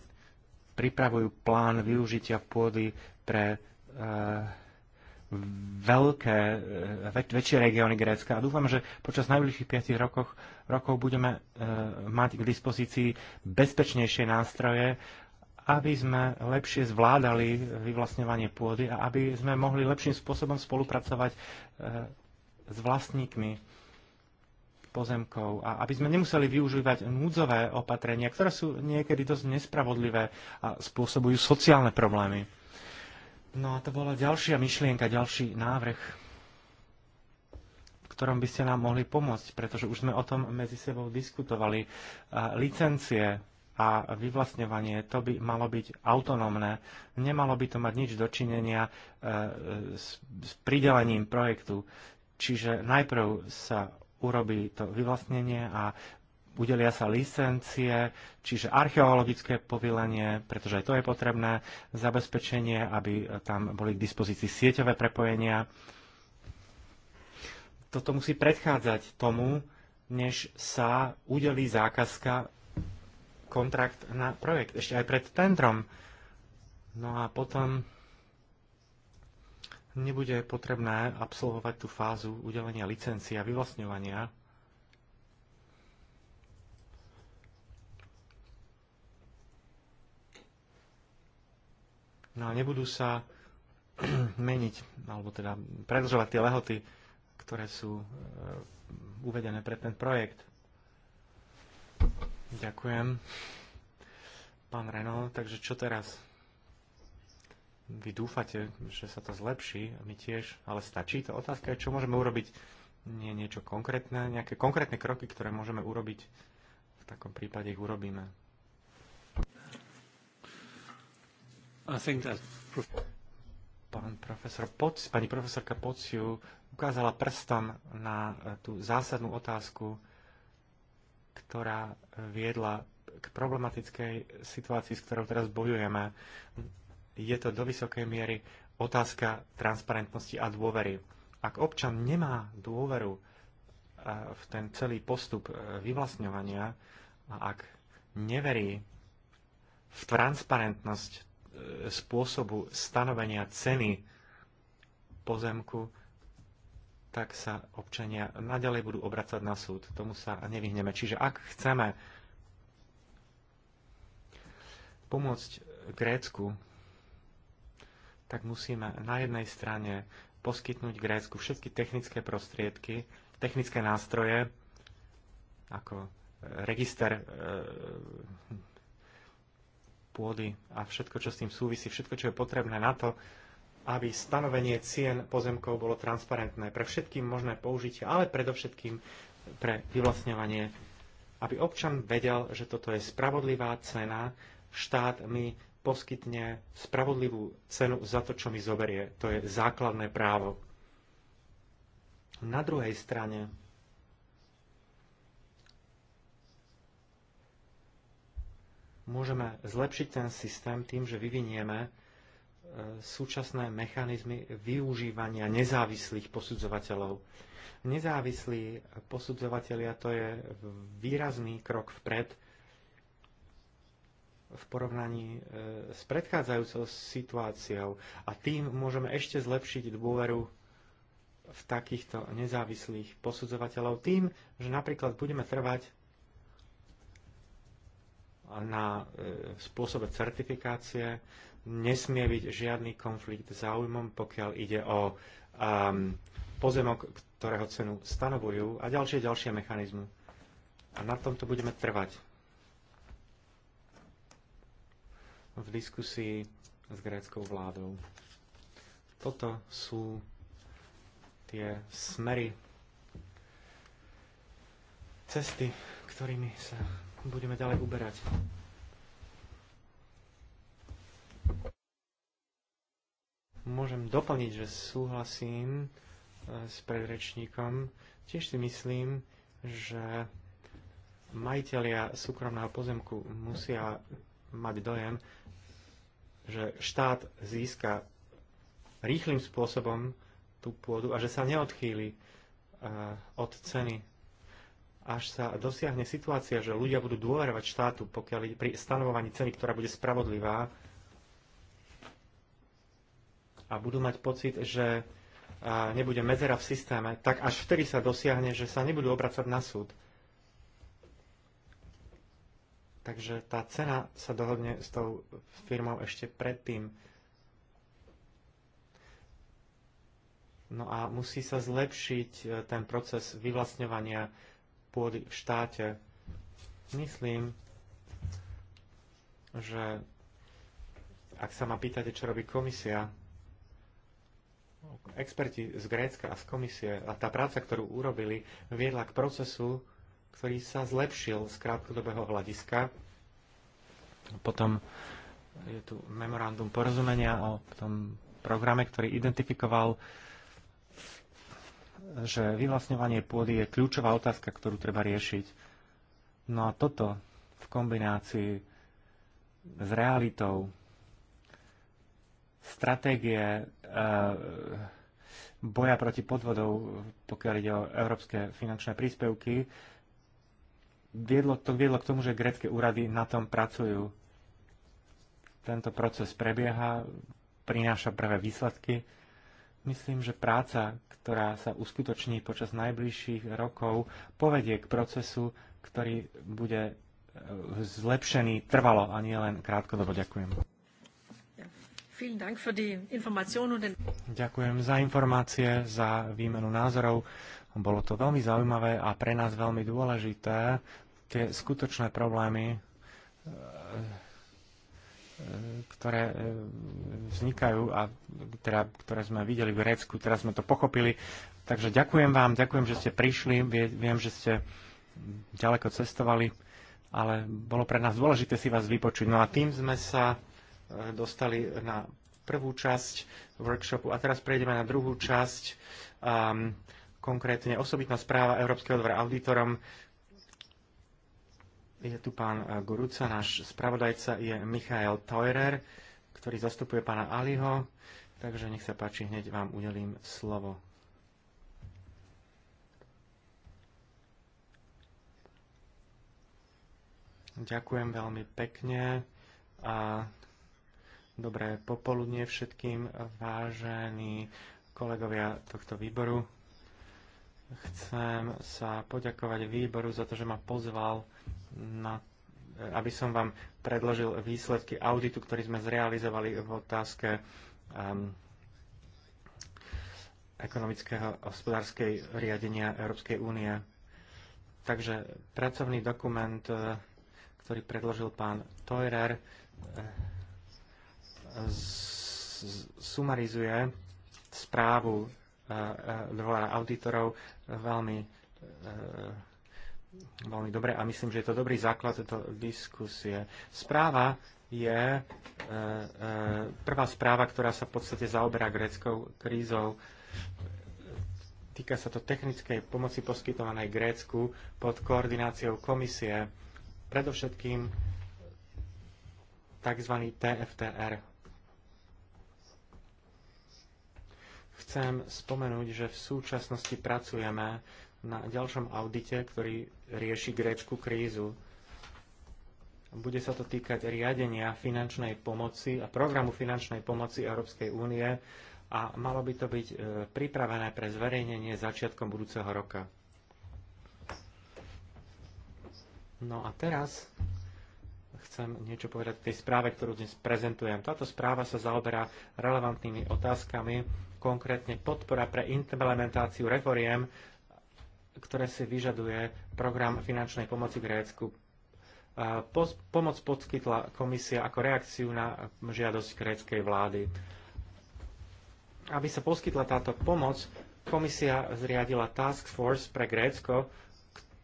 pripravujú plán využitia pôdy pre e, veľké, e, väč, väčšie regióny Grécka a dúfam, že počas najbližších 5 rokov, rokov budeme e, mať k dispozícii bezpečnejšie nástroje, aby sme lepšie zvládali vyvlastňovanie pôdy a aby sme mohli lepším spôsobom spolupracovať e, s vlastníkmi pozemkov a aby sme nemuseli využívať núdzové opatrenia, ktoré sú niekedy dosť nespravodlivé a spôsobujú sociálne problémy. No a to bola ďalšia myšlienka, ďalší návrh, v ktorom by ste nám mohli pomôcť, pretože už sme o tom medzi sebou diskutovali. Licencie a vyvlastňovanie, to by malo byť autonómne. Nemalo by to mať nič dočinenia e, s, pridelením projektu. Čiže najprv sa urobí to vyvlastnenie a udelia sa licencie, čiže archeologické povolenie, pretože aj to je potrebné, zabezpečenie, aby tam boli k dispozícii sieťové prepojenia. Toto musí predchádzať tomu, než sa udelí zákazka kontrakt na projekt, ešte aj pred tendrom. No a potom nebude potrebné absolvovať tú fázu udelenia licencie a vyvlastňovania No a nebudú sa meniť, alebo teda predlžovať tie lehoty, ktoré sú e, uvedené pre ten projekt. Ďakujem. Pán Reno, takže čo teraz? Vy dúfate, že sa to zlepší, my tiež, ale stačí to? Otázka je, čo môžeme urobiť? Nie niečo konkrétne, nejaké konkrétne kroky, ktoré môžeme urobiť, v takom prípade ich urobíme. Pán profesor Poc, pani profesorka Pociu ukázala prstom na e, tú zásadnú otázku, ktorá e, viedla k problematickej situácii, s ktorou teraz bojujeme. Je to do vysokej miery otázka transparentnosti a dôvery. Ak občan nemá dôveru e, v ten celý postup vyvlastňovania a ak neverí v transparentnosť E, spôsobu stanovenia ceny pozemku, tak sa občania naďalej budú obracať na súd. Tomu sa nevyhneme. Čiže ak chceme pomôcť Grécku, tak musíme na jednej strane poskytnúť Grécku všetky technické prostriedky, technické nástroje, ako register e, pôdy a všetko, čo s tým súvisí, všetko, čo je potrebné na to, aby stanovenie cien pozemkov bolo transparentné pre všetkým možné použitie, ale predovšetkým pre vyvlastňovanie, aby občan vedel, že toto je spravodlivá cena, štát mi poskytne spravodlivú cenu za to, čo mi zoberie. To je základné právo. Na druhej strane môžeme zlepšiť ten systém tým, že vyvinieme e, súčasné mechanizmy využívania nezávislých posudzovateľov. Nezávislí posudzovateľia to je výrazný krok vpred v porovnaní e, s predchádzajúcou situáciou a tým môžeme ešte zlepšiť dôveru v takýchto nezávislých posudzovateľov tým, že napríklad budeme trvať na e, spôsobe certifikácie nesmie byť žiadny konflikt záujmom, pokiaľ ide o um, pozemok, ktorého cenu stanovujú a ďalšie, ďalšie mechanizmy. A na tomto budeme trvať. v diskusii s gréckou vládou. Toto sú tie smery, cesty, ktorými sa budeme ďalej uberať. Môžem doplniť, že súhlasím eh, s predrečníkom. Tiež si myslím, že majiteľia súkromného pozemku musia mať dojem, že štát získa rýchlým spôsobom tú pôdu a že sa neodchýli eh, od ceny až sa dosiahne situácia, že ľudia budú dôverovať štátu pokiaľ pri stanovovaní ceny, ktorá bude spravodlivá a budú mať pocit, že nebude medzera v systéme, tak až vtedy sa dosiahne, že sa nebudú obracať na súd. Takže tá cena sa dohodne s tou firmou ešte predtým. No a musí sa zlepšiť e, ten proces vyvlastňovania pôdy v štáte. Myslím, že ak sa ma pýtate, čo robí komisia, experti z Grécka a z komisie a tá práca, ktorú urobili, viedla k procesu, ktorý sa zlepšil z krátkodobého hľadiska. Potom je tu memorandum porozumenia o tom programe, ktorý identifikoval uh, že vyvlastňovanie pôdy je kľúčová otázka, ktorú treba riešiť. No a toto v kombinácii s realitou stratégie eh, boja proti podvodov, pokiaľ ide o európske finančné príspevky, viedlo, to viedlo k tomu, že grecké úrady na tom pracujú. Tento proces prebieha, prináša prvé výsledky Myslím, že práca, ktorá sa uskutoční počas najbližších rokov, povedie k procesu, ktorý bude e, zlepšený trvalo a nie len krátkodobo. Ďakujem. Ďakujem za informácie, za výmenu názorov. Bolo to veľmi zaujímavé a pre nás veľmi dôležité tie skutočné problémy e, ktoré e, vznikajú a teda, ktoré sme videli v Grécku, teraz sme to pochopili. Takže ďakujem vám, ďakujem, že ste prišli, viem, že ste ďaleko cestovali, ale bolo pre nás dôležité si vás vypočuť. No a tým sme sa e, dostali na prvú časť workshopu a teraz prejdeme na druhú časť, um, konkrétne osobitná správa Európskeho dvora auditorom je tu pán eh, Guruca, náš spravodajca je Michael Teurer, ktorý zastupuje pána Aliho, takže nech sa páči, hneď vám udelím slovo. Ďakujem veľmi pekne a dobré popoludne všetkým vážení kolegovia tohto výboru. Chcem sa poďakovať výboru za to, že ma pozval na, aby som vám predložil výsledky auditu, ktorý sme zrealizovali v otázke um, ekonomického a hospodárskej riadenia Európskej únie. Takže pracovný dokument, eh, ktorý predložil pán Teurer, eh, sumarizuje správu eh, dvora auditorov veľmi veľmi dobre a myslím, že je to dobrý základ do diskusie. Správa je e, e, prvá správa, ktorá sa v podstate zaoberá gréckou krízou. Týka sa to technickej pomoci poskytovanej Grécku pod koordináciou komisie, predovšetkým tzv. TFTR. Chcem spomenúť, že v súčasnosti pracujeme na ďalšom audite, ktorý rieši grécku krízu. Bude sa to týkať riadenia finančnej pomoci a programu finančnej pomoci Európskej únie a malo by to byť e, pripravené pre zverejnenie začiatkom budúceho roka. No a teraz chcem niečo povedať k tej správe, ktorú dnes prezentujem. Táto správa sa zaoberá relevantnými otázkami, konkrétne podpora pre implementáciu reforiem ktoré si vyžaduje program finančnej pomoci Grécku. Pomoc podskytla komisia ako reakciu na žiadosť gréckej vlády. Aby sa poskytla táto pomoc, komisia zriadila Task Force pre Grécko,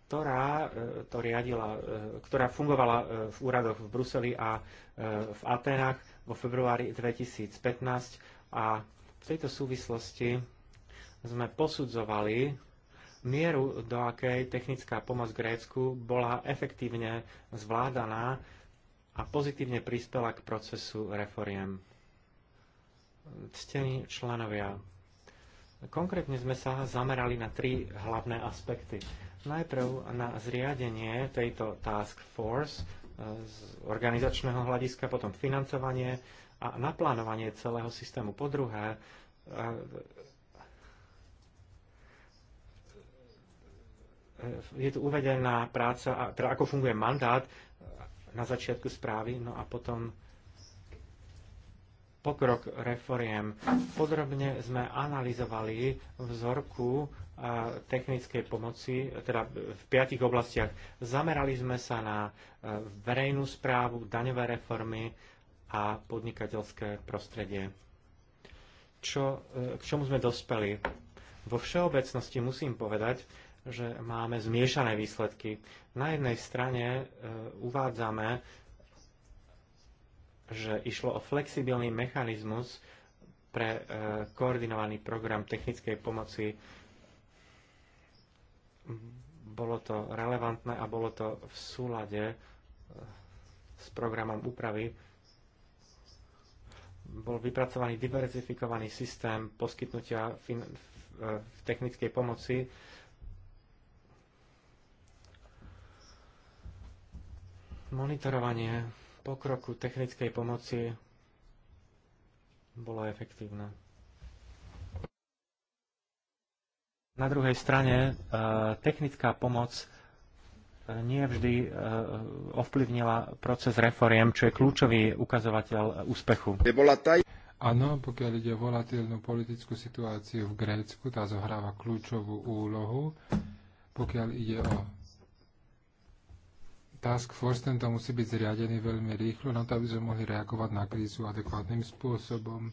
ktorá, e, to riadila, e, ktorá fungovala e, v úradoch v Bruseli a v Atenách vo februári 2015 a v tejto súvislosti sme posudzovali mieru, do akej technická pomoc Grécku bola efektívne zvládaná a pozitívne prispela k procesu reforiem. Ctení členovia, konkrétne sme sa zamerali na tri hlavné aspekty. Najprv na zriadenie tejto task force e, z organizačného hľadiska, potom financovanie a naplánovanie celého systému. Po druhé, e, je tu uvedená práca, a teda ako funguje mandát eh, na začiatku správy, no a potom pokrok reforiem. Podrobne sme analyzovali vzorku eh, technickej pomoci, teda v piatich oblastiach. Zamerali sme sa na eh, verejnú správu, daňové reformy a podnikateľské prostredie. Čo, k čomu sme dospeli? Vo všeobecnosti musím povedať, že máme zmiešané výsledky. Na jednej strane e, uvádzame, že išlo o flexibilný mechanizmus pre e, koordinovaný program technickej pomoci. Bolo to relevantné a bolo to v súlade e, s programom úpravy bol vypracovaný diverzifikovaný systém poskytnutia v technickej pomoci Monitorovanie pokroku technickej pomoci bolo efektívne. Na druhej strane e, technická pomoc nie vždy e, ovplyvnila proces reforiem, čo je kľúčový ukazovateľ úspechu. Áno, pokiaľ ide o volatilnú politickú situáciu v Grécku, tá zohráva kľúčovú úlohu. Pokiaľ ide o task force, tento musí byť zriadený veľmi rýchlo, na to, aby sme mohli reagovať na krízu adekvátnym spôsobom.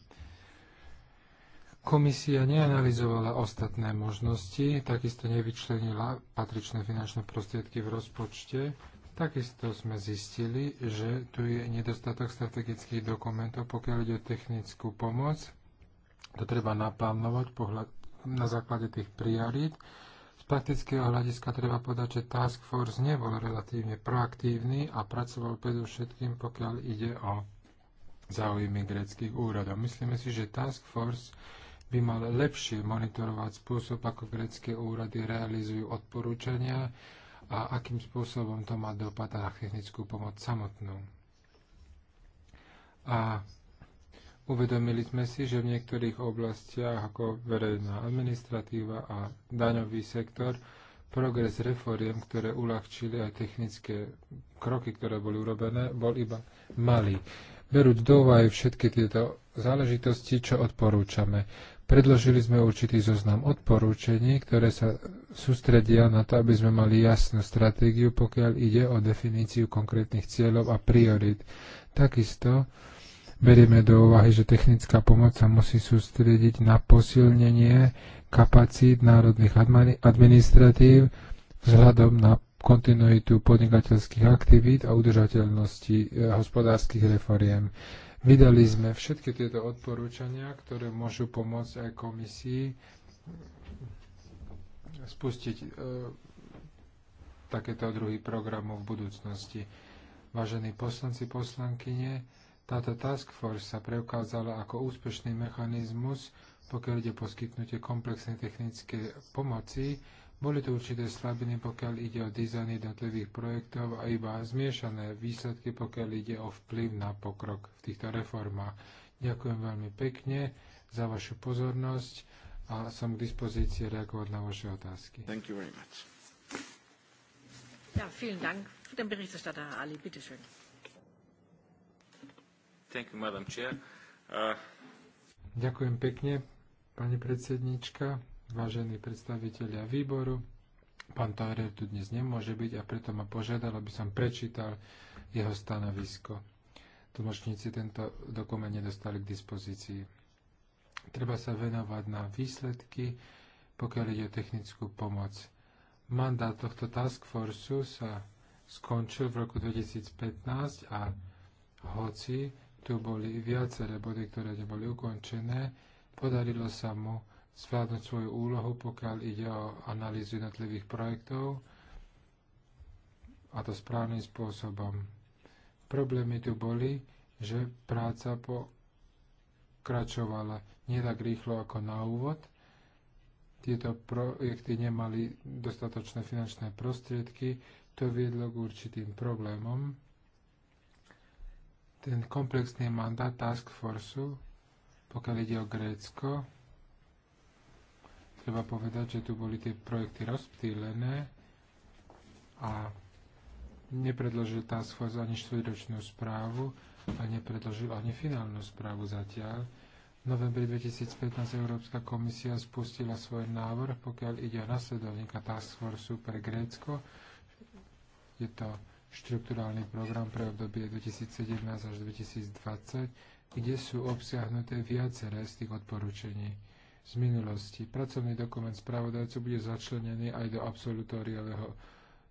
Komisia neanalizovala ostatné možnosti, takisto nevyčlenila patričné finančné prostriedky v rozpočte. Takisto sme zistili, že tu je nedostatok strategických dokumentov, pokiaľ ide o technickú pomoc. To treba naplánovať pohľad, na základe tých priorít praktického hľadiska treba povedať, že Task Force nebol relatívne proaktívny a pracoval predovšetkým, pokiaľ ide o záujmy greckých úradov. Myslíme si, že Task Force by mal lepšie monitorovať spôsob, ako grecké úrady realizujú odporúčania a akým spôsobom to má dopad na technickú pomoc samotnú. A Uvedomili sme si, že v niektorých oblastiach ako verejná administratíva a daňový sektor progres reforiem, ktoré uľahčili aj technické kroky, ktoré boli urobené, bol iba malý. Berúť do úvahy všetky tieto záležitosti, čo odporúčame. Predložili sme určitý zoznam odporúčení, ktoré sa sústredia na to, aby sme mali jasnú stratégiu, pokiaľ ide o definíciu konkrétnych cieľov a priorit. Takisto berieme do úvahy, že technická pomoc sa musí sústrediť na posilnenie kapacít národných administratív vzhľadom na kontinuitu podnikateľských aktivít a udržateľnosti e, hospodárskych reforiem. Vydali sme všetky tieto odporúčania, ktoré môžu pomôcť aj komisii spustiť e, takéto druhy programov v budúcnosti. Vážení poslanci, poslankyne, táto task force sa preukázala ako úspešný mechanizmus, pokiaľ ide poskytnutie komplexnej technické pomoci. Boli to určité slabiny, pokiaľ ide o dizajn jednotlivých projektov a iba zmiešané výsledky, pokiaľ ide o vplyv na pokrok v týchto reformách. Ďakujem veľmi pekne za vašu pozornosť a som k dispozícii reagovať na vaše otázky. Thank you very much. Ja, vielen Dank. Den Berichterstatter Ali, bitteschön. Thank you, Madam Chair. Uh... Ďakujem pekne, pani predsednička, vážení predstavitelia výboru. Pán Tárer tu dnes nemôže byť a preto ma požiadal, aby som prečítal jeho stanovisko. Tlmočníci tento dokument nedostali k dispozícii. Treba sa venovať na výsledky, pokiaľ ide o technickú pomoc. Mandát tohto task forceu sa skončil v roku 2015 a hoci tu boli viaceré body, ktoré neboli ukončené. Podarilo sa mu zvládnuť svoju úlohu, pokiaľ ide o analýzu jednotlivých projektov a to správnym spôsobom. Problémy tu boli, že práca pokračovala nie tak rýchlo ako na úvod. Tieto projekty nemali dostatočné finančné prostriedky, to viedlo k určitým problémom ten komplexný mandát Task Forceu, pokiaľ ide o Grécko, treba povedať, že tu boli tie projekty rozptýlené a nepredložil Task Force ani štvrťročnú správu a nepredložil ani finálnu správu zatiaľ. V novembri 2015 Európska komisia spustila svoj návrh, pokiaľ ide o nasledovníka Task Forceu pre Grécko. Je to štruktúrálny program pre obdobie 2017 až 2020, kde sú obsiahnuté viaceré z tých odporúčení z minulosti. Pracovný dokument spravodajcu bude začlenený aj do absolutóriového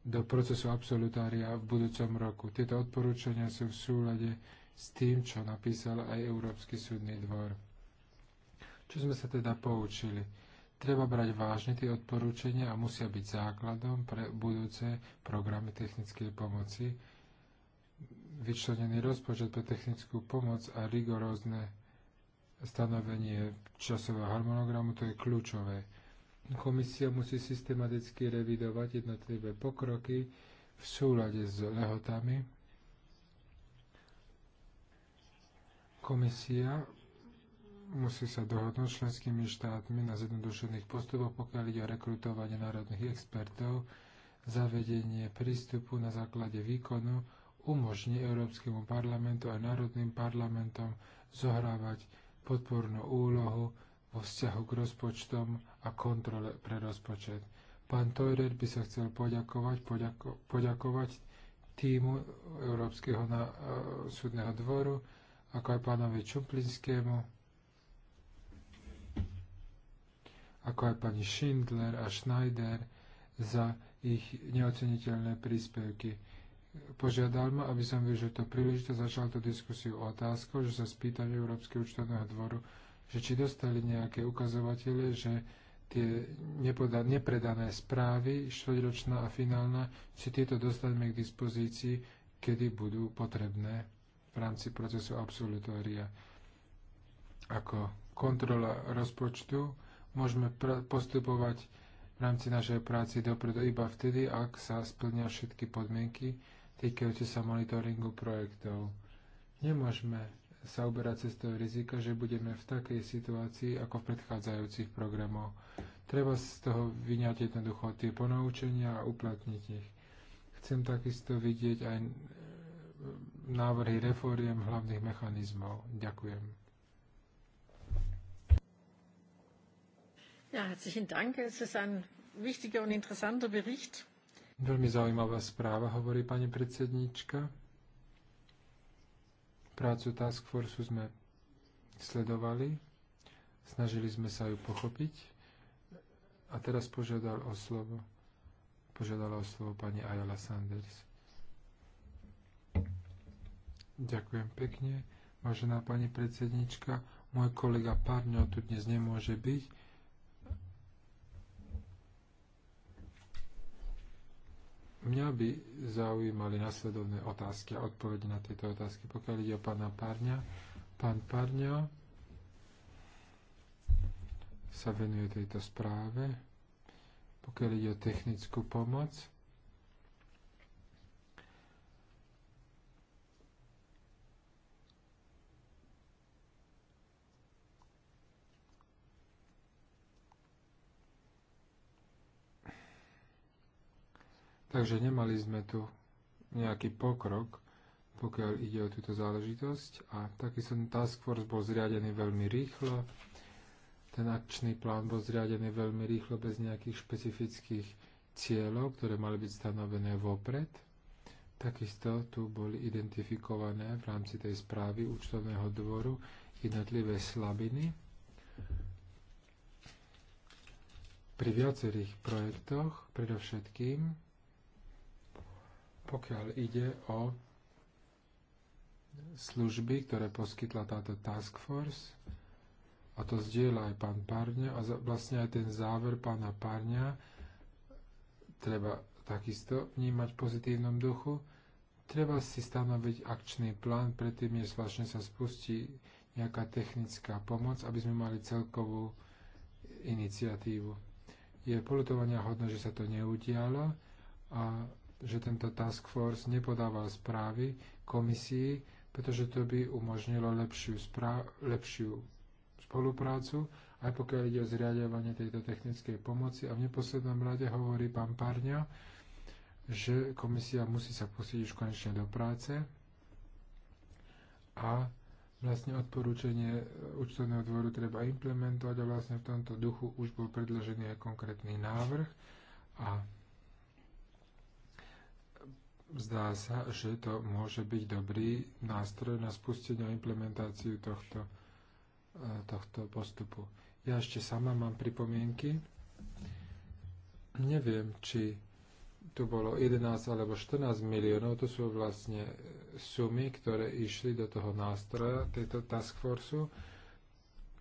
do procesu absolutária v budúcom roku. Tieto odporúčania sú v súlade s tým, čo napísal aj Európsky súdny dvor. Čo sme sa teda poučili? Treba brať vážne tie odporúčania a musia byť základom pre budúce programy technickej pomoci, vyčlenený rozpočet pre technickú pomoc a rigorózne stanovenie časového harmonogramu, to je kľúčové. Komisia musí systematicky revidovať jednotlivé pokroky v súlade s lehotami. Komisia musí sa dohodnúť s členskými štátmi na zjednodušených postupoch, pokiaľ ide o rekrutovanie národných expertov, zavedenie prístupu na základe výkonu umožní Európskemu parlamentu a národným parlamentom zohrávať podpornú úlohu vo vzťahu k rozpočtom a kontrole pre rozpočet. Pán Teurer by sa chcel poďakovať, poďako, poďakovať týmu Európskeho na, e, súdneho dvoru, ako aj pánovi Čuplinskému, ako aj pani Schindler a Schneider za ich neoceniteľné príspevky. Požiadal ma, aby som využil to príležitosť, začal tú diskusiu otázkou, že sa spýtam Európskeho účtovného dvoru, že či dostali nejaké ukazovatele, že tie nepoda- nepredané správy, štvrťročná a finálna, či tieto dostaneme k dispozícii, kedy budú potrebné v rámci procesu absolutória. Ako kontrola rozpočtu, môžeme postupovať v rámci našej práci dopredu iba vtedy, ak sa splnia všetky podmienky týkajúce sa monitoringu projektov. Nemôžeme sa uberať cestou rizika, že budeme v takej situácii ako v predchádzajúcich programoch. Treba z toho vyňať jednoducho tie ponaučenia a uplatniť ich. Chcem takisto vidieť aj návrhy reforiem hlavných mechanizmov. Ďakujem. Ja, herzlichen Dank. Es ist ein wichtiger und interessanter Bericht. Veľmi zaujímavá správa, hovorí pani predsedníčka. Prácu Task Force sme sledovali, snažili sme sa ju pochopiť a teraz požiadal o slovo, požiadala o slovo pani Ayala Sanders. Ďakujem pekne. Vážená pani predsednička, môj kolega Parňo tu dnes nemôže byť, Mňa by zaujímali nasledovné otázky a odpovede na tieto otázky. Pokiaľ ide o pána Párňa, pán Párňa sa venuje tejto správe. Pokiaľ ide o technickú pomoc, Takže nemali sme tu nejaký pokrok, pokiaľ ide o túto záležitosť. A taký som task force bol zriadený veľmi rýchlo. Ten akčný plán bol zriadený veľmi rýchlo bez nejakých špecifických cieľov, ktoré mali byť stanovené vopred. Takisto tu boli identifikované v rámci tej správy účtovného dvoru jednotlivé slabiny. Pri viacerých projektoch, predovšetkým pokiaľ ide o služby, ktoré poskytla táto task force, a to zdieľa aj pán Párňa. a vlastne aj ten záver pána párňa treba takisto vnímať v pozitívnom duchu. Treba si stanoviť akčný plán predtým, než vlastne sa spustí nejaká technická pomoc, aby sme mali celkovú iniciatívu. Je polutovania hodno, že sa to neudialo a že tento task force nepodával správy komisii, pretože to by umožnilo lepšiu, lepšiu spoluprácu, aj pokiaľ ide o zriadovanie tejto technickej pomoci. A v neposlednom rade hovorí pán Parňa, že komisia musí sa pustiť už konečne do práce a vlastne odporúčanie účtovného dvoru treba implementovať a vlastne v tomto duchu už bol predložený aj konkrétny návrh a zdá sa, že to môže byť dobrý nástroj na spustenie a implementáciu tohto, e, tohto postupu. Ja ešte sama mám pripomienky. Neviem, či tu bolo 11 alebo 14 miliónov, to sú vlastne sumy, ktoré išli do toho nástroja, tejto task forceu,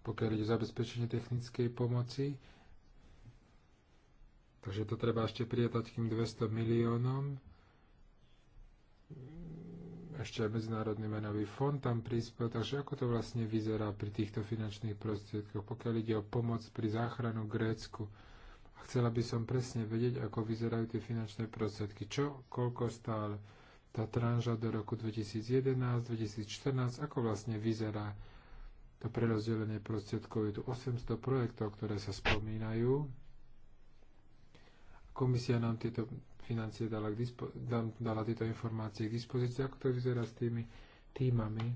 pokiaľ ide o zabezpečenie technickej pomoci. Takže to treba ešte prijatať tým 200 miliónom ešte aj Medzinárodný menový fond tam prispel, takže ako to vlastne vyzerá pri týchto finančných prostriedkoch, pokiaľ ide o pomoc pri záchranu Grécku. A chcela by som presne vedieť, ako vyzerajú tie finančné prostriedky, čo, koľko stále tá tranža do roku 2011, 2014, ako vlastne vyzerá to prerozdelenie prostriedkov. Je tu 800 projektov, ktoré sa spomínajú. Komisia nám tieto financie dala, k dispo- dala tieto informácie k dispozícii. Ako to vyzerá s tými týmami,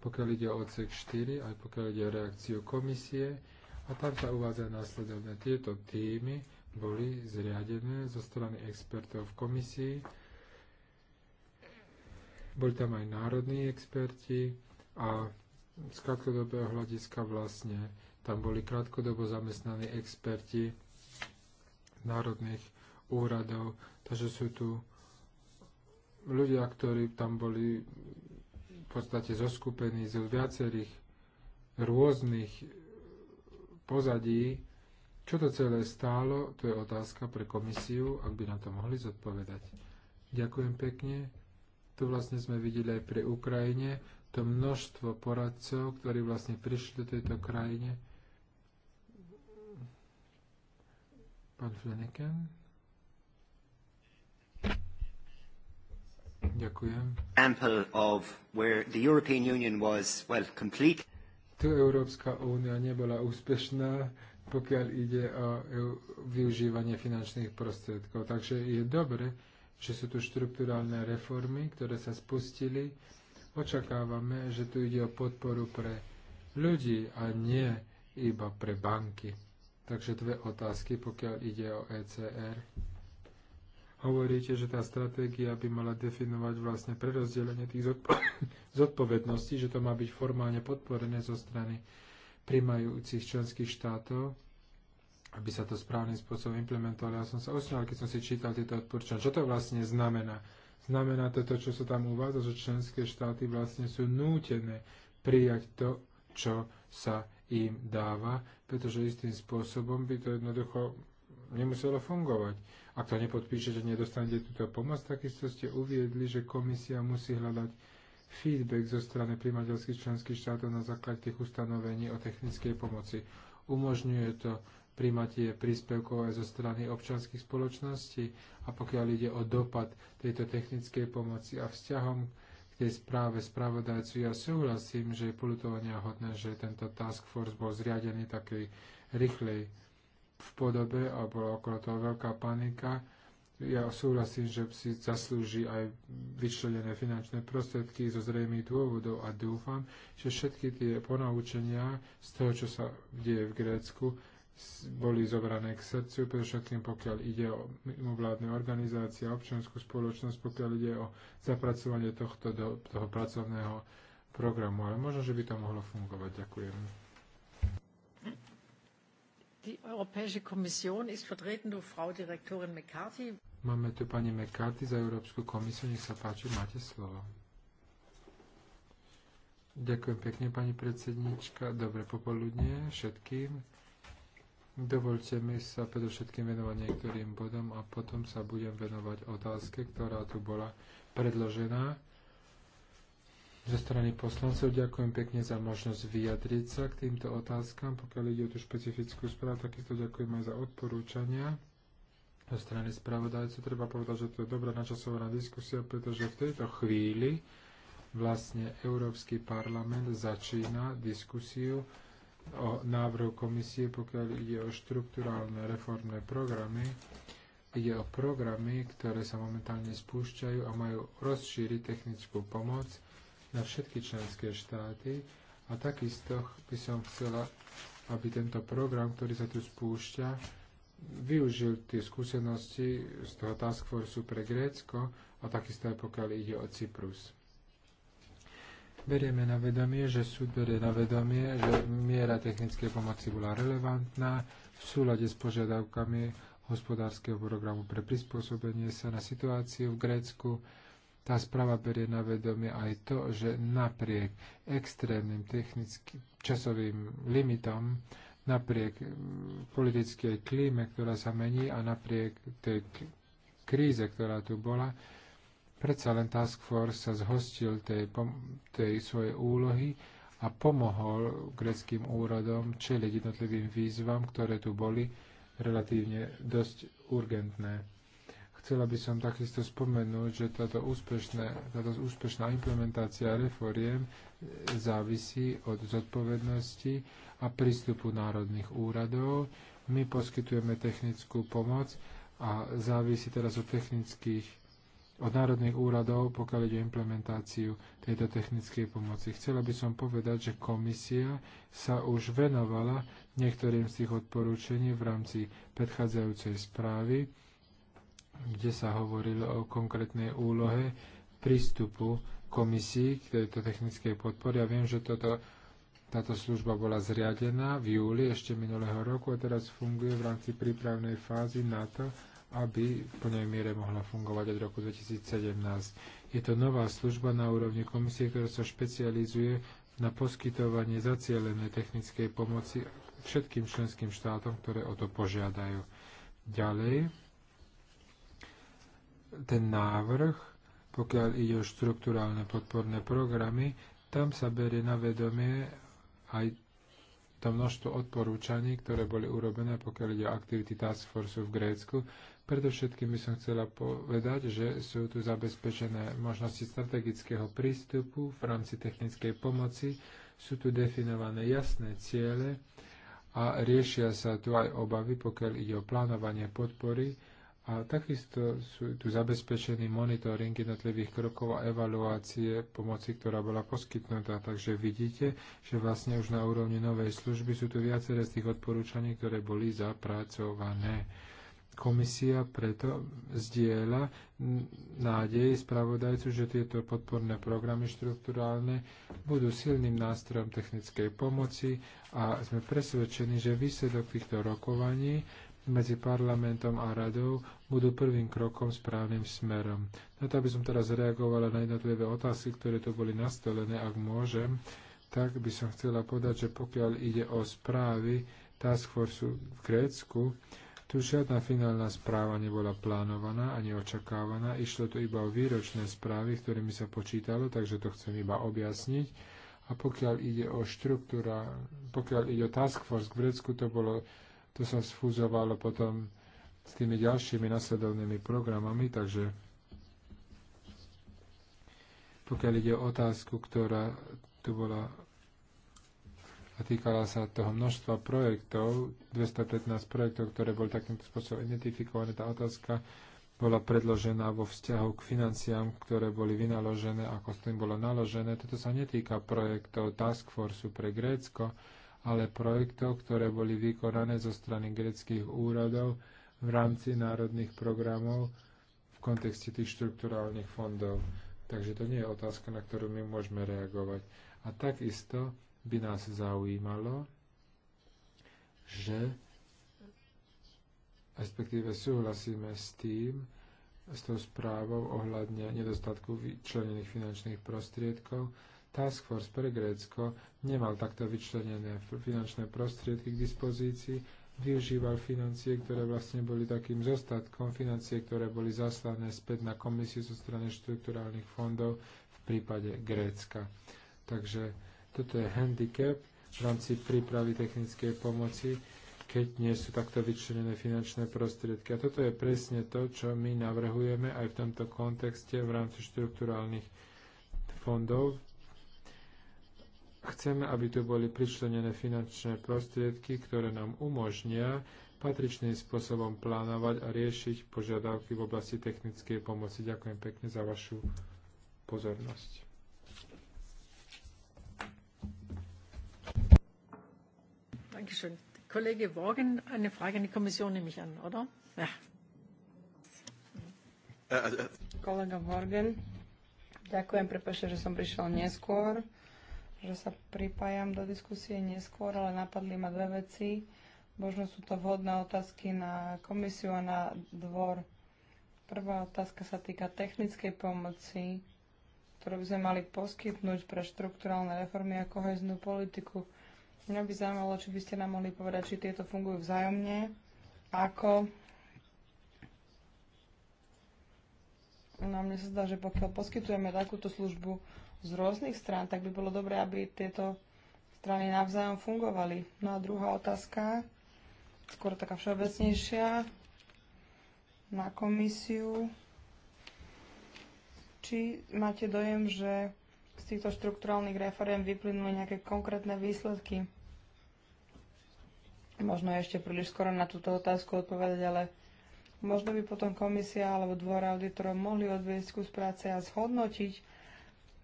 pokiaľ ide o odsek 4, aj pokiaľ ide o reakciu komisie. A tam sa uvádza následovne. Tieto týmy boli zriadené zo strany expertov v komisii. Boli tam aj národní experti a z krátkodobého hľadiska vlastne tam boli krátkodobo zamestnaní experti národných úradov. Takže sú tu ľudia, ktorí tam boli v podstate zoskupení z viacerých rôznych pozadí. Čo to celé stálo, to je otázka pre komisiu, ak by nám to mohli zodpovedať. Ďakujem pekne. To vlastne sme videli aj pre Ukrajine, to množstvo poradcov, ktorí vlastne prišli do tejto krajine. Pán Flanagan. Ďakujem. Tu Európska únia nebola úspešná, pokiaľ ide o využívanie finančných prostriedkov. Takže je dobre, že sú tu štruktúrálne reformy, ktoré sa spustili. Očakávame, že tu ide o podporu pre ľudí a nie iba pre banky. Takže dve otázky, pokiaľ ide o ECR hovoríte, že tá stratégia by mala definovať vlastne prerozdelenie tých zodpo zodpovedností, že to má byť formálne podporené zo strany primajúcich členských štátov, aby sa to správnym spôsobom implementovalo. Ja som sa osňal, keď som si čítal tieto odporúčania. Čo to vlastne znamená? Znamená to to, čo sa tam uvádza, že členské štáty vlastne sú nútené prijať to, čo sa im dáva, pretože istým spôsobom by to jednoducho nemuselo fungovať. Ak to nepodpíšete, nedostanete túto pomoc, takisto ste uviedli, že komisia musí hľadať feedback zo strany primateľských členských štátov na základe tých ustanovení o technickej pomoci. Umožňuje to primatie príspevkov aj zo strany občanských spoločností a pokiaľ ide o dopad tejto technickej pomoci a vzťahom k tej správe spravodajcu, ja súhlasím, že je polutovania hodné, že tento task force bol zriadený takej rýchlej v podobe a bola okolo toho veľká panika. Ja súhlasím, že si zaslúži aj vyčlenené finančné prostriedky zo zrejmých dôvodov a dúfam, že všetky tie ponaučenia z toho, čo sa deje v Grécku, boli zobrané k srdcu, predovšetkým pokiaľ ide o mimovládne organizácie a občianskú spoločnosť, pokiaľ ide o zapracovanie tohto do toho pracovného programu. Ale možno, že by to mohlo fungovať. Ďakujem. Die Europäische Kommission ist vertreten durch Frau Direktorin McCarthy. Máme tu pani McCarthy za Európsku komisiu. Nech sa páči, máte slovo. Ďakujem pekne, pani predsednička. Dobre popoludne všetkým. Dovolte mi sa predovšetkým venovať niektorým bodom a potom sa budem venovať otázke, ktorá tu bola predložená zo strany poslancov. Ďakujem pekne za možnosť vyjadriť sa k týmto otázkam, pokiaľ ide o tú špecifickú správu, takisto ďakujem aj za odporúčania. Zo strany spravodajcov. treba povedať, že to je dobrá načasovaná diskusia, pretože v tejto chvíli vlastne Európsky parlament začína diskusiu o návrhu komisie, pokiaľ ide o štruktúrálne reformné programy. Ide o programy, ktoré sa momentálne spúšťajú a majú rozšíriť technickú pomoc na všetky členské štáty a takisto by som chcela, aby tento program, ktorý sa tu spúšťa, využil tie skúsenosti z toho Task Forceu pre Grécko a takisto aj pokiaľ ide o Cyprus. Berieme na vedomie, že súd berie na vedomie, že miera technickej pomoci bola relevantná v súlade s požiadavkami hospodárskeho programu pre prispôsobenie sa na situáciu v Grécku tá správa berie na vedomie aj to, že napriek extrémnym technickým časovým limitom, napriek politickej klíme, ktorá sa mení a napriek tej kríze, ktorá tu bola, predsa len Task Force sa zhostil tej, tej svojej úlohy a pomohol greckým úradom čeliť jednotlivým výzvam, ktoré tu boli relatívne dosť urgentné. Chcela by som takisto spomenúť, že táto, úspešné, táto úspešná implementácia reforiem závisí od zodpovednosti a prístupu národných úradov. My poskytujeme technickú pomoc a závisí teraz od technických od národných úradov, pokiaľ ide o implementáciu tejto technickej pomoci. Chcela by som povedať, že komisia sa už venovala niektorým z tých odporúčení v rámci predchádzajúcej správy kde sa hovorilo o konkrétnej úlohe prístupu komisii k tejto technickej podpore. Ja viem, že toto, táto služba bola zriadená v júli ešte minulého roku a teraz funguje v rámci prípravnej fázy na to, aby v plnej miere mohla fungovať od roku 2017. Je to nová služba na úrovni komisie, ktorá sa špecializuje na poskytovanie zacielenej technickej pomoci všetkým členským štátom, ktoré o to požiadajú. Ďalej, ten návrh, pokiaľ ide o štruktúrálne podporné programy, tam sa berie na vedomie aj to množstvo odporúčaní, ktoré boli urobené, pokiaľ ide o aktivity Task Force v Grécku. Predovšetkým by som chcela povedať, že sú tu zabezpečené možnosti strategického prístupu v rámci technickej pomoci, sú tu definované jasné ciele a riešia sa tu aj obavy, pokiaľ ide o plánovanie podpory, a takisto sú tu zabezpečený monitoring jednotlivých krokov a evaluácie pomoci, ktorá bola poskytnutá. Takže vidíte, že vlastne už na úrovni novej služby sú tu viaceré z tých odporúčaní, ktoré boli zapracované. Komisia preto zdieľa nádej spravodajcu, že tieto podporné programy štruktúrálne budú silným nástrojom technickej pomoci a sme presvedčení, že výsledok týchto rokovaní medzi parlamentom a radou budú prvým krokom správnym smerom. Na to, aby som teraz reagovala na jednotlivé otázky, ktoré tu boli nastolené, ak môžem, tak by som chcela povedať, že pokiaľ ide o správy Task Force v Grécku, tu žiadna finálna správa nebola plánovaná ani očakávaná. Išlo tu iba o výročné správy, ktorými sa počítalo, takže to chcem iba objasniť. A pokiaľ ide o štruktúra, pokiaľ ide o Task Force v Grécku, to bolo to sa sfúzovalo potom s tými ďalšími nasledovnými programami, takže pokiaľ ide o otázku, ktorá tu bola a týkala sa toho množstva projektov, 215 projektov, ktoré boli takýmto spôsobom identifikované. Tá otázka bola predložená vo vzťahu k financiám, ktoré boli vynaložené, ako s tým bolo naložené. Toto sa netýka projektov Task force pre Grécko, ale projektov, ktoré boli vykonané zo strany greckých úradov v rámci národných programov v kontexte tých štrukturálnych fondov. Takže to nie je otázka, na ktorú my môžeme reagovať. A takisto by nás zaujímalo, že respektíve súhlasíme s tým, s tou správou ohľadne nedostatku vyčlenených finančných prostriedkov, Task Force pre Grécko nemal takto vyčlenené finančné prostriedky k dispozícii, využíval financie, ktoré vlastne boli takým zostatkom, financie, ktoré boli zaslané späť na komisiu zo strany štruktúrálnych fondov v prípade Grécka. Takže toto je handicap v rámci prípravy technickej pomoci, keď nie sú takto vyčlenené finančné prostriedky. A toto je presne to, čo my navrhujeme aj v tomto kontexte v rámci štruktúrálnych fondov Chceme, aby tu boli pričlenené finančné prostriedky, ktoré nám umožnia patričným spôsobom plánovať a riešiť požiadavky v oblasti technickej pomoci. Ďakujem pekne za vašu pozornosť. Dankeschön. Kollege Worgen, eine Frage an die Kommission nehme ich an, oder? Ja. Äh, äh, äh. Kolega Worgen, ďakujem, prepáčte, že som prišiel neskôr že sa pripájam do diskusie neskôr, ale napadli ma dve veci. Možno sú to vhodné otázky na komisiu a na dvor. Prvá otázka sa týka technickej pomoci, ktorú by sme mali poskytnúť pre štrukturálne reformy a koheznú politiku. Mňa by zaujímalo, či by ste nám mohli povedať, či tieto fungujú vzájomne, ako. No mne sa zdá, že pokiaľ poskytujeme takúto službu, z rôznych strán, tak by bolo dobré, aby tieto strany navzájom fungovali. No a druhá otázka, skôr taká všeobecnejšia, na komisiu. Či máte dojem, že z týchto štruktúrálnych reforiem vyplynuli nejaké konkrétne výsledky? Možno ešte príliš skoro na túto otázku odpovedať, ale možno by potom komisia alebo dvor auditorov mohli odviesť kus práce a zhodnotiť,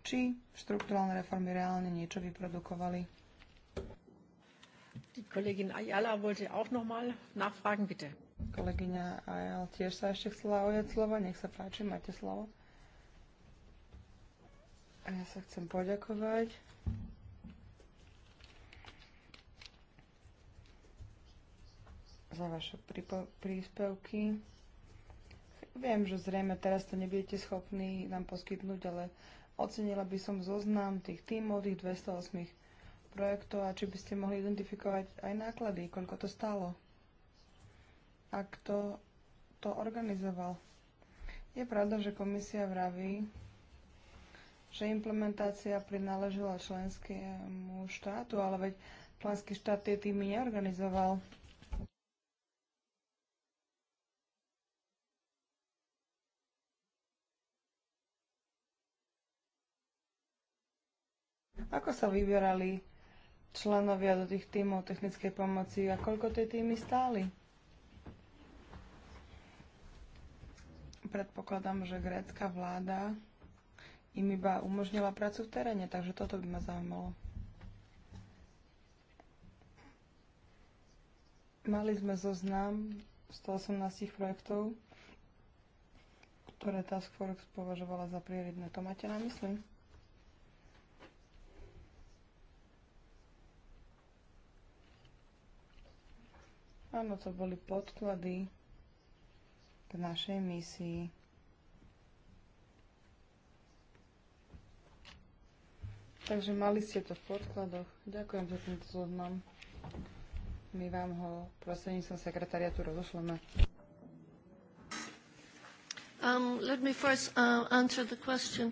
či štrukturálne reformy reálne niečo vyprodukovali. Ayala wollte auch noch mal nachfragen, bitte. Kolegyňa Ayala tiež sa ešte chcela ujať slovo. Nech sa páči, máte slovo. A ja sa chcem poďakovať. za vaše príspevky. Viem, že zrejme teraz to nebudete schopní nám poskytnúť, ale Ocenila by som zoznam tých tímov, tých 208 projektov a či by ste mohli identifikovať aj náklady, koľko to stálo a kto to organizoval. Je pravda, že komisia vraví, že implementácia prináležela členskému štátu, ale veď členský štát tie týmy neorganizoval. Ako sa vyberali členovia do tých tímov technickej pomoci a koľko tie týmy stáli? Predpokladám, že grécka vláda im iba umožnila prácu v teréne, takže toto by ma zaujímalo. Mali sme zoznam 118 projektov, ktoré Task Force považovala za prioritné. To máte na mysli? Áno, to boli podklady k našej misii. Takže mali ste to v podkladoch. Ďakujem za tento zoznam. My vám ho prostredníctvom sekretariatu rozošleme. Um, let me first uh, answer the question.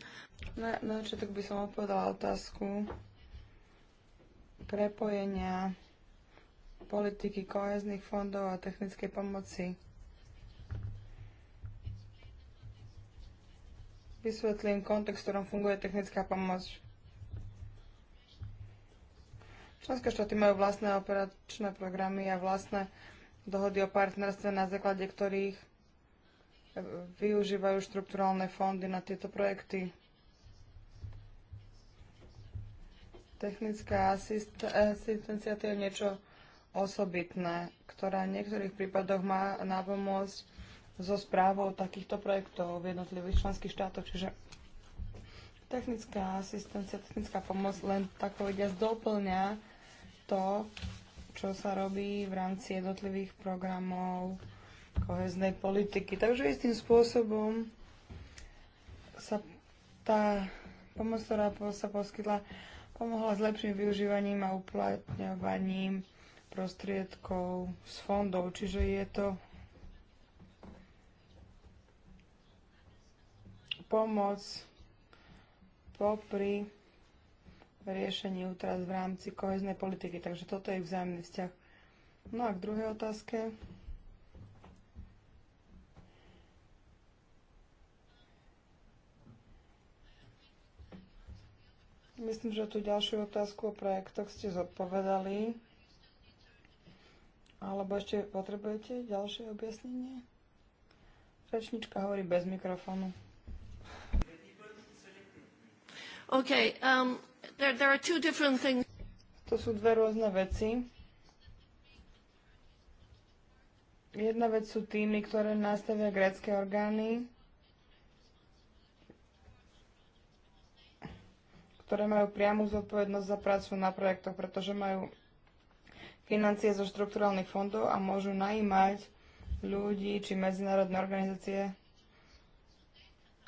Na, na by som odpovedala otázku prepojenia politiky, kohezných fondov a technickej pomoci. Vysvetlím kontext, v ktorom funguje technická pomoc. Členské štáty majú vlastné operačné programy a vlastné dohody o partnerstve, na základe ktorých využívajú štrukturálne fondy na tieto projekty. Technická asistencia to je niečo osobitné, ktorá v niektorých prípadoch má pomoc so správou takýchto projektov v jednotlivých členských štátoch. Čiže technická asistencia, technická pomoc len tak povediať doplňa to, čo sa robí v rámci jednotlivých programov koheznej politiky. Takže istým spôsobom sa tá pomoc, ktorá sa poskytla, pomohla s lepším využívaním a uplatňovaním prostriedkov z fondov, čiže je to pomoc popri riešení útras v rámci koheznej politiky. Takže toto je vzájomný vzťah. No a k druhej otázke. Myslím, že tú ďalšiu otázku o projektoch ste zodpovedali. Alebo ešte potrebujete ďalšie objasnenie? Rečnička hovorí bez mikrofónu. Okay, um, there, there are two different things. To sú dve rôzne veci. Jedna vec sú týmy, ktoré nastavia grécké orgány, ktoré majú priamu zodpovednosť za prácu na projektoch, pretože majú financie zo štrukturálnych fondov a môžu najímať ľudí či medzinárodné organizácie,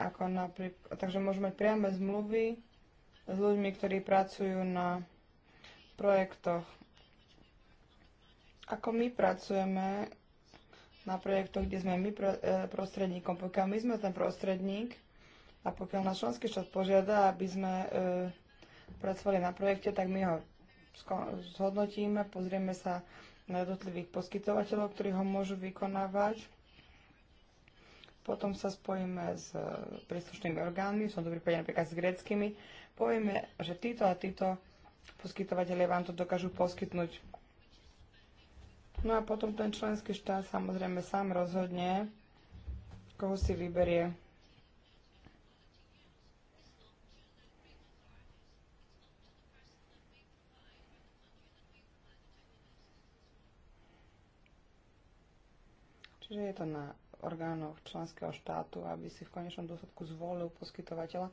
ako napríklad, takže môžu mať priame zmluvy s ľuďmi, ktorí pracujú na projektoch. Ako my pracujeme na projektoch, kde sme my e, prostredníkom, pokiaľ my sme ten prostredník a pokiaľ náš členský štát požiada, aby sme e, pracovali na projekte, tak my ho zhodnotíme, pozrieme sa na jednotlivých poskytovateľov, ktorí ho môžu vykonávať. Potom sa spojíme s e, príslušnými orgánmi, som to prípade napríklad s greckými. Povieme, že títo a títo poskytovateľe vám to dokážu poskytnúť. No a potom ten členský štát samozrejme sám rozhodne, koho si vyberie Čiže je to na orgánoch členského štátu, aby si v konečnom dôsledku zvolil poskytovateľa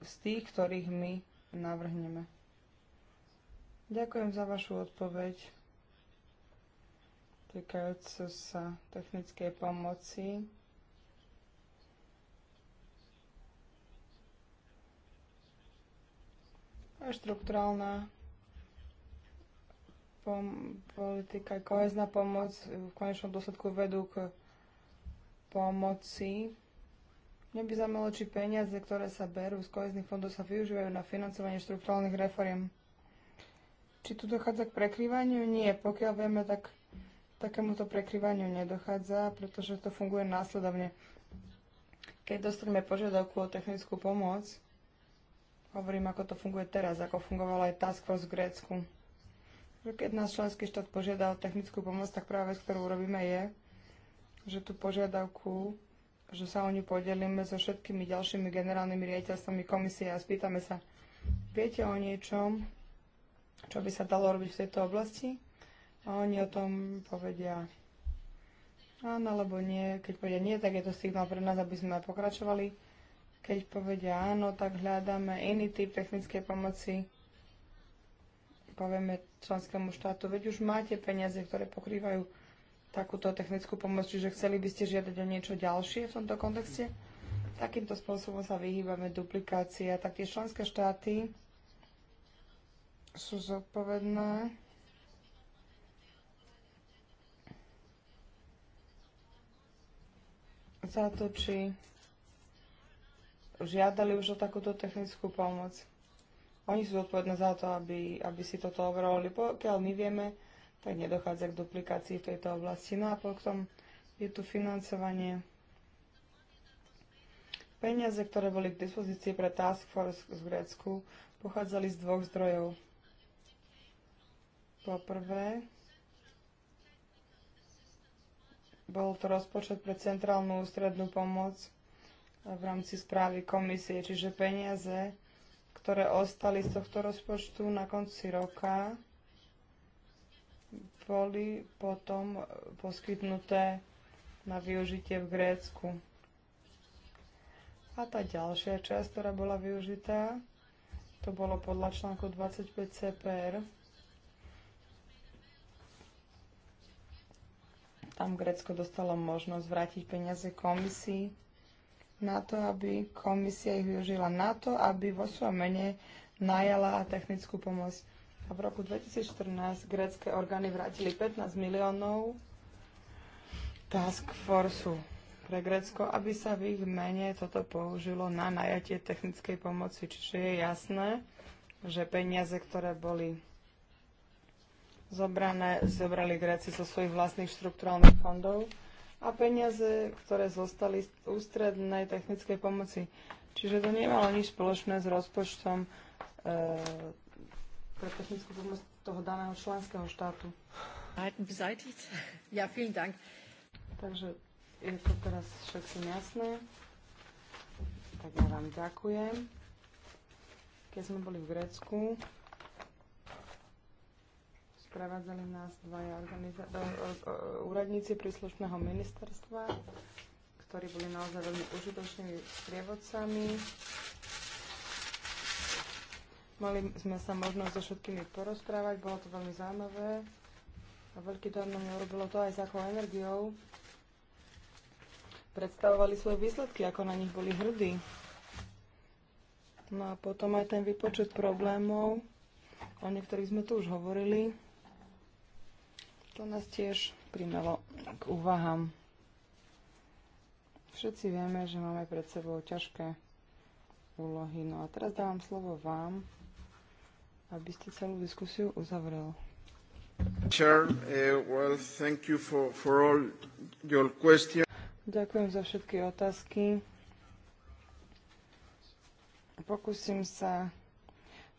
z tých, ktorých my navrhneme. Ďakujem za vašu odpoveď týkajúcu sa technickej pomoci. A štruktúrálna pom- politika, kohezná pomoc v konečnom dôsledku vedú k pomoci. Mňa by zaujímalo, či peniaze, ktoré sa berú z kohezných fondov, sa využívajú na financovanie štruktúrálnych reforiem. Či tu dochádza k prekryvaniu? Nie. Pokiaľ vieme, tak takémuto prekryvaniu nedochádza, pretože to funguje následovne. Keď dostaneme požiadavku o technickú pomoc, hovorím, ako to funguje teraz, ako fungovala aj Task Force v Grécku keď nás členský štát požiada o technickú pomoc, tak práve vec, ktorú urobíme, je, že tú požiadavku, že sa o ňu podelíme so všetkými ďalšími generálnymi riaditeľstvami komisie a spýtame sa, viete o niečom, čo by sa dalo robiť v tejto oblasti? A oni o tom povedia áno alebo nie. Keď povedia nie, tak je to signál pre nás, aby sme pokračovali. Keď povedia áno, tak hľadáme iný typ technickej pomoci povieme členskému štátu. Veď už máte peniaze, ktoré pokrývajú takúto technickú pomoc, čiže chceli by ste žiadať o niečo ďalšie v tomto kontexte? Takýmto spôsobom sa vyhýbame duplikácii a tie členské štáty sú zodpovedné. za to, či žiadali už o takúto technickú pomoc. Oni sú zodpovedné za to, aby, aby si toto overovali. Pokiaľ my vieme, tak nedochádza k duplikácii v tejto oblasti. No a potom je tu financovanie. Peniaze, ktoré boli k dispozícii pre Task Force v Grécku, pochádzali z dvoch zdrojov. Po prvé, bol to rozpočet pre centrálnu ústrednú pomoc v rámci správy komisie, čiže peniaze, ktoré ostali z tohto rozpočtu na konci roka, boli potom poskytnuté na využitie v Grécku. A tá ďalšia časť, ktorá bola využitá, to bolo podľa článku 25 CPR. Tam Grécko dostalo možnosť vrátiť peniaze komisii na to, aby komisia ich využila na to, aby vo svojom mene najala technickú pomoc. A v roku 2014 grecké orgány vrátili 15 miliónov task forceu pre Grécko, aby sa v ich mene toto použilo na najatie technickej pomoci. Čiže je jasné, že peniaze, ktoré boli zobrané, zobrali Gréci zo svojich vlastných štrukturálnych fondov, a peniaze, ktoré zostali z ústrednej technickej pomoci. Čiže to nemalo nič spoločné s rozpočtom e, pre technickú pomoc toho daného členského štátu. Ja, vielen Dank. Takže je to teraz všetko jasné. Tak ja vám ďakujem. Keď sme boli v Grécku, sprevádzali nás dvaja organiza- úradníci príslušného ministerstva, ktorí boli naozaj veľmi užitočnými sprievodcami. Mali sme sa možnosť so všetkými porozprávať, bolo to veľmi zaujímavé a veľký dar mňa urobilo to aj s akou energiou. Predstavovali svoje výsledky, ako na nich boli hrdí. No a potom aj ten vypočet problémov, o niektorých sme tu už hovorili. To nás tiež primelo k úvahám. Všetci vieme, že máme pred sebou ťažké úlohy. No a teraz dávam slovo vám, aby ste celú diskusiu uzavrel. Chair, uh, well, thank you for, for all your Ďakujem za všetky otázky. Pokúsim sa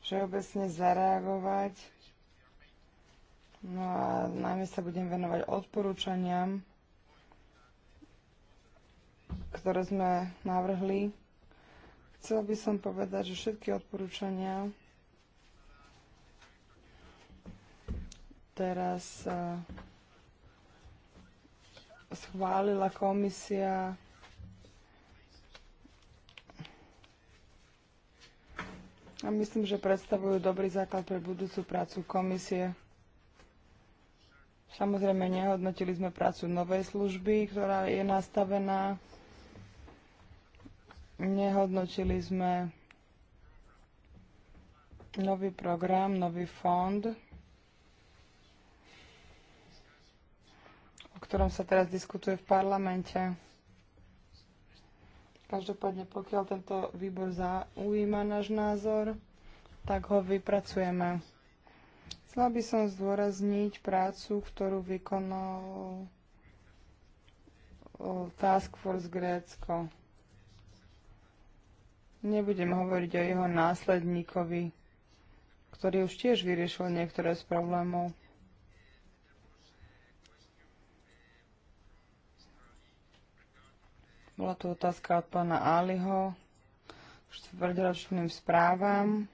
všeobecne zareagovať No a najmä sa budem venovať odporúčaniam, ktoré sme navrhli. Chcel by som povedať, že všetky odporúčania teraz e, schválila komisia a myslím, že predstavujú dobrý základ pre budúcu prácu komisie. Samozrejme, nehodnotili sme prácu novej služby, ktorá je nastavená. Nehodnotili sme nový program, nový fond, o ktorom sa teraz diskutuje v parlamente. Každopádne, pokiaľ tento výbor zaujíma náš názor, tak ho vypracujeme. Chcela by som zdôrazniť prácu, ktorú vykonal Task Force Grécko. Nebudem hovoriť o jeho následníkovi, ktorý už tiež vyriešil niektoré z problémov. Bola tu otázka od pána Aliho k štvrťročným správam.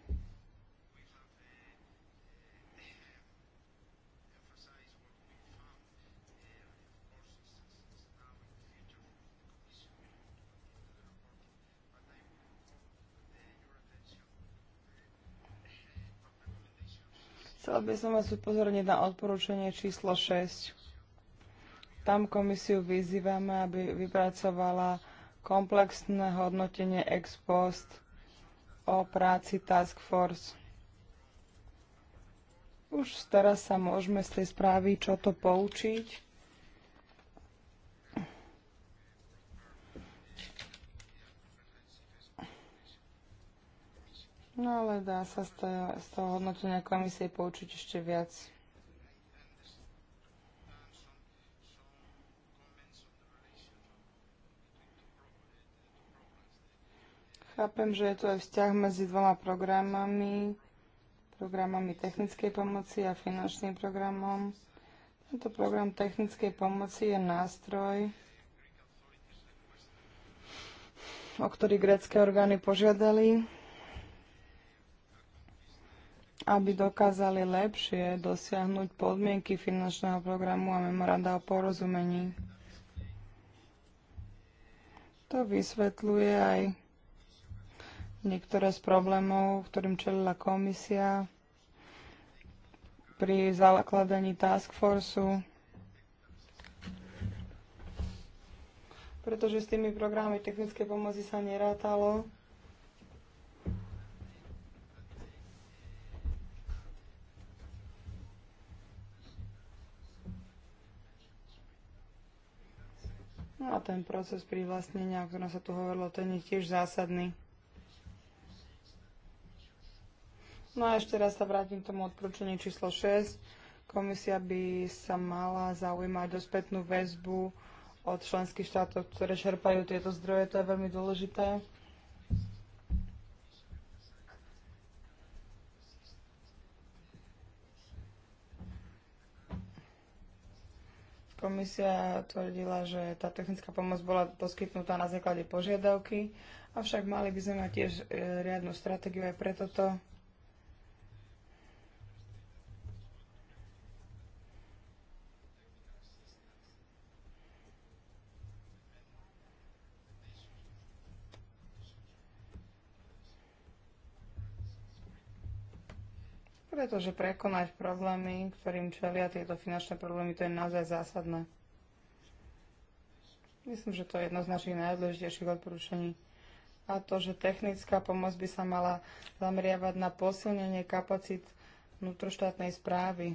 Chcela by som vás upozorniť na odporúčanie číslo 6. Tam komisiu vyzývame, aby vypracovala komplexné hodnotenie ex post o práci Task Force. Už teraz sa môžeme z tej správy čo to poučiť No ale dá sa z toho, z toho hodnotenia komisie poučiť ešte viac. Chápem, že je tu aj vzťah medzi dvoma programami, programami technickej pomoci a finančným programom. Tento program technickej pomoci je nástroj, o ktorý grecké orgány požiadali aby dokázali lepšie dosiahnuť podmienky finančného programu a memoranda o porozumení. To vysvetľuje aj niektoré z problémov, ktorým čelila komisia pri zakladaní task forceu, pretože s tými programami technické pomoci sa nerátalo No a ten proces privlastnenia, o ktorom sa tu hovorilo, ten je tiež zásadný. No a ešte raz sa vrátim k tomu odporúčaniu číslo 6. Komisia by sa mala zaujímať o spätnú väzbu od členských štátov, ktoré šerpajú tieto zdroje. To je veľmi dôležité. Komisia tvrdila, že tá technická pomoc bola poskytnutá na základe požiadavky, avšak mali by sme mať tiež e, riadnu stratégiu aj pre toto pretože prekonať problémy, ktorým čelia tieto finančné problémy, to je naozaj zásadné. Myslím, že to je jedno z našich najdôležitejších odporúčaní. A to, že technická pomoc by sa mala zameriavať na posilnenie kapacít vnútroštátnej správy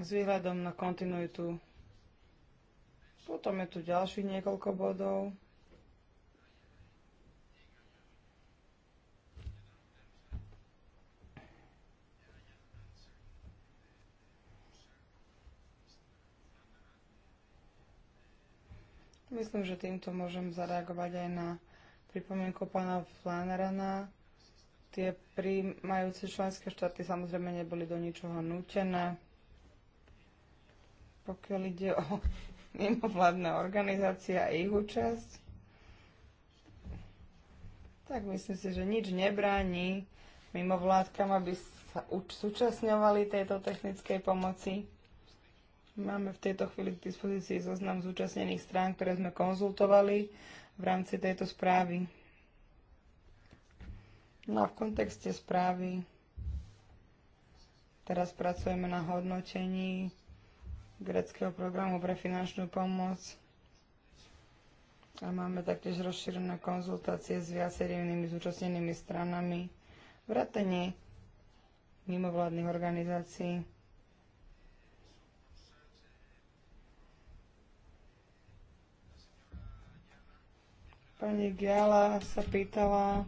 s výhľadom na kontinuitu. Potom je tu ďalších niekoľko bodov. Myslím, že týmto môžem zareagovať aj na pripomienku pána Flanerana. Tie príjmajúce členské štáty samozrejme neboli do ničoho nútené. Pokiaľ ide o mimovládne organizácie a ich účasť, tak myslím si, že nič nebráni mimovládkam, aby sa uč- súčasňovali tejto technickej pomoci. Máme v tejto chvíli k dispozícii zoznam zúčastnených strán, ktoré sme konzultovali v rámci tejto správy. No a v kontexte správy teraz pracujeme na hodnotení greckého programu pre finančnú pomoc a máme taktiež rozšírené konzultácie s viacerými zúčastnenými stranami, vrátanie mimovládnych organizácií. Pani Giala sa pýtala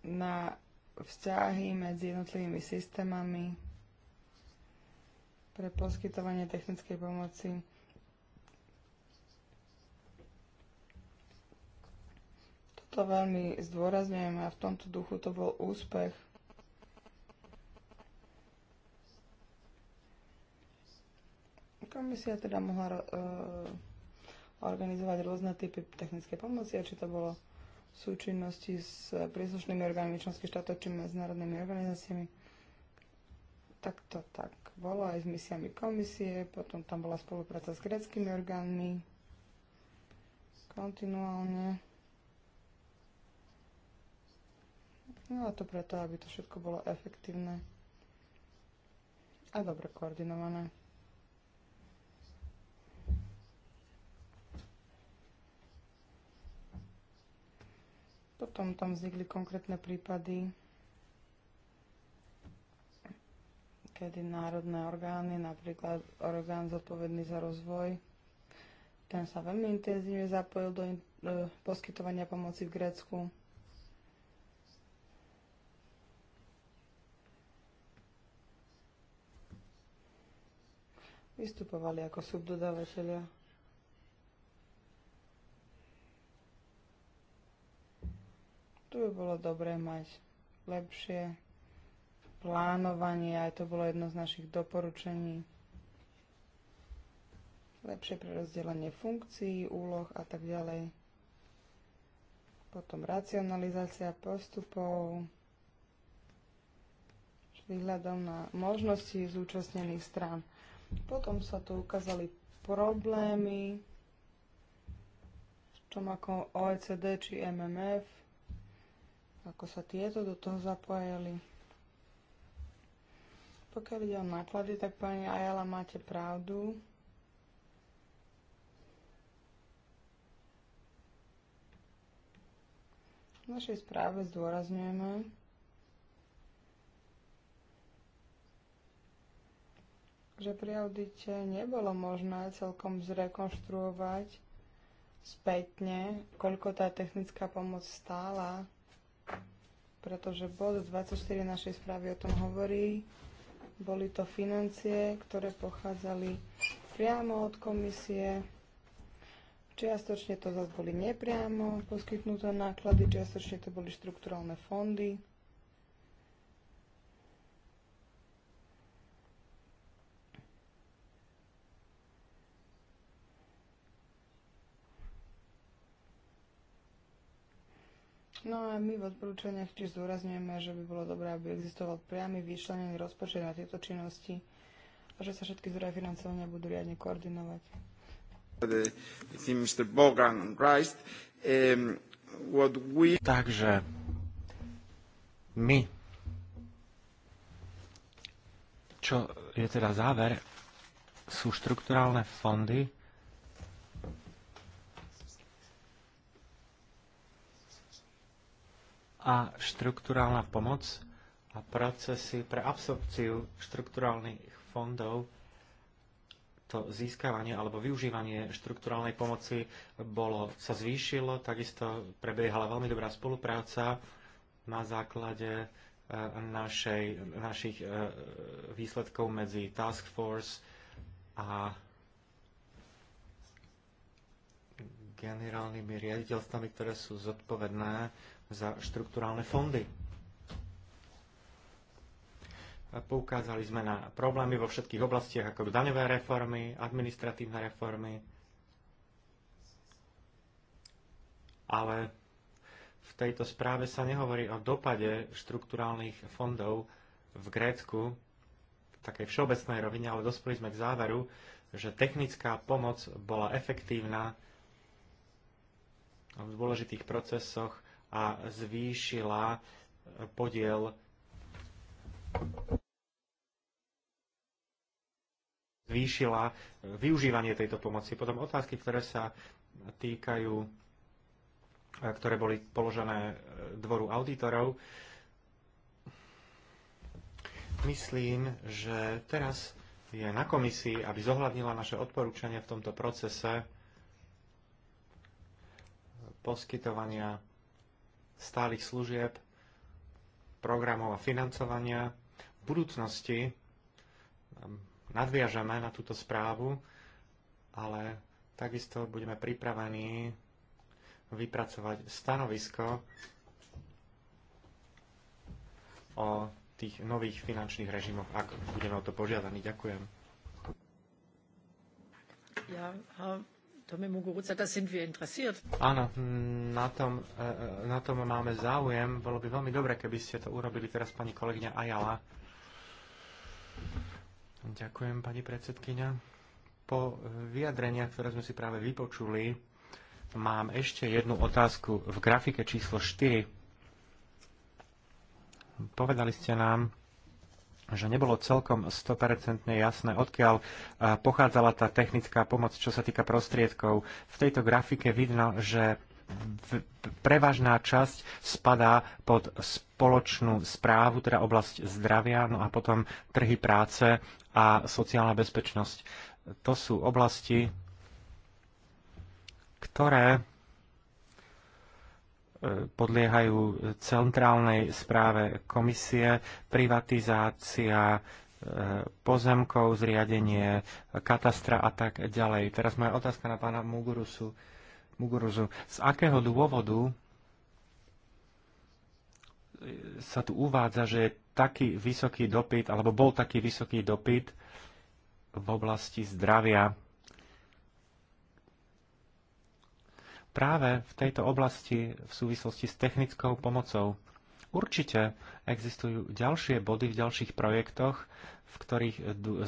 na vzťahy medzi jednotlivými systémami pre poskytovanie technickej pomoci. Toto veľmi zdôrazňujem a v tomto duchu to bol úspech komisia teda mohla uh, organizovať rôzne typy technické pomoci, a či to bolo v súčinnosti s príslušnými orgánmi členských štátov či medzinárodnými organizáciami. Tak to tak bolo aj s misiami komisie, potom tam bola spolupráca s greckými orgánmi kontinuálne. No a to preto, aby to všetko bolo efektívne a dobre koordinované. Potom tam vznikli konkrétne prípady, kedy národné orgány, napríklad orgán zodpovedný za rozvoj, ten sa veľmi intenzívne zapojil do in, poskytovania pomoci v Grécku. Vystupovali ako subdodávateľia. Tu by bolo dobré mať lepšie plánovanie, aj to bolo jedno z našich doporučení. Lepšie prerozdelenie funkcií, úloh a tak ďalej. Potom racionalizácia postupov s výhľadom na možnosti zúčastnených strán. Potom sa tu ukázali problémy čo tom ako OECD či MMF ako sa tieto do toho zapojili. Pokiaľ ide o náklady, tak pani Ajala máte pravdu. V našej správe zdôrazňujeme, že pri audite nebolo možné celkom zrekonštruovať spätne, koľko tá technická pomoc stála pretože bod 24 našej správy o tom hovorí. Boli to financie, ktoré pochádzali priamo od komisie. Čiastočne to zase boli nepriamo poskytnuté náklady, čiastočne to boli štrukturálne fondy. No a my v odporúčaniach tiež zdôrazňujeme, že by bolo dobré, aby existoval priamy vyšlenený rozpočet na tieto činnosti a že sa všetky zdroje financovania budú riadne koordinovať. Takže my, čo je teda záver, sú štrukturálne fondy, a štrukturálna pomoc a procesy pre absorpciu štrukturálnych fondov to získavanie alebo využívanie štrukturálnej pomoci bolo, sa zvýšilo, takisto prebiehala veľmi dobrá spolupráca na základe e, našej, našich e, výsledkov medzi Task Force a generálnymi riaditeľstvami, ktoré sú zodpovedné za štrukturálne fondy. Poukázali sme na problémy vo všetkých oblastiach, ako daňové reformy, administratívne reformy, ale v tejto správe sa nehovorí o dopade štrukturálnych fondov v Grécku v takej všeobecnej rovine, ale dospeli sme k záveru, že technická pomoc bola efektívna v dôležitých procesoch a zvýšila podiel zvýšila využívanie tejto pomoci. Potom otázky, ktoré sa týkajú, ktoré boli položené dvoru auditorov. Myslím, že teraz je na komisii, aby zohľadnila naše odporúčania v tomto procese poskytovania stálych služieb, programov a financovania. V budúcnosti ehm, nadviažeme na túto správu, ale takisto budeme pripravení vypracovať stanovisko o tých nových finančných režimoch, ak budeme o to požiadaní. Ďakujem. Ja, ehm, Áno, na tom, e, e, na tom máme záujem. Bolo by veľmi dobre, keby ste to urobili teraz, pani kolegyňa Ajala. Ďakujem, pani predsedkynia. Po e, vyjadreniach, ktoré sme si práve vypočuli, mám ešte jednu otázku v grafike číslo 4. Povedali ste nám, že nebolo celkom 100% jasné, odkiaľ eh, pochádzala tá technická pomoc, čo sa týka prostriedkov. V tejto grafike vidno, že prevažná časť spadá pod spoločnú správu, teda oblasť zdravia, no a potom trhy práce a sociálna bezpečnosť. To sú oblasti, ktoré podliehajú centrálnej správe komisie, privatizácia e, pozemkov, zriadenie katastra a tak ďalej. Teraz moja otázka na pána Mugurusu. Muguruzu. Z akého dôvodu sa tu uvádza, že je taký vysoký dopyt, alebo bol taký vysoký dopyt v oblasti zdravia práve v tejto oblasti v súvislosti s technickou pomocou. Určite existujú ďalšie body v ďalších projektoch, v ktorých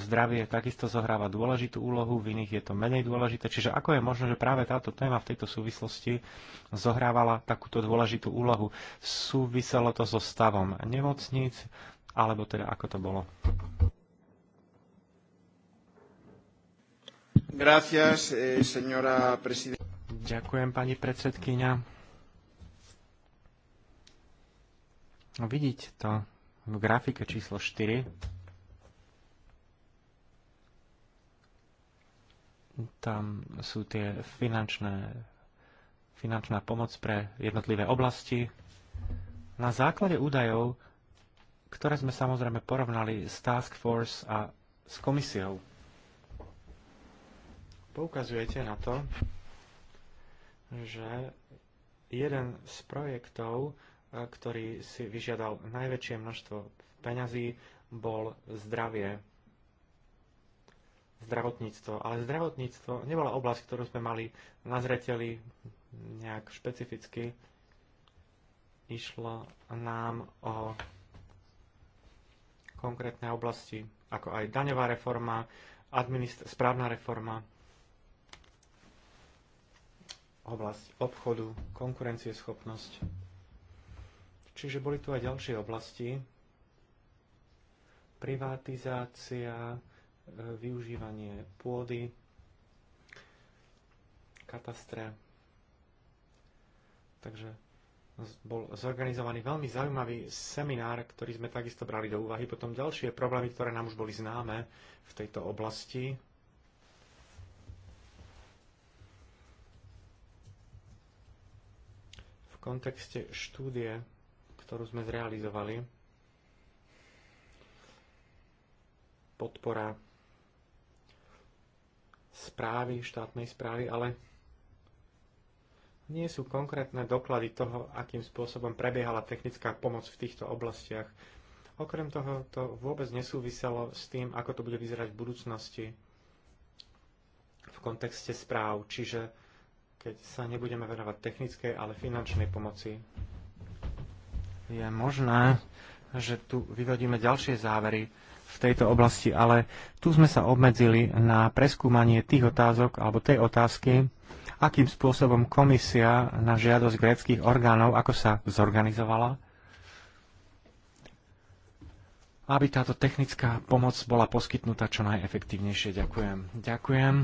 zdravie takisto zohráva dôležitú úlohu, v iných je to menej dôležité. Čiže ako je možné, že práve táto téma v tejto súvislosti zohrávala takúto dôležitú úlohu? Súviselo to so stavom nemocníc, alebo teda ako to bolo? Gracias, eh, señora presidenta. Ďakujem, pani predsedkynia. No, vidíte to v grafike číslo 4. Tam sú tie finančné, finančná pomoc pre jednotlivé oblasti. Na základe údajov, ktoré sme samozrejme porovnali s Task Force a s komisiou, poukazujete na to, že jeden z projektov, e, ktorý si vyžiadal najväčšie množstvo peňazí, bol zdravie, zdravotníctvo. Ale zdravotníctvo nebola oblasť, ktorú sme mali na zreteli nejak špecificky. Išlo nám o konkrétne oblasti, ako aj daňová reforma, správna reforma, oblasť obchodu, konkurencieschopnosť. Čiže boli tu aj ďalšie oblasti. Privatizácia, e, využívanie pôdy, katastre. Takže bol zorganizovaný veľmi zaujímavý seminár, ktorý sme takisto brali do úvahy. Potom ďalšie problémy, ktoré nám už boli známe v tejto oblasti, kontexte štúdie, ktorú sme zrealizovali, podpora správy, štátnej správy, ale nie sú konkrétne doklady toho, akým spôsobom prebiehala technická pomoc v týchto oblastiach. Okrem toho, to vôbec nesúviselo s tým, ako to bude vyzerať v budúcnosti v kontexte správ. Čiže keď sa nebudeme venovať technickej, ale finančnej pomoci, je možné, že tu vyvodíme ďalšie závery v tejto oblasti, ale tu sme sa obmedzili na preskúmanie tých otázok alebo tej otázky, akým spôsobom komisia na žiadosť gréckých orgánov, ako sa zorganizovala, aby táto technická pomoc bola poskytnutá čo najefektívnejšie. Ďakujem. Ďakujem.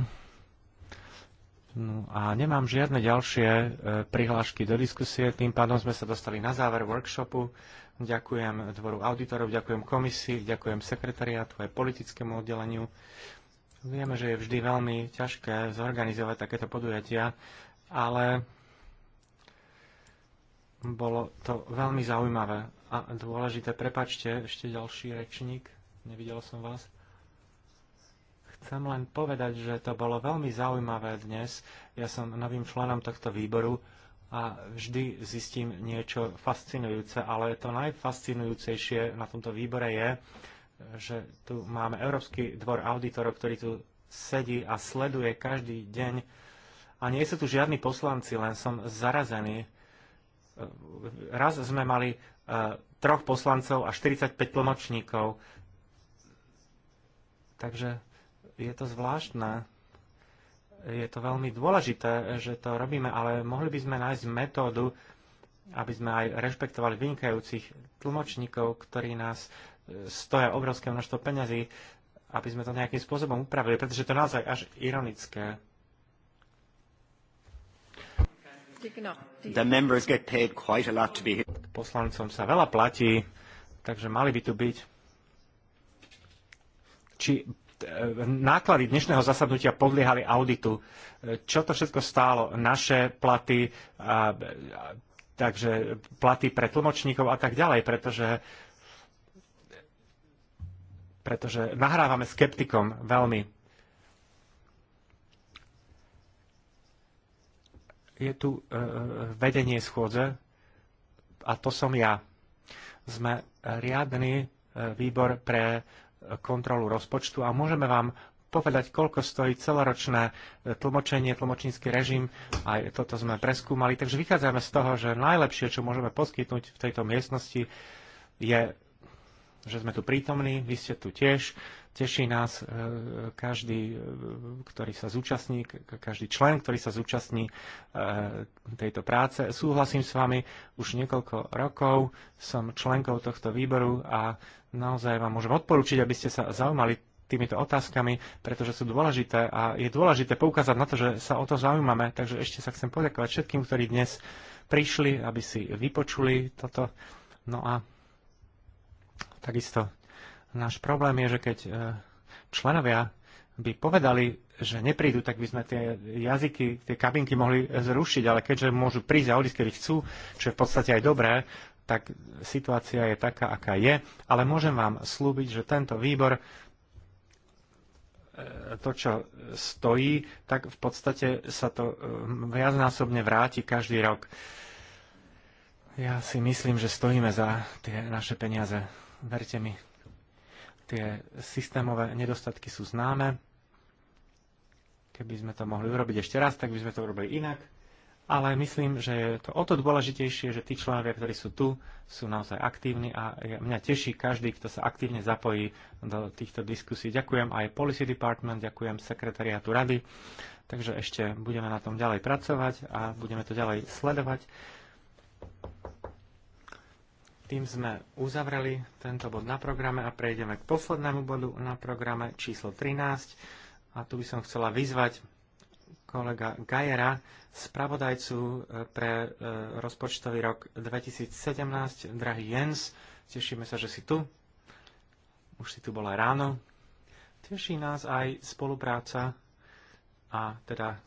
No a nemám žiadne ďalšie e, prihlášky do diskusie, tým pádom sme sa dostali na záver workshopu. Ďakujem dvoru auditorov, ďakujem komisii, ďakujem sekretariátu aj politickému oddeleniu. Vieme, že je vždy veľmi ťažké zorganizovať takéto podujatia, ale bolo to veľmi zaujímavé a dôležité. Prepačte, ešte ďalší rečník, nevidel som vás. Chcem len povedať, že to bolo veľmi zaujímavé dnes. Ja som novým členom tohto výboru a vždy zistím niečo fascinujúce, ale to najfascinujúcejšie na tomto výbore je, že tu máme Európsky dvor auditorov, ktorý tu sedí a sleduje každý deň. A nie sú tu žiadni poslanci, len som zarazený. Raz sme mali e, troch poslancov a 45 tlmočníkov. Takže je to zvláštne. Je to veľmi dôležité, že to robíme, ale mohli by sme nájsť metódu, aby sme aj rešpektovali vynikajúcich tlmočníkov, ktorí nás e, stoja obrovské množstvo peňazí, aby sme to nejakým spôsobom upravili, pretože to je naozaj až ironické. Poslancom sa veľa platí, takže mali by tu byť. Či náklady dnešného zasadnutia podliehali auditu. Čo to všetko stálo? Naše platy, a, a, takže platy pre tlmočníkov a tak ďalej, pretože pretože nahrávame skeptikom veľmi. Je tu e, e vedenie schôdze a to som ja. Sme riadny e, výbor pre kontrolu rozpočtu a môžeme vám povedať, koľko stojí celoročné e, tlmočenie, tlmočnícky režim. Aj toto sme preskúmali. Takže vychádzame z toho, že najlepšie, čo môžeme poskytnúť v tejto miestnosti, je, že sme tu prítomní, vy ste tu tiež, Teší nás e, každý, e, ktorý sa zúčastní, každý člen, ktorý sa zúčastní e, tejto práce. Súhlasím s vami, už niekoľko rokov som členkou tohto výboru a naozaj vám môžem odporučiť, aby ste sa zaujímali týmito otázkami, pretože sú dôležité a je dôležité poukázať na to, že sa o to zaujímame. Takže ešte sa chcem poďakovať všetkým, ktorí dnes prišli, aby si vypočuli toto. No a takisto Náš problém je, že keď e, členovia by povedali, že neprídu, tak by sme tie jazyky, tie kabinky mohli zrušiť, ale keďže môžu prísť a odísť, kedy chcú, čo je v podstate aj dobré, tak situácia je taká, aká je. Ale môžem vám slúbiť, že tento výbor e, to, čo stojí, tak v podstate sa to e, viacnásobne vráti každý rok. Ja si myslím, že stojíme za tie naše peniaze. Verte mi. Tie systémové nedostatky sú známe. Keby sme to mohli urobiť ešte raz, tak by sme to urobili inak. Ale myslím, že je to o to dôležitejšie, že tí členovia, ktorí sú tu, sú naozaj aktívni a mňa teší každý, kto sa aktívne zapojí do týchto diskusí. Ďakujem aj Policy Department, ďakujem sekretariátu rady. Takže ešte budeme na tom ďalej pracovať a budeme to ďalej sledovať. Tým sme uzavreli tento bod na programe a prejdeme k poslednému bodu na programe číslo 13. A tu by som chcela vyzvať kolega Gajera, spravodajcu e, pre e, rozpočtový rok 2017. Drahý Jens, tešíme sa, že si tu. Už si tu bola ráno. Teší nás aj spolupráca a teda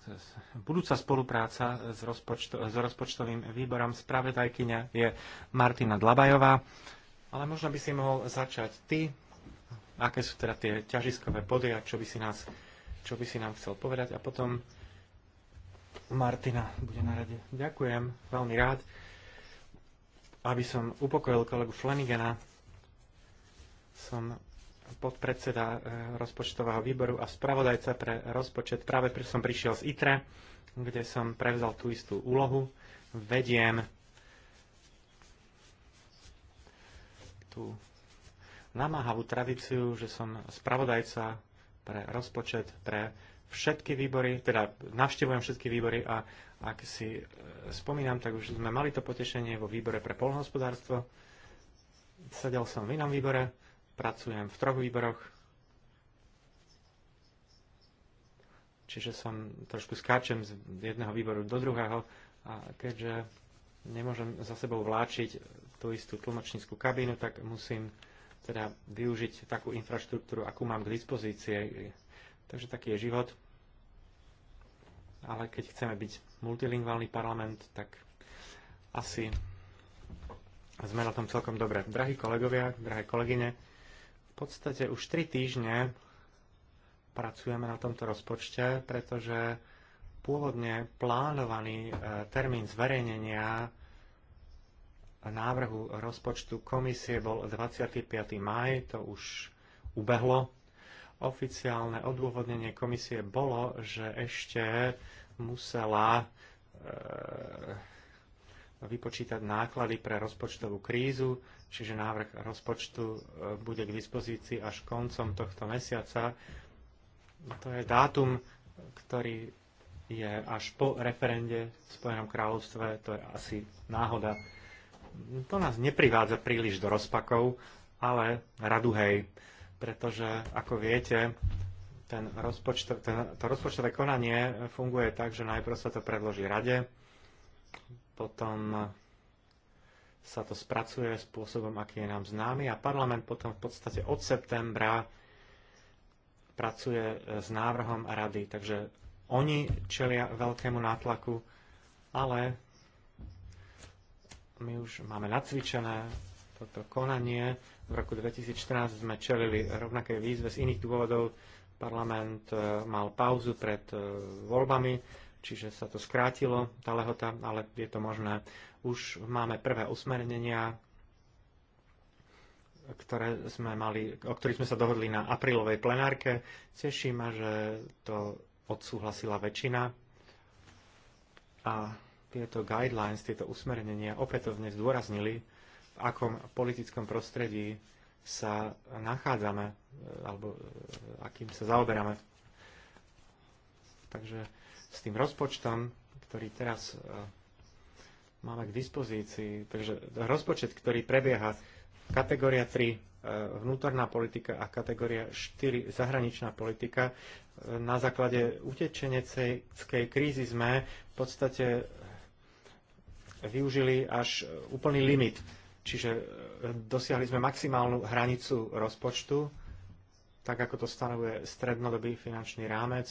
budúca spolupráca s, rozpočto, s rozpočtovým výborom spravedajkyňa je Martina Dlabajová. Ale možno by si mohol začať ty, aké sú teda tie ťažiskové body a čo by si, nás, čo by si nám chcel povedať a potom Martina bude na rade. Ďakujem, veľmi rád, aby som upokojil kolegu Flanigena. Som podpredseda eh, rozpočtového výboru a spravodajca pre rozpočet. Práve som prišiel z ITRE, kde som prevzal tú istú úlohu. Vediem tú namáhavú tradíciu, že som spravodajca pre rozpočet, pre všetky výbory, teda navštevujem všetky výbory a ak si eh, spomínam, tak už sme mali to potešenie vo výbore pre polnohospodárstvo. Sedel som v inom výbore, Pracujem v troch výboroch, čiže som trošku skáčem z jedného výboru do druhého a keďže nemôžem za sebou vláčiť tú istú tlmočníckú kabínu, tak musím teda využiť takú infraštruktúru, akú mám k dispozícii. Takže taký je život. Ale keď chceme byť multilingválny parlament, tak asi sme na tom celkom dobre. Drahí kolegovia, drahé kolegyne, podstate už 3 týždne pracujeme na tomto rozpočte, pretože pôvodne plánovaný e, termín zverejnenia návrhu rozpočtu komisie bol 25. maj, to už ubehlo. Oficiálne odôvodnenie komisie bolo, že ešte musela e, vypočítať náklady pre rozpočtovú krízu, čiže návrh rozpočtu e, bude k dispozícii až koncom tohto mesiaca. To je dátum, ktorý je až po referende v Spojenom kráľovstve, to je asi náhoda. To nás neprivádza príliš do rozpakov, ale radu hej, pretože ako viete, ten rozpočto, ten, to rozpočtové konanie funguje tak, že najprv sa to predloží rade, potom sa to spracuje spôsobom, aký je nám známy a parlament potom v podstate od septembra pracuje e, s návrhom rady. Takže oni čelia veľkému nátlaku, ale my už máme nacvičené toto konanie. V roku 2014 sme čelili rovnaké výzve z iných dôvodov. Parlament e, mal pauzu pred e, voľbami čiže sa to skrátilo, mhm. tá lehota, ale je to možné. Už máme prvé usmernenia, ktoré sme mali, o ktorých sme sa dohodli na aprílovej plenárke. Teší ma, že to odsúhlasila väčšina. A tieto guidelines, tieto usmernenia opätovne zdôraznili, v akom politickom prostredí sa nachádzame, alebo e, akým sa zaoberáme. Takže s tým rozpočtom, ktorý teraz e, máme k dispozícii. Takže rozpočet, ktorý prebieha kategória 3 e, vnútorná politika a kategória 4 zahraničná politika. E, na základe utečeneckej krízy sme v podstate využili až úplný limit. Čiže dosiahli sme maximálnu hranicu rozpočtu, tak ako to stanovuje strednodobý finančný rámec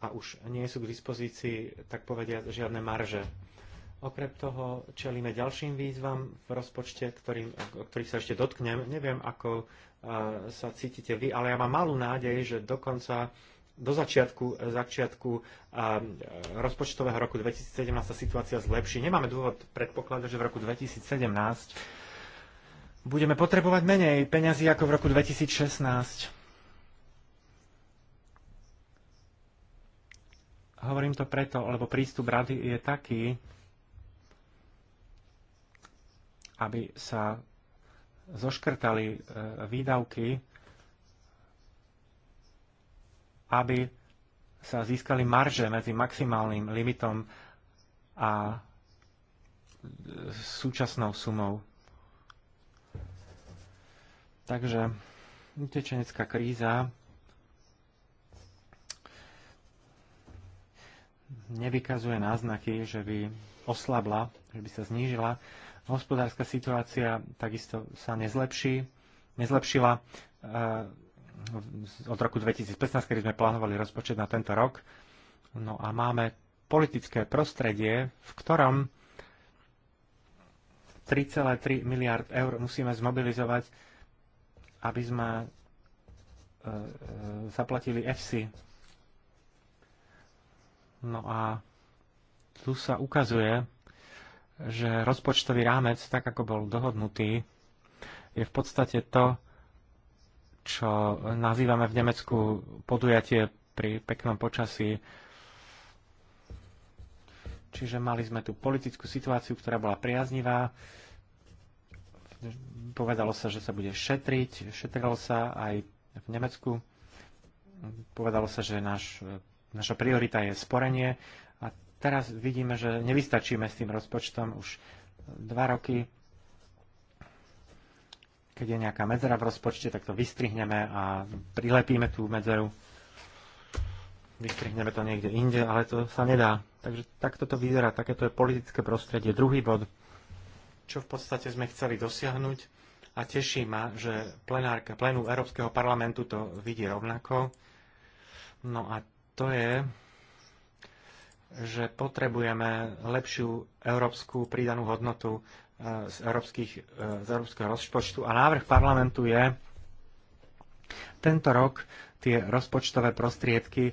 a už nie sú k dispozícii, tak povediať, žiadne marže. Okrem toho čelíme ďalším výzvam v rozpočte, ktorým, o ktorých sa ešte dotknem. Neviem, ako e, sa cítite vy, ale ja mám malú nádej, že dokonca do začiatku, začiatku e, rozpočtového roku 2017 sa situácia zlepší. Nemáme dôvod predpokladať, že v roku 2017 budeme potrebovať menej peňazí ako v roku 2016 Hovorím to preto, lebo prístup rady je taký, aby sa zoškrtali e, výdavky, aby sa získali marže medzi maximálnym limitom a e, súčasnou sumou. Takže utečenecká kríza nevykazuje náznaky, že by oslabla, že by sa znížila. Hospodárska situácia takisto sa nezlepší, nezlepšila eh, od roku 2015, kedy sme plánovali rozpočet na tento rok. No a máme politické prostredie, v ktorom 3,3 miliard eur musíme zmobilizovať, aby sme eh, eh, zaplatili EFSI No a tu sa ukazuje, že rozpočtový rámec, tak ako bol dohodnutý, je v podstate to, čo nazývame v Nemecku podujatie pri peknom počasí. Čiže mali sme tu politickú situáciu, ktorá bola priaznivá. Povedalo sa, že sa bude šetriť. Šetrilo sa aj v Nemecku. Povedalo sa, že náš naša priorita je sporenie a teraz vidíme, že nevystačíme s tým rozpočtom už dva roky. Keď je nejaká medzera v rozpočte, tak to vystrihneme a prilepíme tú medzeru. Vystrihneme to niekde inde, ale to sa nedá. Takže takto to vyzerá, takéto je politické prostredie. Druhý bod, čo v podstate sme chceli dosiahnuť, a teší ma, že plenárka, plénu Európskeho parlamentu to vidí rovnako. No a to je, že potrebujeme lepšiu európsku pridanú hodnotu e, z, európskych, e, z európskeho rozpočtu a návrh parlamentu je tento rok tie rozpočtové prostriedky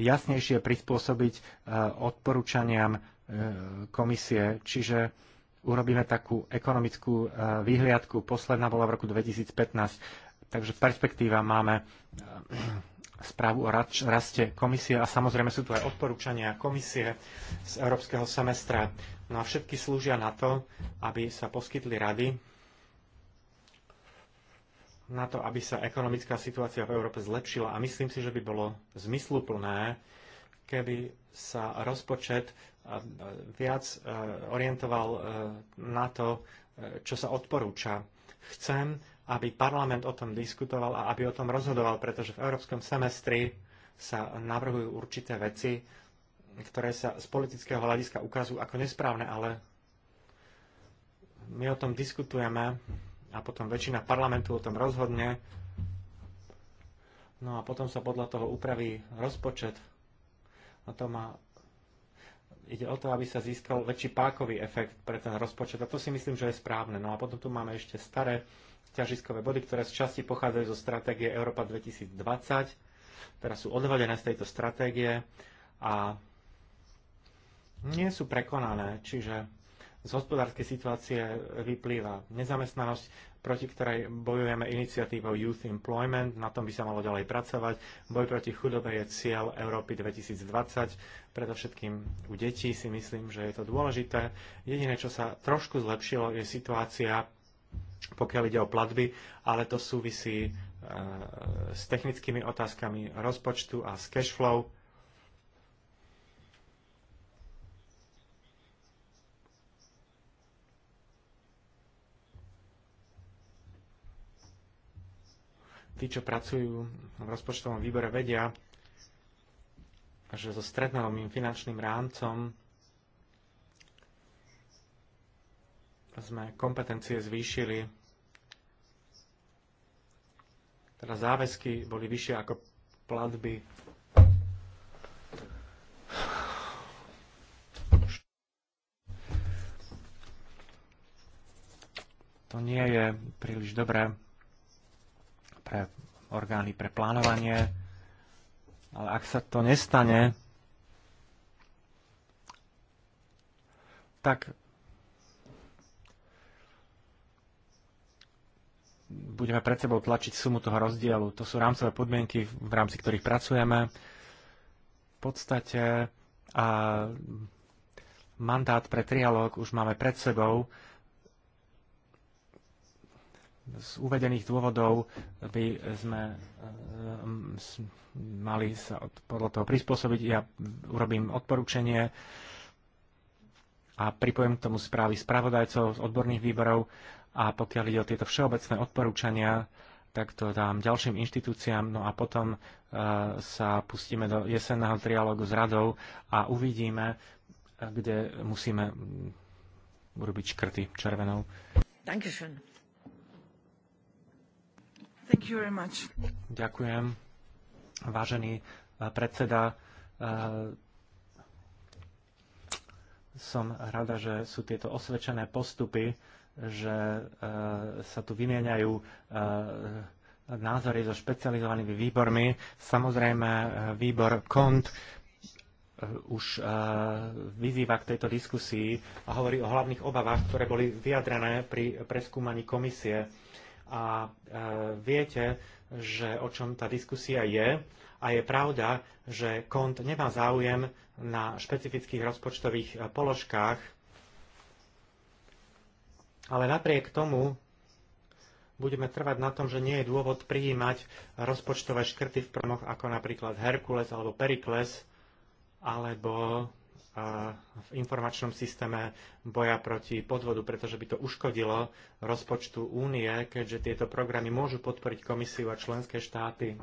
jasnejšie prispôsobiť e, odporúčaniam komisie. Čiže urobíme takú ekonomickú výhliadku. Posledná bola v roku 2015, takže perspektíva máme správu o raste komisie a samozrejme sú tu aj odporúčania komisie z európskeho semestra. No a všetky slúžia na to, aby sa poskytli rady na to, aby sa ekonomická situácia v Európe zlepšila. A myslím si, že by bolo zmysluplné, keby sa rozpočet e, viac e, orientoval e, na to, čo sa odporúča. Chcem, aby parlament o tom diskutoval a aby o tom rozhodoval, pretože v európskom semestri sa navrhujú určité veci, ktoré sa z politického hľadiska ukazujú ako nesprávne, ale my o tom diskutujeme a potom väčšina parlamentu o tom rozhodne. No a potom sa podľa toho upraví rozpočet. A to má... Ide o to, aby sa získal väčší pákový efekt pre ten rozpočet. A to si myslím, že je správne. No a potom tu máme ešte staré ťažiskové body, ktoré z časti pochádzajú zo stratégie Európa 2020, teraz sú odvalené z tejto stratégie a nie sú prekonané, čiže z hospodárskej situácie vyplýva nezamestnanosť, proti ktorej bojujeme iniciatívou Youth Employment, na tom by sa malo ďalej pracovať. Boj proti chudobe je cieľ Európy 2020, predovšetkým u detí si myslím, že je to dôležité. Jediné, čo sa trošku zlepšilo, je situácia pokiaľ ide o platby, ale to súvisí e, s technickými otázkami rozpočtu a s cash flow. Tí, čo pracujú v rozpočtovom výbore, vedia, že so stredným finančným rámcom sme kompetencie zvýšili, teda záväzky boli vyššie ako platby. To nie je príliš dobré pre orgány pre plánovanie, ale ak sa to nestane, tak budeme pred sebou tlačiť sumu toho rozdielu. To sú rámcové podmienky, v rámci ktorých pracujeme. V podstate a mandát pre trialóg už máme pred sebou. Z uvedených dôvodov by sme e, mali sa podľa toho prispôsobiť. Ja urobím odporúčanie a pripojím k tomu správy spravodajcov z odborných výborov a pokiaľ ide o tieto všeobecné odporúčania, tak to dám ďalším inštitúciám, no a potom e, sa pustíme do jesenného trialógu s radou a uvidíme, kde musíme mm, urobiť škrty červenou. Dankeschön. Thank you very much. Ďakujem, vážený e, predseda. E, som rada, že sú tieto osvedčené postupy, že e, sa tu vymieňajú e, názory so špecializovanými výbormi. Samozrejme, e, výbor KONT už vyzýva k tejto diskusii a hovorí o hlavných obavách, ktoré boli vyjadrené pri preskúmaní komisie. A viete, že o čom tá diskusia je a je pravda, že KONT nemá záujem na špecifických rozpočtových položkách ale napriek tomu budeme trvať na tom, že nie je dôvod prijímať rozpočtové škrty v promoch ako napríklad Herkules alebo Perikles alebo v informačnom systéme boja proti podvodu, pretože by to uškodilo rozpočtu únie, keďže tieto programy môžu podporiť komisiu a členské štáty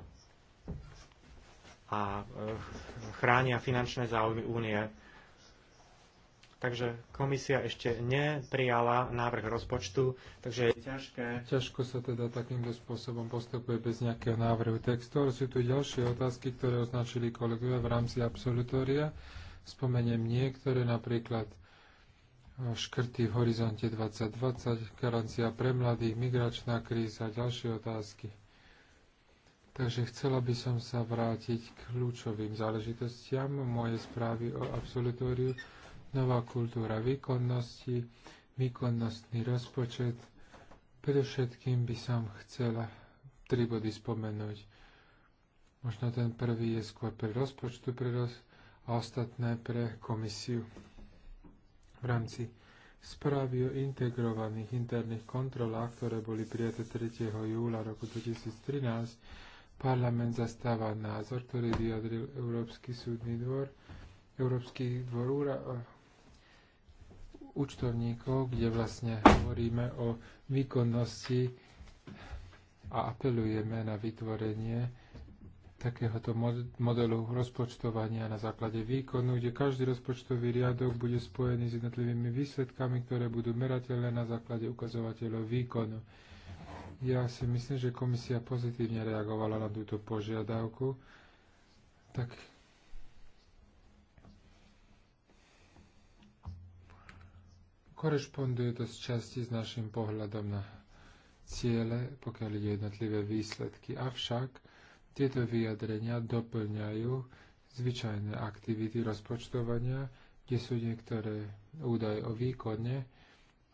a e, chránia finančné záujmy únie. Takže komisia ešte neprijala návrh rozpočtu, takže je ťažké. Ťažko sa teda takýmto spôsobom postupuje bez nejakého návrhu textu. Sú tu ďalšie otázky, ktoré označili kolegovia v rámci absolutória. Spomeniem niektoré, napríklad e, škrty v horizonte 2020, garancia pre mladých, migračná kríza a ďalšie otázky. Takže chcela by som sa vrátiť k kľúčovým záležitostiam mojej správy o absolutóriu nová kultúra výkonnosti, výkonnostný rozpočet. Predovšetkým by som chcela tri body spomenúť. Možno ten prvý je skôr pre rozpočtu pre roz, a ostatné pre komisiu. V rámci správy o integrovaných interných kontrolách, ktoré boli prijaté 3. júla roku 2013, parlament zastáva názor, ktorý vyjadril Európsky súdny dvor, Európsky dvor účtovníkov, kde vlastne hovoríme o výkonnosti a apelujeme na vytvorenie takéhoto modelu rozpočtovania na základe výkonu, kde každý rozpočtový riadok bude spojený s jednotlivými výsledkami, ktoré budú merateľné na základe ukazovateľov výkonu. Ja si myslím, že komisia pozitívne reagovala na túto požiadavku, tak Korešponduje to s časti s našim pohľadom na ciele, pokiaľ ide jednotlivé výsledky. Avšak tieto vyjadrenia doplňajú zvyčajné aktivity rozpočtovania, kde sú niektoré údaje o výkone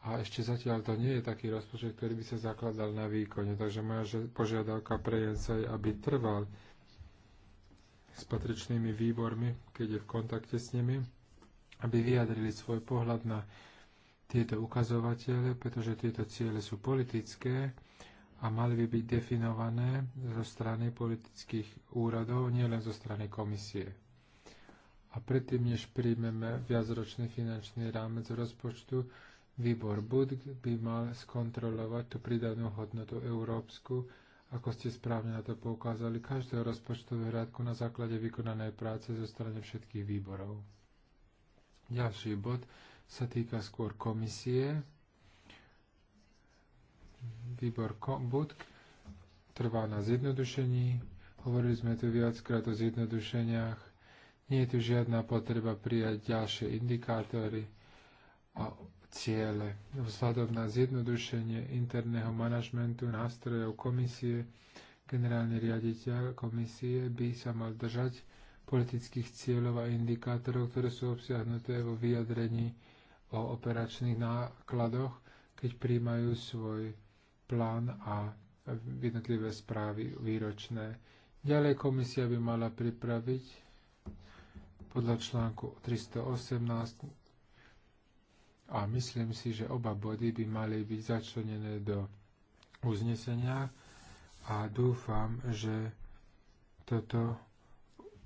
a ešte zatiaľ to nie je taký rozpočet, ktorý by sa zakladal na výkone. Takže moja požiadavka pre sa je, aby trval s patričnými výbormi, keď je v kontakte s nimi, aby vyjadrili svoj pohľad na tieto ukazovatele, pretože tieto ciele sú politické a mali by byť definované zo strany politických úradov, nielen zo strany komisie. A predtým, než príjmeme viacročný finančný rámec rozpočtu, výbor BUD by mal skontrolovať tú pridanú hodnotu európsku, ako ste správne na to poukázali, každého rozpočtového riadku na základe vykonanej práce zo strany všetkých výborov. Ďalší bod sa týka skôr komisie. Výbor Budk trvá na zjednodušení. Hovorili sme tu viackrát o zjednodušeniach. Nie je tu žiadna potreba prijať ďalšie indikátory a ciele. Vzhľadom na zjednodušenie interného manažmentu nástrojov komisie, generálny riaditeľ komisie by sa mal držať politických cieľov a indikátorov, ktoré sú obsiahnuté vo vyjadrení o operačných nákladoch, keď príjmajú svoj plán a jednotlivé správy výročné. Ďalej komisia by mala pripraviť podľa článku 318 a myslím si, že oba body by mali byť začlenené do uznesenia a dúfam, že toto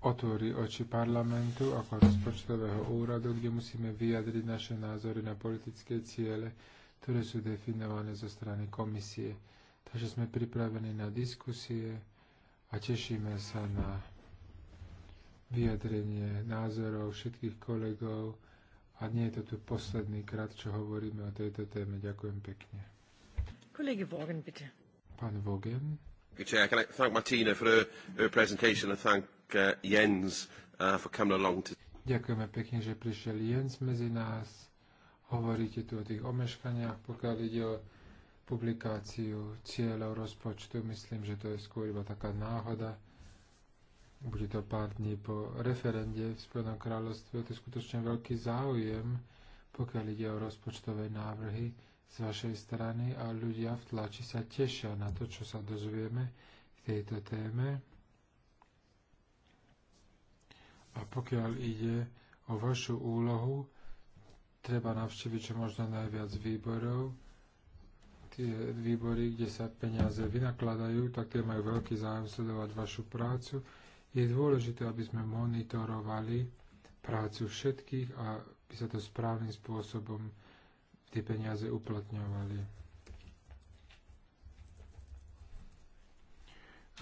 otvorí oči parlamentu ako rozpočtového úradu, kde musíme vyjadriť naše názory na politické ciele, ktoré sú definované zo strany komisie. Takže sme pripravení na diskusie a tešíme sa na vyjadrenie názorov všetkých kolegov a nie je to tu posledný krát, čo hovoríme o tejto téme. Ďakujem pekne. Kolege Vogen, bitte. Pán Vogen. Chair, can I thank Martina for her, her presentation and thank Eh, Jens uh, for coming along to... Ďakujeme pekne, že prišiel Jens medzi nás. Hovoríte tu o tých omeškaniach, pokiaľ ide o publikáciu cieľov rozpočtu. Myslím, že to je skôr iba taká náhoda. Bude to pár dní po referende v Spojenom kráľovstve. To je skutočne veľký záujem, pokiaľ ide o rozpočtové návrhy z vašej strany a ľudia v tlači sa tešia na to, čo sa dozvieme v tejto téme. A pokiaľ ide o vašu úlohu, treba navštíviť čo možno najviac výborov. Tie výbory, kde sa peniaze vynakladajú, tak tie majú veľký záujem sledovať vašu prácu. Je dôležité, aby sme monitorovali prácu všetkých a by sa to správnym spôsobom tie peniaze uplatňovali.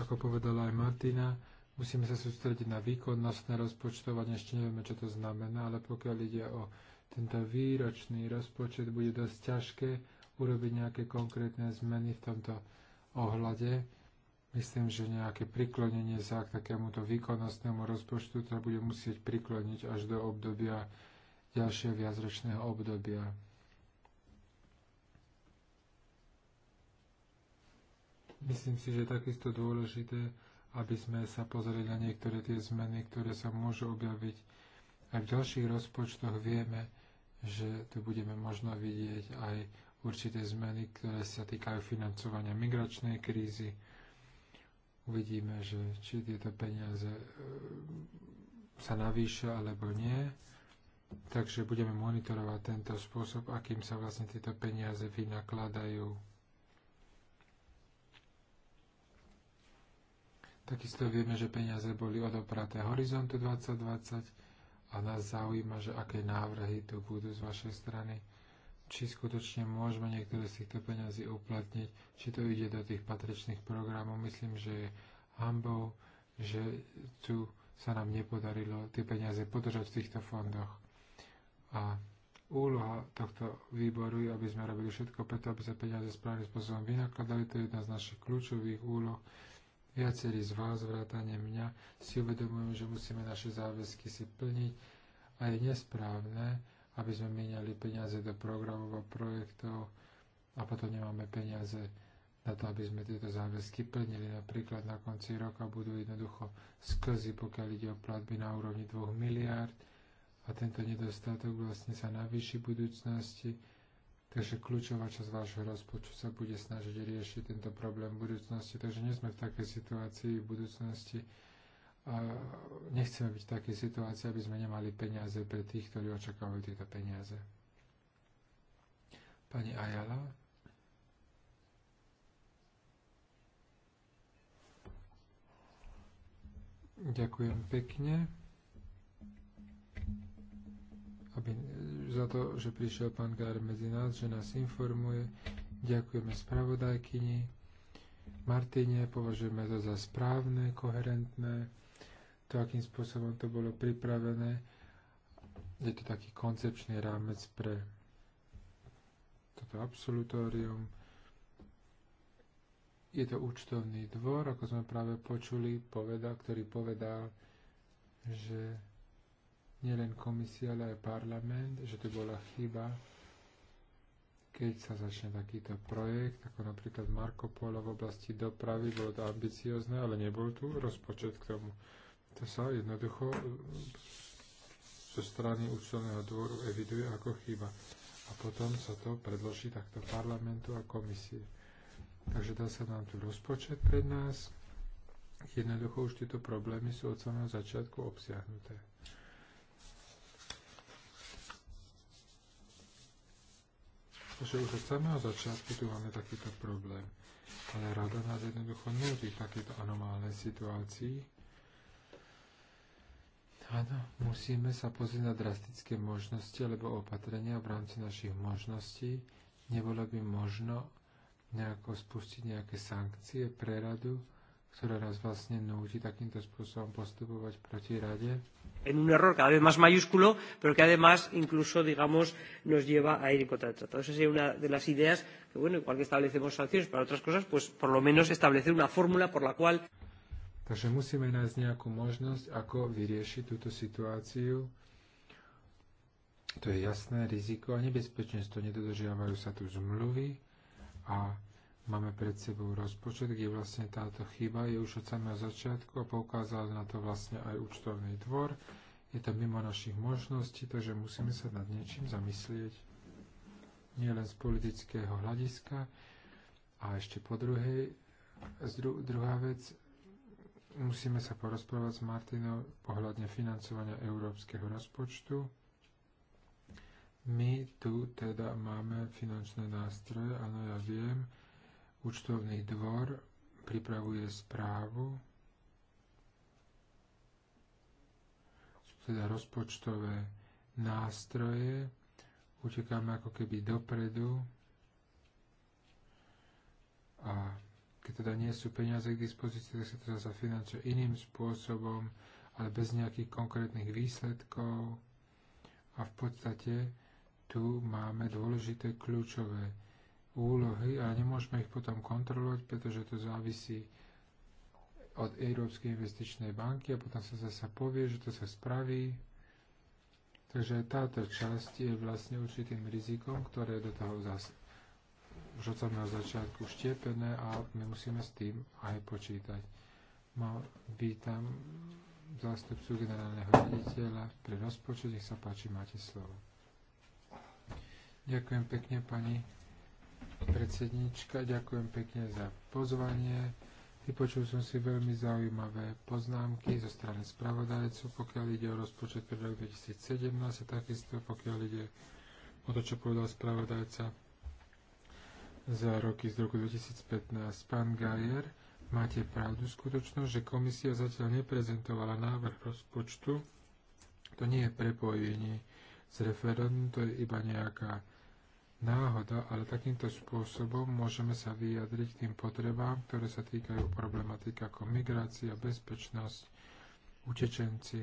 Ako povedala aj Martina, Musíme sa sústrediť na výkonnostné rozpočtovanie, ešte nevieme, čo to znamená, ale pokiaľ ide o tento výročný rozpočet, bude dosť ťažké urobiť nejaké konkrétne zmeny v tomto ohľade. Myslím, že nejaké priklonenie sa k takémuto výkonnostnému rozpočtu sa bude musieť prikloniť až do obdobia ďalšieho viacročného obdobia. Myslím si, že takisto dôležité aby sme sa pozreli na niektoré tie zmeny, ktoré sa môžu objaviť. Aj v ďalších rozpočtoch vieme, že tu budeme možno vidieť aj určité zmeny, ktoré sa týkajú financovania migračnej krízy. Uvidíme, že či tieto peniaze e, sa navýšia alebo nie. Takže budeme monitorovať tento spôsob, akým sa vlastne tieto peniaze vynakladajú. Takisto vieme, že peniaze boli odopraté Horizontu 2020 a nás zaujíma, že aké návrhy tu budú z vašej strany, či skutočne môžeme niektoré z týchto peňazí uplatniť, či to ide do tých patričných programov. Myslím, že je hambou, že tu sa nám nepodarilo tie peniaze podržať v týchto fondoch. A úloha tohto výboru je, aby sme robili všetko preto, aby sa peniaze správnym spôsobom vynakladali. To je jedna z našich kľúčových úloh viacerí z vás, vrátane mňa, si uvedomujeme, že musíme naše záväzky si plniť a je nesprávne, aby sme míňali peniaze do programov a projektov a potom nemáme peniaze na to, aby sme tieto záväzky plnili. Napríklad na konci roka budú jednoducho sklzy, pokiaľ ide o platby na úrovni 2 miliárd a tento nedostatok vlastne sa navýši v budúcnosti Takže kľúčová časť vášho rozpočtu sa bude snažiť riešiť tento problém v budúcnosti. Takže nie sme v takej situácii v budúcnosti. A nechceme byť v takej situácii, aby sme nemali peniaze pre tých, ktorí očakávajú tieto peniaze. Pani Ajala. Ďakujem pekne. Aby za to, že prišiel pán Gár medzi nás, že nás informuje. Ďakujeme spravodajkyni. Martine považujeme to za správne, koherentné, to, akým spôsobom to bolo pripravené. Je to taký koncepčný rámec pre toto absolutórium. Je to účtovný dvor, ako sme práve počuli, poveda, ktorý povedal, že nielen komisia, ale aj parlament, že to bola chyba, keď sa začne takýto projekt, ako napríklad Marco Polo v oblasti dopravy, bolo to ambiciozne, ale nebol tu rozpočet k tomu. To sa jednoducho e, zo strany účtovného dvoru eviduje ako chyba. A potom sa to predloží takto parlamentu a komisie. Takže dá sa nám tu rozpočet pred nás. Jednoducho už tieto problémy sú od samého začiatku obsiahnuté. že už od samého začiatku tu máme takýto problém. Ale rada nás jednoducho nutí v takéto anomálnej situácii. Áno, musíme sa pozrieť na drastické možnosti alebo opatrenia v rámci našich možností. Nebolo by možno nejako spustiť nejaké sankcie pre radu, ktoré nás vlastne núti takýmto spôsobom postupovať proti rade. En un error cada vez más mayúsculo, pero que además incluso, digamos, nos lleva a ir en contra del tratado. Esa sería una de las ideas que, bueno, igual que establecemos sanciones para otras cosas, pues por lo menos establecer una fórmula por la cual... Takže musíme nájsť nejakú možnosť, ako vyriešiť túto situáciu. To je jasné riziko a nebezpečenstvo. Nedodržiavajú sa tu zmluvy a Máme pred sebou rozpočet, kde vlastne táto chyba je už od samého začiatku a poukázal na to vlastne aj účtovný dvor. Je to mimo našich možností, takže musíme sa nad niečím zamyslieť. Nie len z politického hľadiska. A ešte po druhej, dru, druhá vec, musíme sa porozprávať s Martinou ohľadne financovania európskeho rozpočtu. My tu teda máme finančné nástroje, áno, ja viem, Účtovný dvor pripravuje správu, sú teda rozpočtové nástroje, utekáme ako keby dopredu a keď teda nie sú peniaze k dispozícii, tak sa to zase financuje iným spôsobom, ale bez nejakých konkrétnych výsledkov. A v podstate tu máme dôležité kľúčové úlohy a nemôžeme ich potom kontrolovať, pretože to závisí od Európskej investičnej banky a potom sa zase povie, že to sa spraví. Takže aj táto časť je vlastne určitým rizikom, ktoré je do toho zase už od samého začiatku štiepené a my musíme s tým aj počítať. Mal vítam zástupcu generálneho riaditeľa pre rozpočet. Nech sa páči, máte slovo. Ďakujem pekne, pani predsednička, ďakujem pekne za pozvanie. Vypočul som si veľmi zaujímavé poznámky zo strany spravodajcu, pokiaľ ide o rozpočet pre rok 2017 a takisto pokiaľ ide o to, čo povedal spravodajca za roky z roku 2015. Pán Gajer, máte pravdu skutočnosť, že komisia zatiaľ neprezentovala návrh rozpočtu. To nie je prepojenie s referendum, to je iba nejaká náhoda, ale takýmto spôsobom môžeme sa vyjadriť k tým potrebám, ktoré sa týkajú problematik ako migrácia, bezpečnosť, utečenci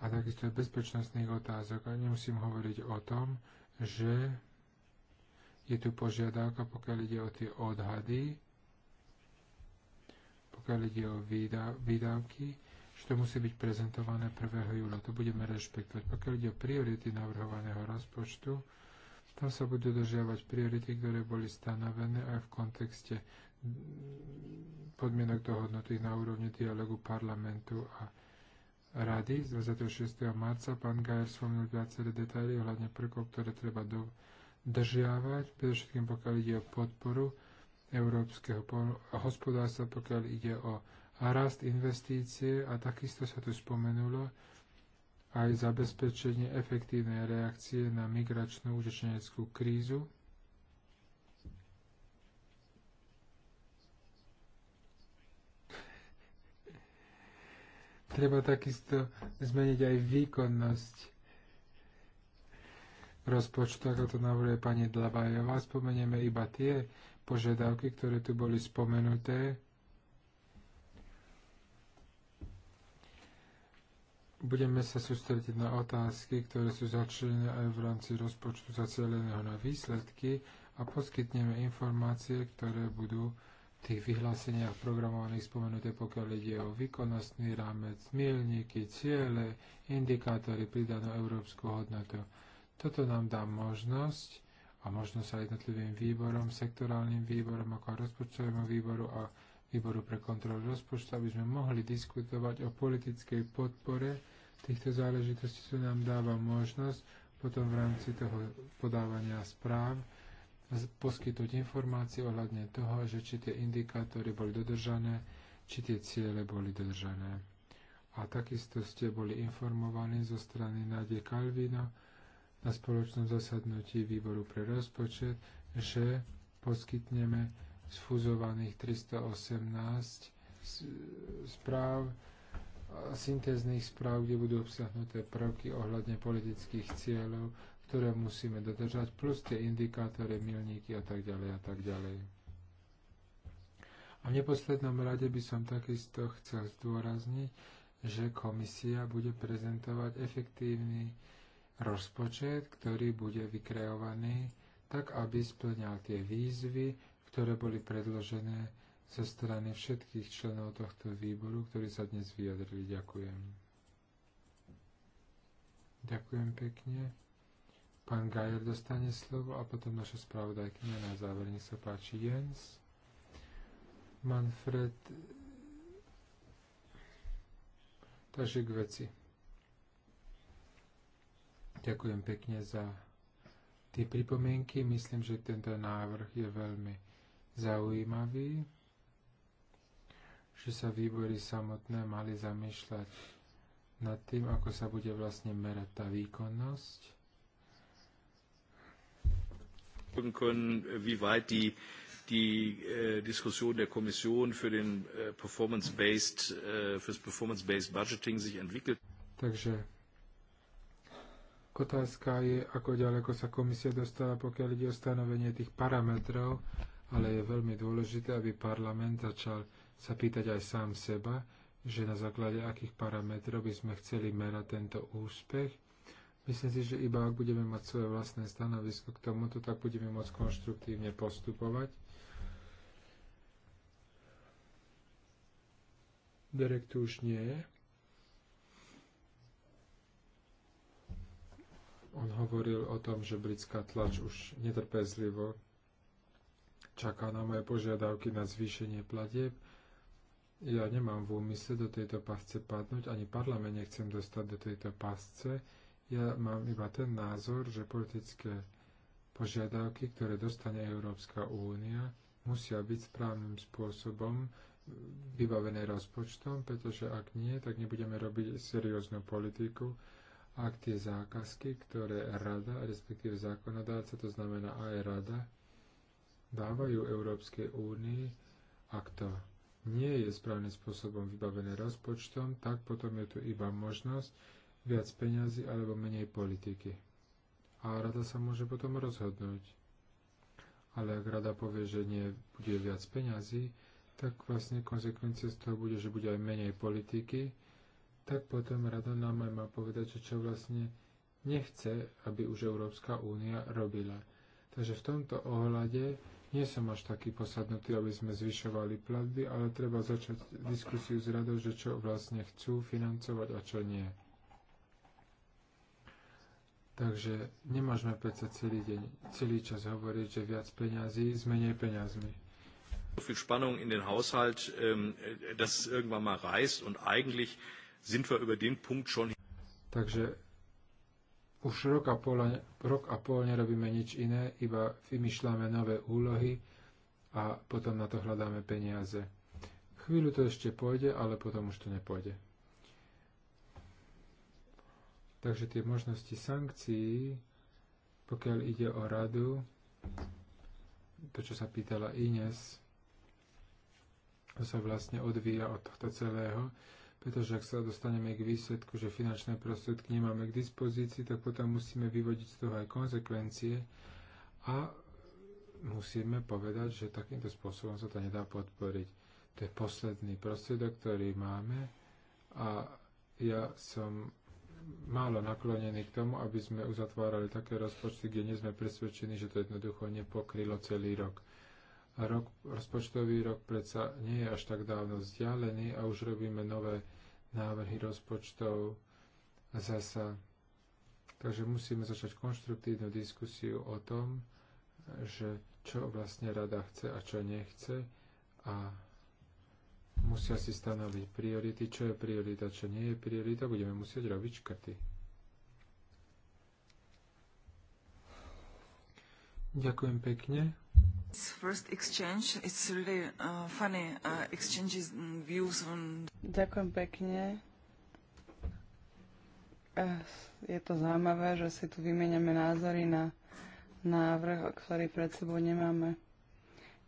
a takisto aj bezpečnostných otázok. A nemusím hovoriť o tom, že je tu požiadavka, pokiaľ ide o tie odhady, pokiaľ ide o výdavky, že to musí byť prezentované 1. júla. To budeme rešpektovať. Pokiaľ ide o priority navrhovaného rozpočtu, tam sa budú dodržiavať priority, ktoré boli stanovené aj v kontexte podmienok dohodnutých na úrovni dialogu parlamentu a rady z 26. marca. Pán Gajer spomenul viaceré detaily ohľadne prvkov, ktoré treba dodržiavať, predovšetkým pokiaľ ide o podporu európskeho hospodárstva, pokiaľ ide o rast investície a takisto sa tu spomenulo, aj zabezpečenie efektívnej reakcie na migračnú utečeneckú krízu, Treba takisto zmeniť aj výkonnosť rozpočtu, ako to navrhuje pani Dlabajová. Spomenieme iba tie požiadavky, ktoré tu boli spomenuté, Budeme sa sústrediť na otázky, ktoré sú začlenené aj v rámci rozpočtu zacieleného na výsledky a poskytneme informácie, ktoré budú v tých vyhláseniach programovaných spomenuté, pokiaľ ide o výkonnostný rámec, milníky, ciele, indikátory, pridanú európsku hodnotu. Toto nám dá možnosť a možno sa jednotlivým výborom, sektorálnym výborom, ako rozpočtovému výboru a výboru pre kontrolu rozpočtu, aby sme mohli diskutovať o politickej podpore týchto záležitostí, čo nám dáva možnosť potom v rámci toho podávania správ poskytnúť informácie ohľadne toho, že či tie indikátory boli dodržané, či tie ciele boli dodržané. A takisto ste boli informovaní zo strany Nadie Kalvina na spoločnom zasadnutí výboru pre rozpočet, že poskytneme sfúzovaných 318 správ, syntézných správ, kde budú obsahnuté prvky ohľadne politických cieľov, ktoré musíme dodržať, plus tie indikátory, milníky a tak ďalej a tak ďalej. A v neposlednom rade by som takisto chcel zdôrazniť, že komisia bude prezentovať efektívny rozpočet, ktorý bude vykreovaný tak, aby splňal tie výzvy, ktoré boli predložené zo strany všetkých členov tohto výboru, ktorí sa dnes vyjadrili. Ďakujem. Ďakujem pekne. Pán Gajer dostane slovo a potom naša spravodajkynia na záver. Nech sa páči Jens. Manfred. Takže k veci. Ďakujem pekne za tie pripomienky. Myslím, že tento návrh je veľmi zaujímavý, že sa výbory samotné mali zamýšľať nad tým, ako sa bude vlastne merať tá výkonnosť. können, wie weit die, die äh, Diskussion der Kommission für den äh, Performance-based, äh, fürs Performance-based Budgeting sich entwickelt. Takže otázka je, ako ďaleko sa komisia dostala, pokiaľ ide o stanovenie tých parametrov ale je veľmi dôležité, aby parlament začal sa pýtať aj sám seba, že na základe akých parametrov by sme chceli merať tento úspech. Myslím si, že iba ak budeme mať svoje vlastné stanovisko k tomuto, tak budeme môcť konštruktívne postupovať. Derek tu už nie je. On hovoril o tom, že britská tlač už netrpezlivo čaká na moje požiadavky na zvýšenie platieb. Ja nemám v úmysle do tejto pasce padnúť, ani parlament nechcem dostať do tejto pasce. Ja mám iba ten názor, že politické požiadavky, ktoré dostane Európska únia, musia byť správnym spôsobom vybavené rozpočtom, pretože ak nie, tak nebudeme robiť serióznu politiku. Ak tie zákazky, ktoré rada, respektíve zákonodárca, to znamená aj rada, dávajú Európskej únii, ak to nie je správnym spôsobom vybavené rozpočtom, tak potom je tu iba možnosť viac peňazí alebo menej politiky. A rada sa môže potom rozhodnúť. Ale ak rada povie, že nie bude viac peňazí, tak vlastne konsekvencia z toho bude, že bude aj menej politiky, tak potom rada nám aj má povedať, že čo vlastne nechce, aby už Európska únia robila. Takže v tomto ohľade nie som až taký posadnutý, aby sme zvyšovali platby, ale treba začať diskusiu s radou, že čo vlastne chcú financovať a čo nie. Takže nemôžeme predsa celý deň, celý čas hovoriť, že viac peňazí s menej peňazmi. So viel Spannung in den Haushalt, ähm, dass es irgendwann mal reißt und eigentlich sind wir über den Punkt schon... Takže už rok a, pol, rok a pol nerobíme nič iné, iba vymýšľame nové úlohy a potom na to hľadáme peniaze. Chvíľu to ešte pôjde, ale potom už to nepôjde. Takže tie možnosti sankcií, pokiaľ ide o radu, to, čo sa pýtala Ines, to sa vlastne odvíja od tohto celého pretože ak sa dostaneme k výsledku, že finančné prostriedky nemáme k dispozícii, tak potom musíme vyvodiť z toho aj konsekvencie a musíme povedať, že takýmto spôsobom sa to nedá podporiť. To je posledný prostriedok, ktorý máme a ja som málo naklonený k tomu, aby sme uzatvárali také rozpočty, kde nie sme presvedčení, že to jednoducho nepokrylo celý rok rok, rozpočtový rok predsa nie je až tak dávno vzdialený a už robíme nové návrhy rozpočtov zasa. Takže musíme začať konštruktívnu diskusiu o tom, že čo vlastne rada chce a čo nechce a musia si stanoviť priority, čo je priorita, čo nie je priorita, budeme musieť robiť škrty. Ďakujem pekne. Uh, uh, mm, Ďakujem pekne. Eh, je to zaujímavé, že si tu vymeniame názory na návrh, ktorý pred sebou nemáme.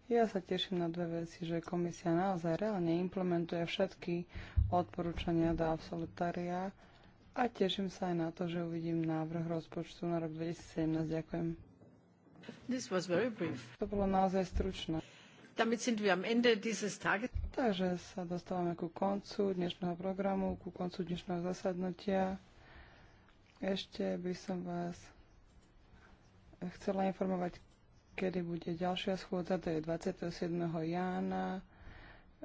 Ja sa teším na dve veci, že komisia naozaj reálne implementuje všetky odporúčania do absolutária a teším sa aj na to, že uvidím návrh rozpočtu na rok 2017. Ďakujem. This was very brief. To bolo naozaj stručné. Damit sind wir am Ende dieses Tages. Takže sa dostávame ku koncu dnešného programu, ku koncu dnešného zasadnutia. Ešte by som vás chcela informovať, kedy bude ďalšia schôdza, to je 27. jána.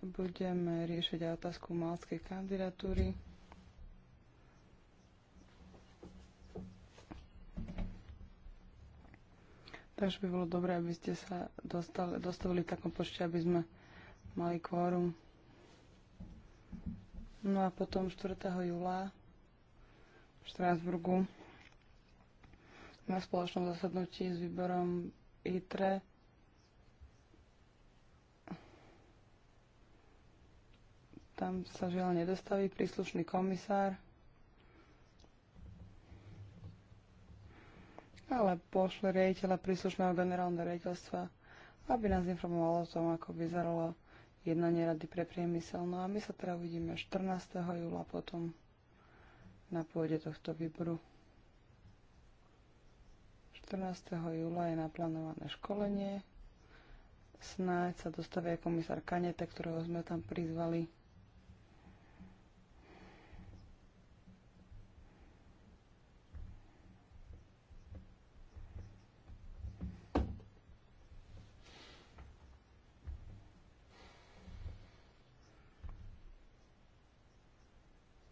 Budeme riešiť aj otázku malskej kandidatúry. Takže by bolo dobré, aby ste sa dostali, dostavili v takom počte, aby sme mali kvórum. No a potom 4. júla v Štrásburgu na spoločnom zasadnutí s výborom ITRE tam sa žiaľ nedostaví príslušný komisár ale pošle riaditeľa príslušného generálneho riaditeľstva, aby nás informovalo o tom, ako vyzeralo jednanie rady pre priemysel. No a my sa teda uvidíme 14. júla potom na pôde tohto výboru. 14. júla je naplánované školenie. Snáď sa dostavia komisár Kanete, ktorého sme tam prizvali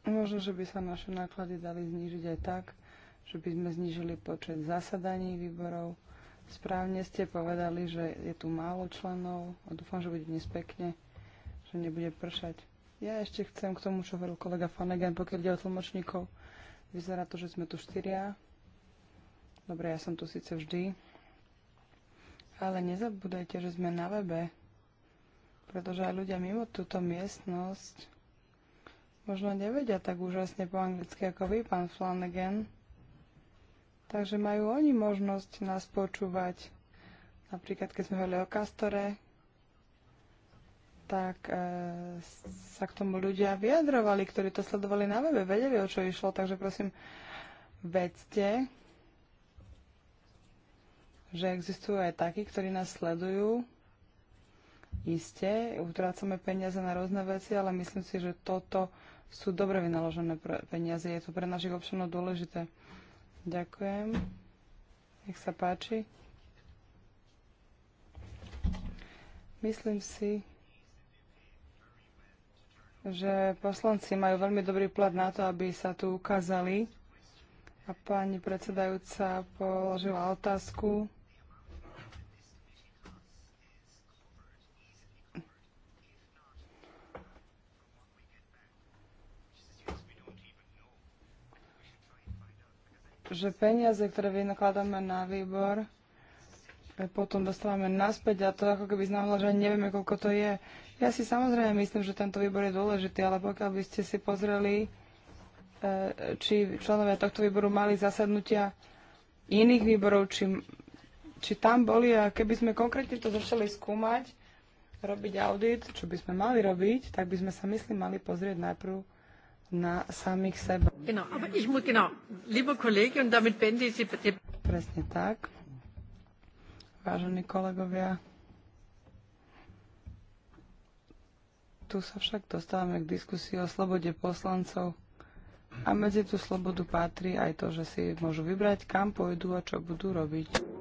Možno, že by sa naše náklady dali znížiť aj tak, že by sme znížili počet zasadaní výborov. Správne ste povedali, že je tu málo členov a dúfam, že bude dnes pekne, že nebude pršať. Ja ešte chcem k tomu, čo hovoril kolega Fanegan, pokiaľ ide o tlmočníkov. Vyzerá to, že sme tu štyria. Dobre, ja som tu síce vždy. Ale nezabúdajte, že sme na webe, pretože aj ľudia mimo túto miestnosť možno nevedia tak úžasne po anglicky ako vy, pán Flanagan. Takže majú oni možnosť nás počúvať. Napríklad, keď sme hovorili o Kastore, tak e, sa k tomu ľudia vyjadrovali, ktorí to sledovali na webe, vedeli, o čo išlo, takže prosím, vedzte, že existujú aj takí, ktorí nás sledujú. Isté, utrácame peniaze na rôzne veci, ale myslím si, že toto sú dobre vynaložené peniaze. Je to pre našich občanov dôležité. Ďakujem. Nech sa páči. Myslím si, že poslanci majú veľmi dobrý plat na to, aby sa tu ukázali. A pani predsedajúca položila otázku že peniaze, ktoré vynakladáme na výbor, eh, potom dostávame naspäť a to ako keby znamenalo, že nevieme, koľko to je. Ja si samozrejme myslím, že tento výbor je dôležitý, ale pokiaľ by ste si pozreli, eh, či členovia tohto výboru mali zasadnutia iných výborov, či, či tam boli a keby sme konkrétne to začali skúmať, robiť audit, čo by sme mali robiť, tak by sme sa myslím mali pozrieť najprv na samých seba. Genau, aber ich muss, genau, liebe Kollegin, und damit beende ich Sie... Presne tak. Vážení kolegovia, tu sa však dostávame k diskusii o slobode poslancov a medzi tú slobodu patrí aj to, že si môžu vybrať, kam pôjdu a čo budú robiť.